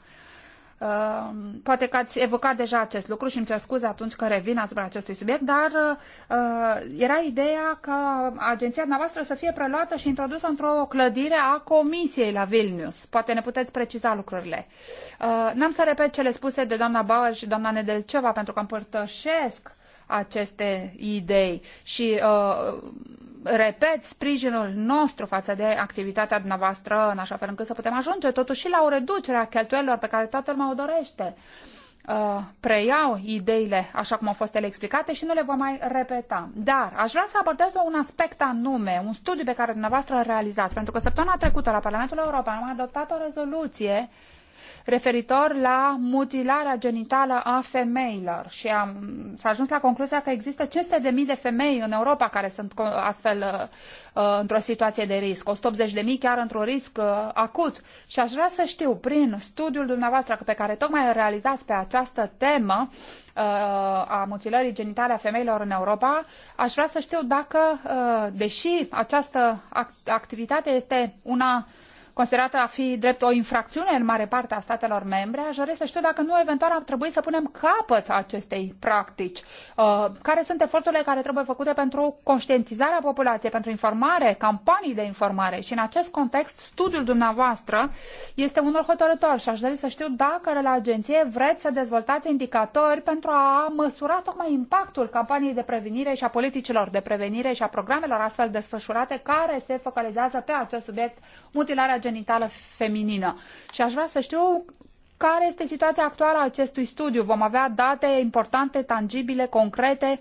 Uh, poate că ați evocat deja acest lucru și îmi cer scuze atunci că revin asupra acestui subiect, dar uh, era ideea că agenția noastră să fie preluată și introdusă într-o clădire a Comisiei la Vilnius. Poate ne puteți preciza lucrurile. Uh, n-am să repet cele spuse de doamna Bauer și doamna Nedelceva, pentru că împărtășesc aceste idei și uh, repet sprijinul nostru față de activitatea dumneavoastră în așa fel încât să putem ajunge totuși și la o reducere a cheltuielilor pe care toată lumea o dorește. Uh, preiau ideile așa cum au fost ele explicate și nu le vom mai repeta. Dar aș vrea să abordez un aspect anume, un studiu pe care dumneavoastră îl realizați, pentru că săptămâna trecută la Parlamentul European am adoptat o rezoluție uh, referitor la mutilarea genitală a femeilor și s-a ajuns la concluzia că există 500.000 de femei în Europa care sunt astfel uh, într-o situație de risc, 180.000 chiar într-un risc uh, acut. Și aș vrea să știu, prin studiul dumneavoastră pe care tocmai îl realizați pe această temă uh, a mutilării genitale a femeilor în Europa, aș vrea să știu dacă, deși această activitate este una considerată a fi drept o infracțiune în mare parte a statelor membre, aș dori să știu dacă nu eventual ar trebui să punem capăt acestei practici. Uh, care sunt eforturile care trebuie făcute pentru conștientizarea populației, pentru informare, campanii de informare și în acest context studiul dumneavoastră este unul hotărător și aș dori să știu dacă la agenție vreți să dezvoltați indicatori pentru a măsura tocmai impactul campaniei de prevenire și a politicilor de prevenire și a programelor astfel desfășurate care se focalizează pe acest subiect, mutilarea genitală feminină. Și aș vrea să știu care este situația actuală a acestui studiu. Vom avea date importante, tangibile, concrete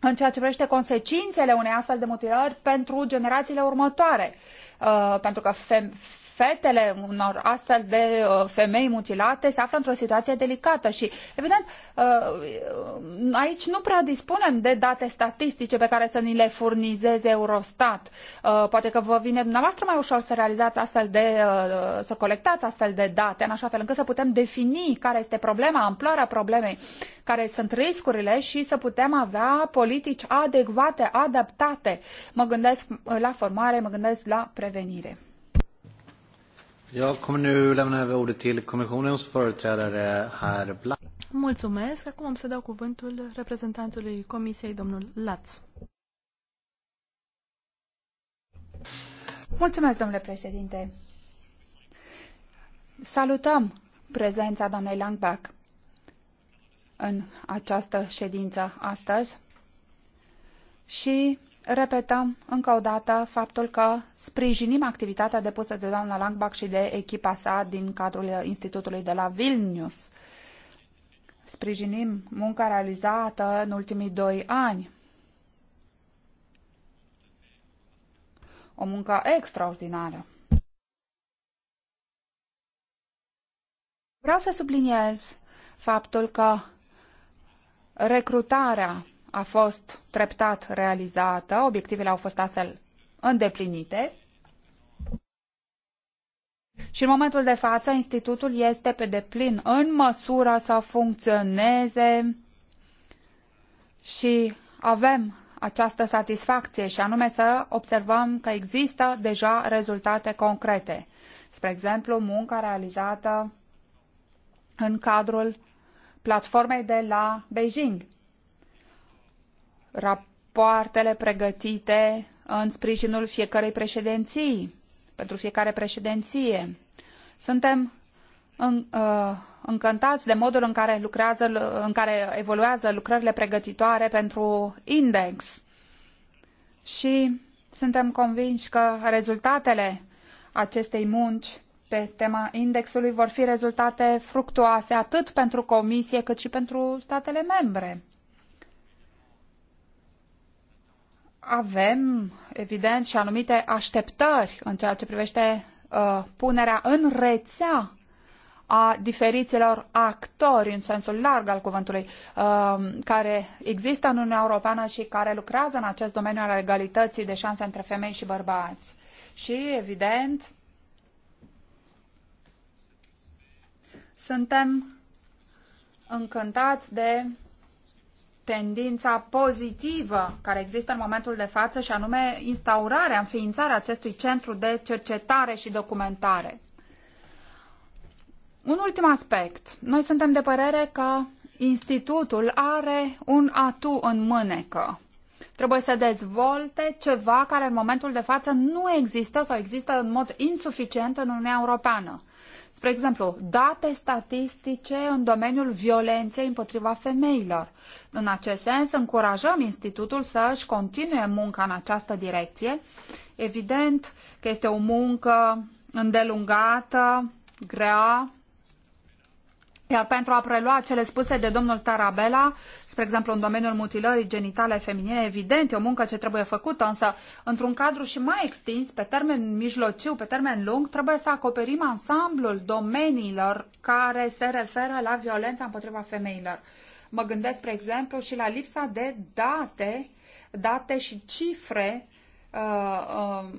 în ceea ce privește consecințele unei astfel de mutilări pentru generațiile următoare. Uh, pentru că fem fetele unor astfel de uh, femei mutilate se află într-o situație delicată și, evident, uh, aici nu prea dispunem de date statistice pe care să ni le furnizeze Eurostat. Uh, poate că vă vine dumneavoastră mai ușor să realizați astfel de, să colectați astfel de date, în așa fel încât să putem defini care este problema, amploarea problemei, care sunt riscurile și să putem avea politici adecvate, adaptate. Mă gândesc la formare, mă gândesc la prevenire. Jag kommer nu lämna över ordet till kommissionens företrädare herr Mulțumesc. Acum am să dau cuvântul reprezentantului Comisiei, domnul Latz. Mulțumesc, domnule președinte. Salutăm prezența doamnei Langback în această ședință astăzi și repetăm încă o dată faptul că sprijinim activitatea depusă de doamna Langbach și de echipa sa din cadrul Institutului de la Vilnius. Sprijinim munca realizată în ultimii doi ani. O muncă extraordinară. Vreau să subliniez faptul că recrutarea a fost treptat realizată, obiectivele au fost astfel îndeplinite și în momentul de față institutul este pe deplin în măsură să funcționeze și avem această satisfacție și anume să observăm că există deja rezultate concrete. Spre exemplu, munca realizată în cadrul platformei de la Beijing, rapoartele pregătite în sprijinul fiecărei președinții, pentru fiecare președinție. Suntem în, uh, încântați de modul în care, lucrează, în care evoluează lucrările pregătitoare pentru index și suntem convinși că rezultatele acestei munci pe tema indexului vor fi rezultate fructuoase atât pentru Comisie cât și pentru statele membre. avem, evident, și anumite așteptări în ceea ce privește uh, punerea în rețea a diferiților actori, în sensul larg al cuvântului, uh, care există în Uniunea Europeană și care lucrează în acest domeniu al egalității de șanse între femei și bărbați. Și, evident, suntem încântați de tendința pozitivă care există în momentul de față și anume instaurarea, înființarea acestui centru de cercetare și documentare. Un ultim aspect. Noi suntem de părere că institutul are un atu în mânecă. Trebuie să dezvolte ceva care în momentul de față nu există sau există în mod insuficient în Uniunea Europeană spre exemplu, date statistice în domeniul violenței împotriva femeilor. În acest sens, încurajăm institutul să își continue munca în această direcție. Evident că este o muncă îndelungată, grea, iar pentru a prelua cele spuse de domnul Tarabella, spre exemplu în domeniul mutilării genitale feminine, evident, e o muncă ce trebuie făcută, însă într-un cadru și mai extins, pe termen mijlociu, pe termen lung, trebuie să acoperim ansamblul domeniilor care se referă la violența împotriva femeilor. Mă gândesc, spre exemplu, și la lipsa de date, date și cifre, uh, um,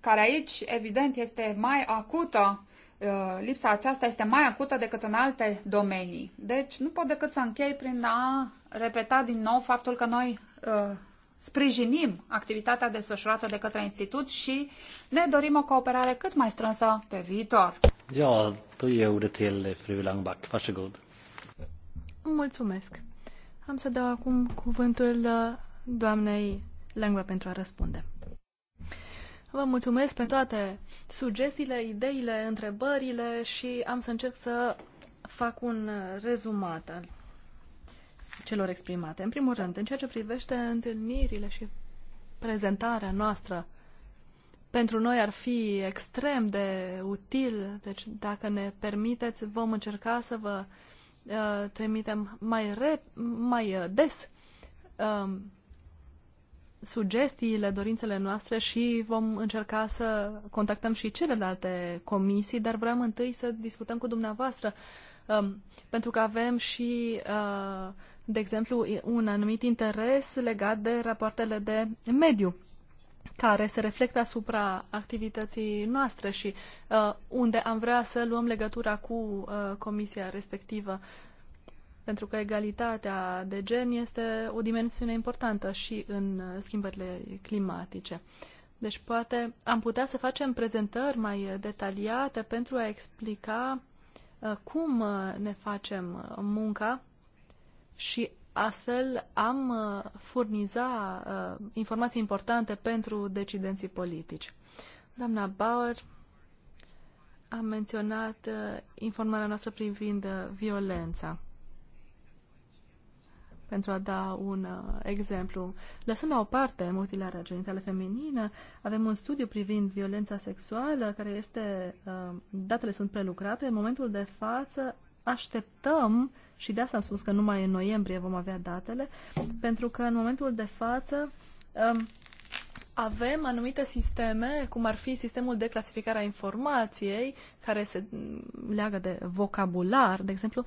care aici, evident, este mai acută Uh, lipsa aceasta este mai acută decât în alte domenii. Deci nu pot decât să închei prin a repeta din nou faptul că noi uh, sprijinim activitatea desfășurată de către institut și ne dorim o cooperare cât mai strânsă pe viitor. Ja, tu ger ordet till eh, fru Langback. Varsågod. Mulțumesc. Am să dau acum cuvântul eh, doamnei Langba pentru a răspunde. Vă mulțumesc pentru toate sugestiile, ideile, întrebările și am să încerc să fac un rezumat al celor exprimate. În primul rând, în ceea ce privește întâlnirile și prezentarea noastră, pentru noi ar fi extrem de util, deci dacă ne permiteți, vom încerca să vă uh, trimitem mai, rep- mai uh, des uh, sugestiile, dorințele noastre și vom încerca să contactăm și celelalte comisii, dar vreau întâi să discutăm cu dumneavoastră, um, pentru că avem și, uh, de exemplu, un anumit interes legat de rapoartele de mediu care se reflectă asupra activității noastre și uh, unde am vrea să luăm legătura cu uh, comisia respectivă. Uh, pentru că egalitatea de gen este o dimensiune importantă și în uh, schimbările climatice. Deci poate am putea să facem prezentări mai uh, detaliate pentru a explica uh, cum ne facem munca și astfel am furniza informații importante pentru decidenții politici. Doamna Bauer a menționat informarea noastră privind violența pentru a da un uh, exemplu. Lăsând la o parte mutilarea genitală feminină, avem un studiu privind violența sexuală, care este, uh, datele sunt prelucrate, în momentul de față așteptăm, și de asta am spus că numai în noiembrie vom avea datele, pentru că în momentul de față uh, avem anumite sisteme, cum ar fi sistemul de clasificare a informației, care se leagă de vocabular, de exemplu,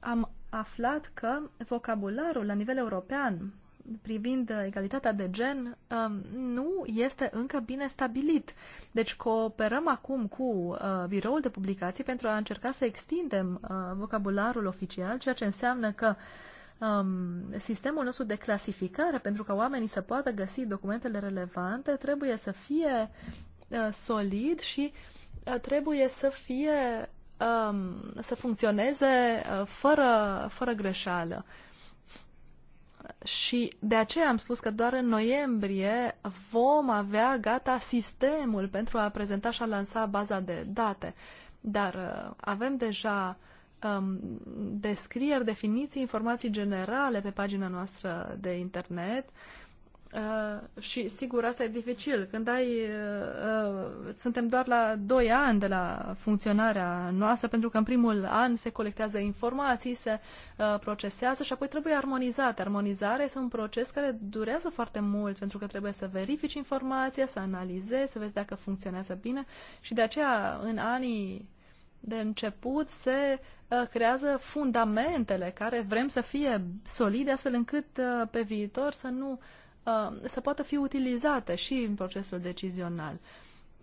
am aflat că vocabularul la nivel european privind egalitatea de gen um, nu este încă bine stabilit. Deci cooperăm acum cu uh, biroul de publicații pentru a încerca să extindem uh, vocabularul oficial, ceea ce înseamnă că um, sistemul nostru de clasificare, pentru ca oamenii să poată găsi documentele relevante, trebuie să fie uh, solid și trebuie să fie Um, să funcționeze uh, fără, fără greșeală. Și de aceea am spus că doar în noiembrie vom avea gata sistemul pentru a prezenta și a lansa baza de date. Dar uh, avem deja um, descrieri, definiții, informații generale pe pagina noastră de internet uh, Uh, și sigur, asta e dificil. Când ai, uh, uh, suntem doar la 2 ani de la funcționarea noastră, pentru că în primul an se colectează informații, se uh, procesează și apoi trebuie armonizate. Armonizarea este un proces care durează foarte mult, pentru că trebuie să verifici informația, să analizezi, să vezi dacă funcționează bine și de aceea în anii de început se uh, creează fundamentele care vrem să fie solide, astfel încât uh, pe viitor să nu uh, Uh, să poată fi utilizate și în procesul decizional.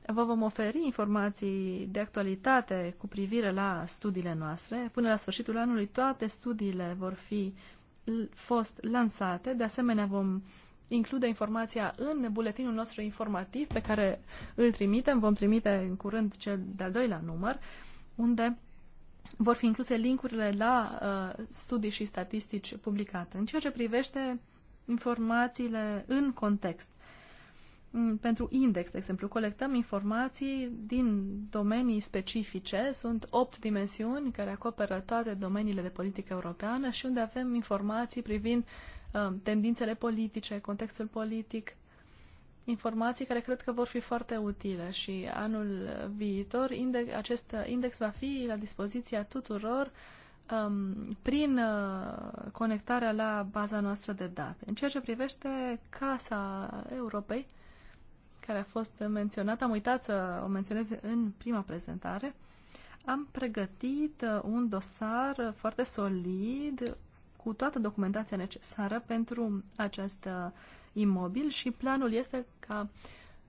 Vă vom oferi informații de actualitate cu privire la studiile noastre. Până la sfârșitul anului toate studiile vor fi fost lansate. De asemenea, vom include informația în buletinul nostru informativ pe care îl trimitem. Vom trimite în curând cel de-al doilea număr, unde vor fi incluse linkurile la uh, studii și statistici publicate. În ceea ce privește informațiile în context. Mm, Pentru index, de exemplu, colectăm informații din domenii specifice. Sunt opt dimensiuni care acoperă toate domeniile de politică europeană și unde avem informații privind uh, tendințele politice, contextul politic, informații care cred că vor fi foarte utile și anul viitor index, acest index va fi la dispoziția tuturor uh, um, prin uh, conectarea la baza noastră de date. În ceea ce privește Casa Europei, care a fost menționată, am uitat să o menționez în prima prezentare, am pregătit uh, un dosar foarte solid cu toată documentația necesară pentru acest uh, imobil și planul este ca uh,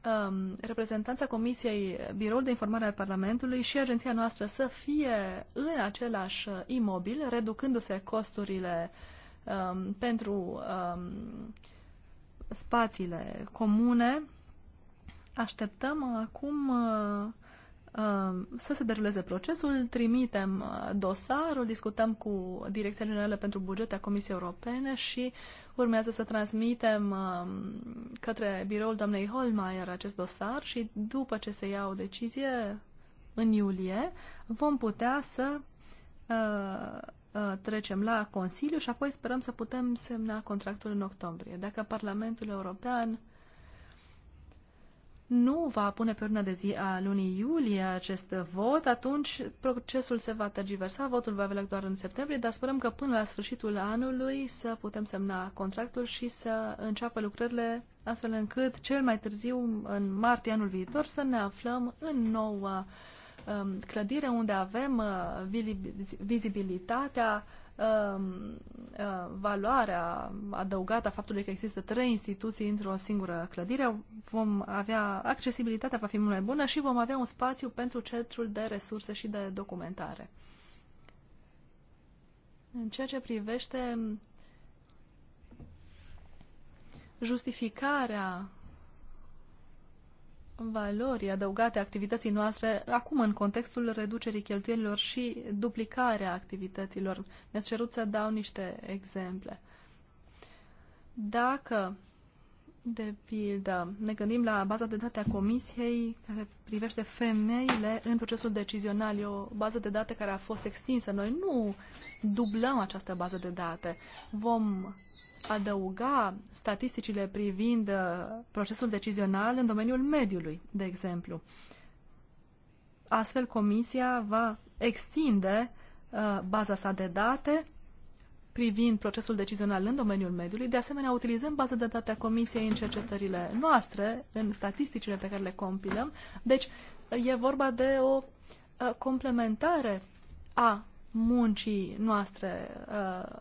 um, reprezentanța Comisiei, Biroul de Informare al Parlamentului și agenția noastră să fie în același uh, imobil, reducându-se costurile um, pentru um, spațiile comune. Așteptăm acum uh, uh să se deruleze procesul, trimitem uh, dosarul, discutăm cu Direcția Generală pentru Bugete a Comisiei Europene și Urmează să transmitem um, către biroul doamnei Holmeier acest dosar și după ce se ia o decizie în iulie, vom putea să uh, uh, trecem la Consiliu și apoi sperăm să putem semna contractul în octombrie. Dacă Parlamentul European nu va pune pe urmă de zi a lunii iulie acest vot, atunci procesul se va tergiversa, votul va avea loc doar în septembrie, dar sperăm că până la sfârșitul anului să putem semna contractul și să înceapă lucrările astfel încât cel mai târziu, în martie anul viitor, să ne aflăm în noua um, clădire unde avem uh, vizibilitatea Um, uh, valoarea adăugată a faptului că există trei instituții într-o singură clădire, vom avea, accesibilitatea va fi mult mai bună și vom avea un spațiu pentru centrul de resurse și de documentare. În ceea ce privește justificarea valori adăugate activității noastre acum în contextul reducerii cheltuielilor și duplicarea activităților. Mi-ați cerut să dau niște exemple. Dacă, de pildă, ne gândim la baza de date a Comisiei care privește femeile în procesul decizional, e o bază de date care a fost extinsă. Noi nu dublăm această bază de date. Vom adăuga statisticile privind uh, procesul decizional în domeniul mediului, de exemplu. Astfel, Comisia va extinde uh, baza sa de date privind procesul decizional în domeniul mediului. De asemenea, utilizăm baza de date a Comisiei în cercetările noastre, în statisticile pe care le compilăm. Deci, e vorba de o uh, complementare a muncii noastre,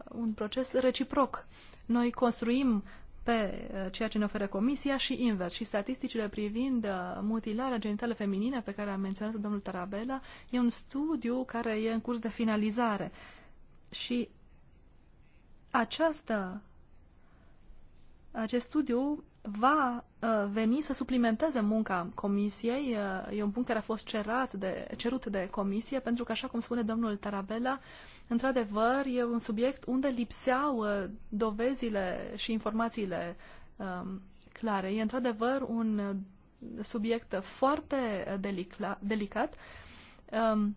un proces reciproc. Noi construim pe uh, ceea ce ne oferă Comisia și invers. Și statisticile privind uh, mutilarea genitală feminină pe care a menționat domnul Tarabela, e un studiu care e în curs de finalizare. Și această, acest studiu va uh, veni să suplimenteze munca comisiei. Uh, e un punct care a fost cerat de, cerut de comisie, pentru că, așa cum spune domnul Tarabella, într-adevăr, e un subiect unde lipseau uh, dovezile și informațiile uh, clare. E, într-adevăr, un subiect foarte delicla, delicat. Um,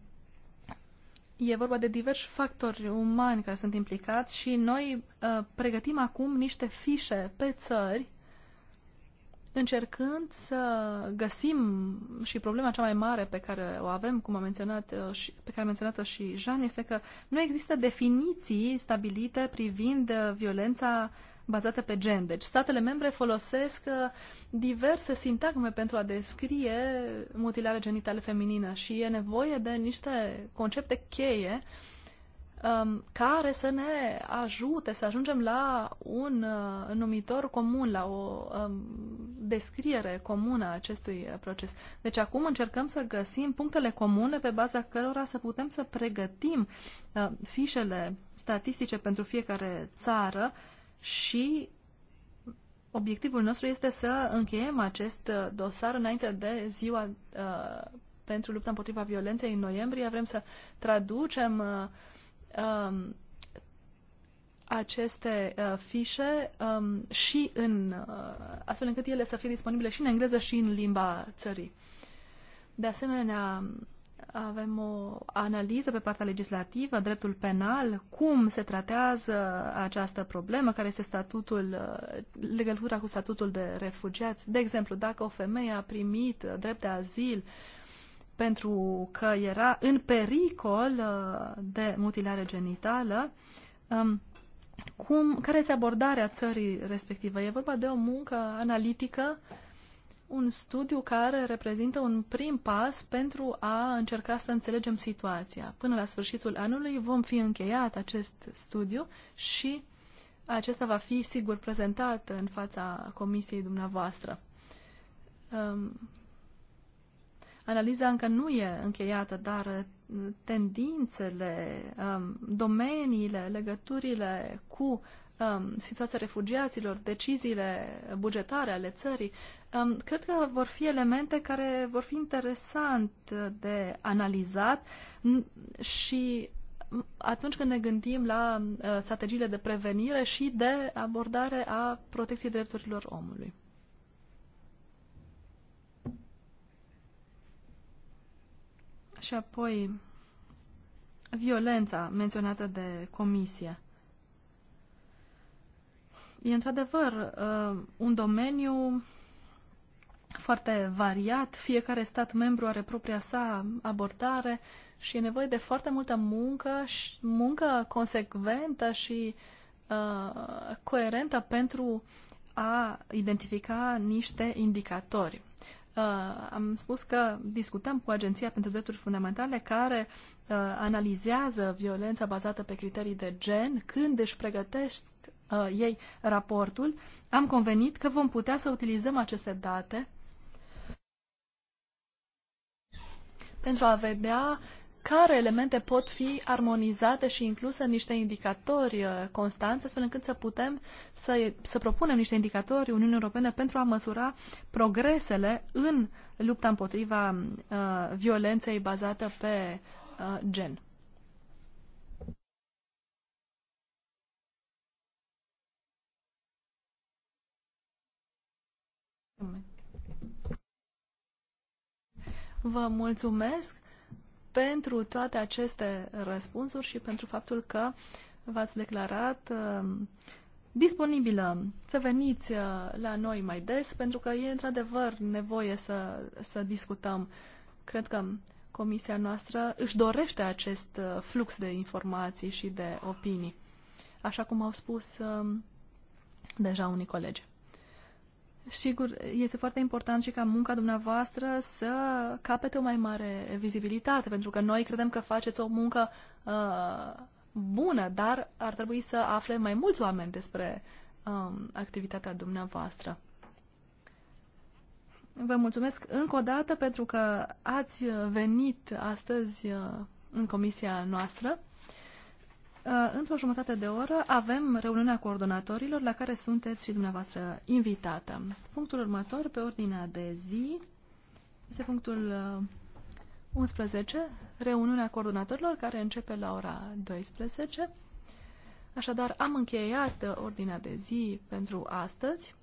E vorba de diversi factori umani care sunt implicați și noi uh, pregătim acum niște fișe pe țări încercând să găsim și problema cea mai mare pe care o avem, cum a menționat uh, și, pe care a menționat-o și Jean, este că nu există definiții stabilite privind uh, violența bazată pe gen. Deci statele membre folosesc uh, diverse sintagme pentru a descrie mutilarea genitală feminină și e nevoie de niște concepte cheie uh, Um, care să ne ajute să ajungem la un uh, numitor comun, la o um, descriere comună a acestui proces. Deci acum încercăm să găsim punctele comune pe baza cărora să putem să pregătim uh, fișele statistice pentru fiecare țară și obiectivul nostru este să încheiem acest uh, dosar înainte de ziua pentru lupta împotriva violenței în noiembrie. Vrem să traducem uh, um, aceste uh, fișe um, și în, uh, astfel încât ele să fie disponibile și în engleză și în limba țării. De asemenea, avem o analiză pe partea legislativă, dreptul penal, cum se tratează această problemă, care este statutul, uh, legătura cu statutul de refugiați. De exemplu, dacă o femeie a primit drept de azil pentru că era în pericol uh, de mutilare genitală, um, cum, care este abordarea țării respectivă? E vorba de o muncă analitică, un studiu care reprezintă un prim pas pentru a încerca să înțelegem situația. Până la sfârșitul anului vom fi încheiat acest studiu și acesta va fi sigur prezentat în fața comisiei dumneavoastră. Um, Analiza încă nu e încheiată, dar uh, tendințele, um, domeniile, legăturile cu um, situația refugiaților, deciziile bugetare ale țării, um, cred că vor fi elemente care vor fi interesant de analizat și atunci când ne gândim la uh, strategiile de prevenire și de abordare a protecției drepturilor omului. Și apoi violența menționată de comisie. E într-adevăr uh, un domeniu foarte variat, fiecare stat membru are propria sa abordare și e nevoie de foarte multă muncă și muncă consecventă și uh, coerentă pentru a identifica niște indicatori uh, am spus că discutăm cu Agenția pentru Drepturi Fundamentale care uh, analizează violența bazată pe criterii de gen când își pregătește uh, ei raportul. Am convenit că vom putea să utilizăm aceste date pentru a vedea care elemente pot fi armonizate și incluse în niște indicatori uh, constanți, astfel încât să putem să, să propunem niște indicatori Uniunii Europene pentru a măsura progresele în lupta împotriva uh, violenței bazată pe uh, gen. Vă mulțumesc! pentru toate aceste răspunsuri și pentru faptul că v-ați declarat uh, disponibilă să veniți uh, la noi mai des, pentru că e într-adevăr nevoie să, să discutăm. Cred că comisia noastră își dorește acest uh, flux de informații și de opinii, așa cum au spus deja unii colegi. Sigur, este foarte important și ca munca dumneavoastră să capete o mai mare vizibilitate, pentru că noi credem că faceți o muncă uh, bună, dar ar trebui să afle mai mulți oameni despre um, activitatea dumneavoastră. Vă mulțumesc încă o dată pentru că ați venit astăzi uh, în comisia noastră. Uh, într-o jumătate de oră avem reuniunea coordonatorilor la care sunteți și dumneavoastră invitată. Punctul următor pe ordinea de zi este punctul 11, uh, reuniunea coordonatorilor care începe la ora 12. Așadar, am încheiat uh, ordinea de zi pentru astăzi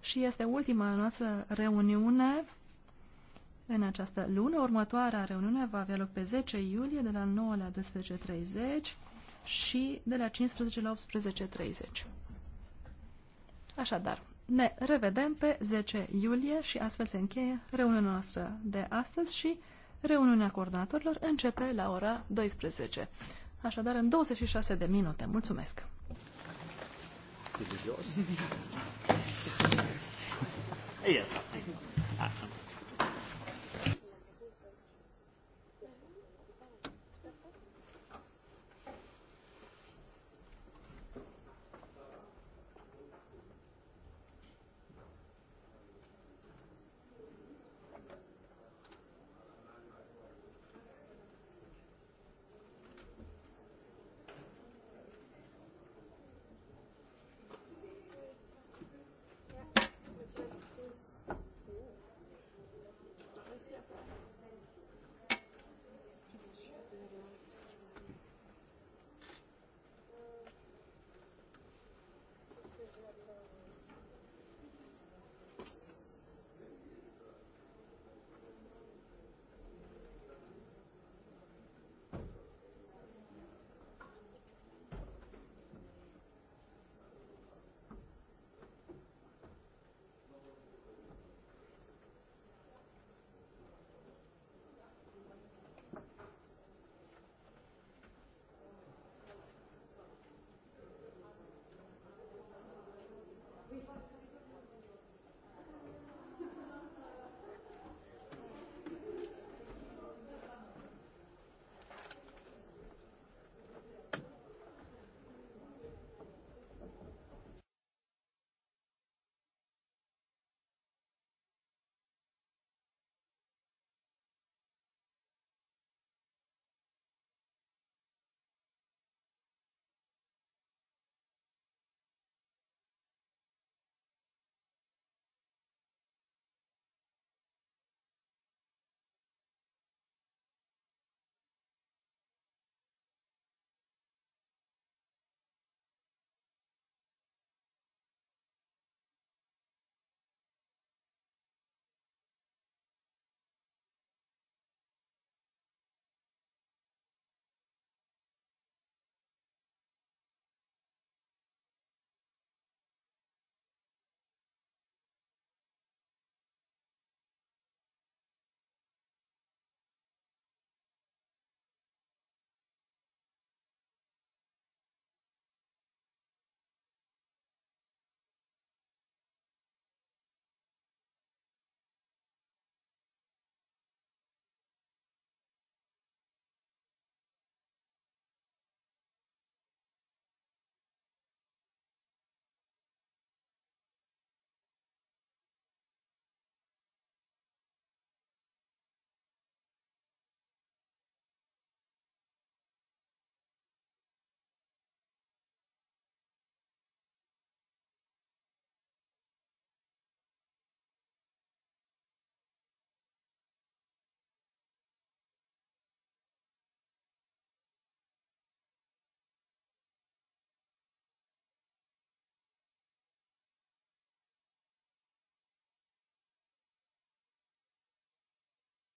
și este ultima noastră reuniune în această lună. Următoarea reuniune va avea loc pe 10 iulie de la 9 la 12.30 și de la 15 la 18.30. Așadar, ne revedem pe 10 iulie și astfel se încheie reuniunea noastră de astăzi și reuniunea coordonatorilor începe la ora 12. Așadar, în 26 de minute. Mulțumesc! Yes, I, ah, ah.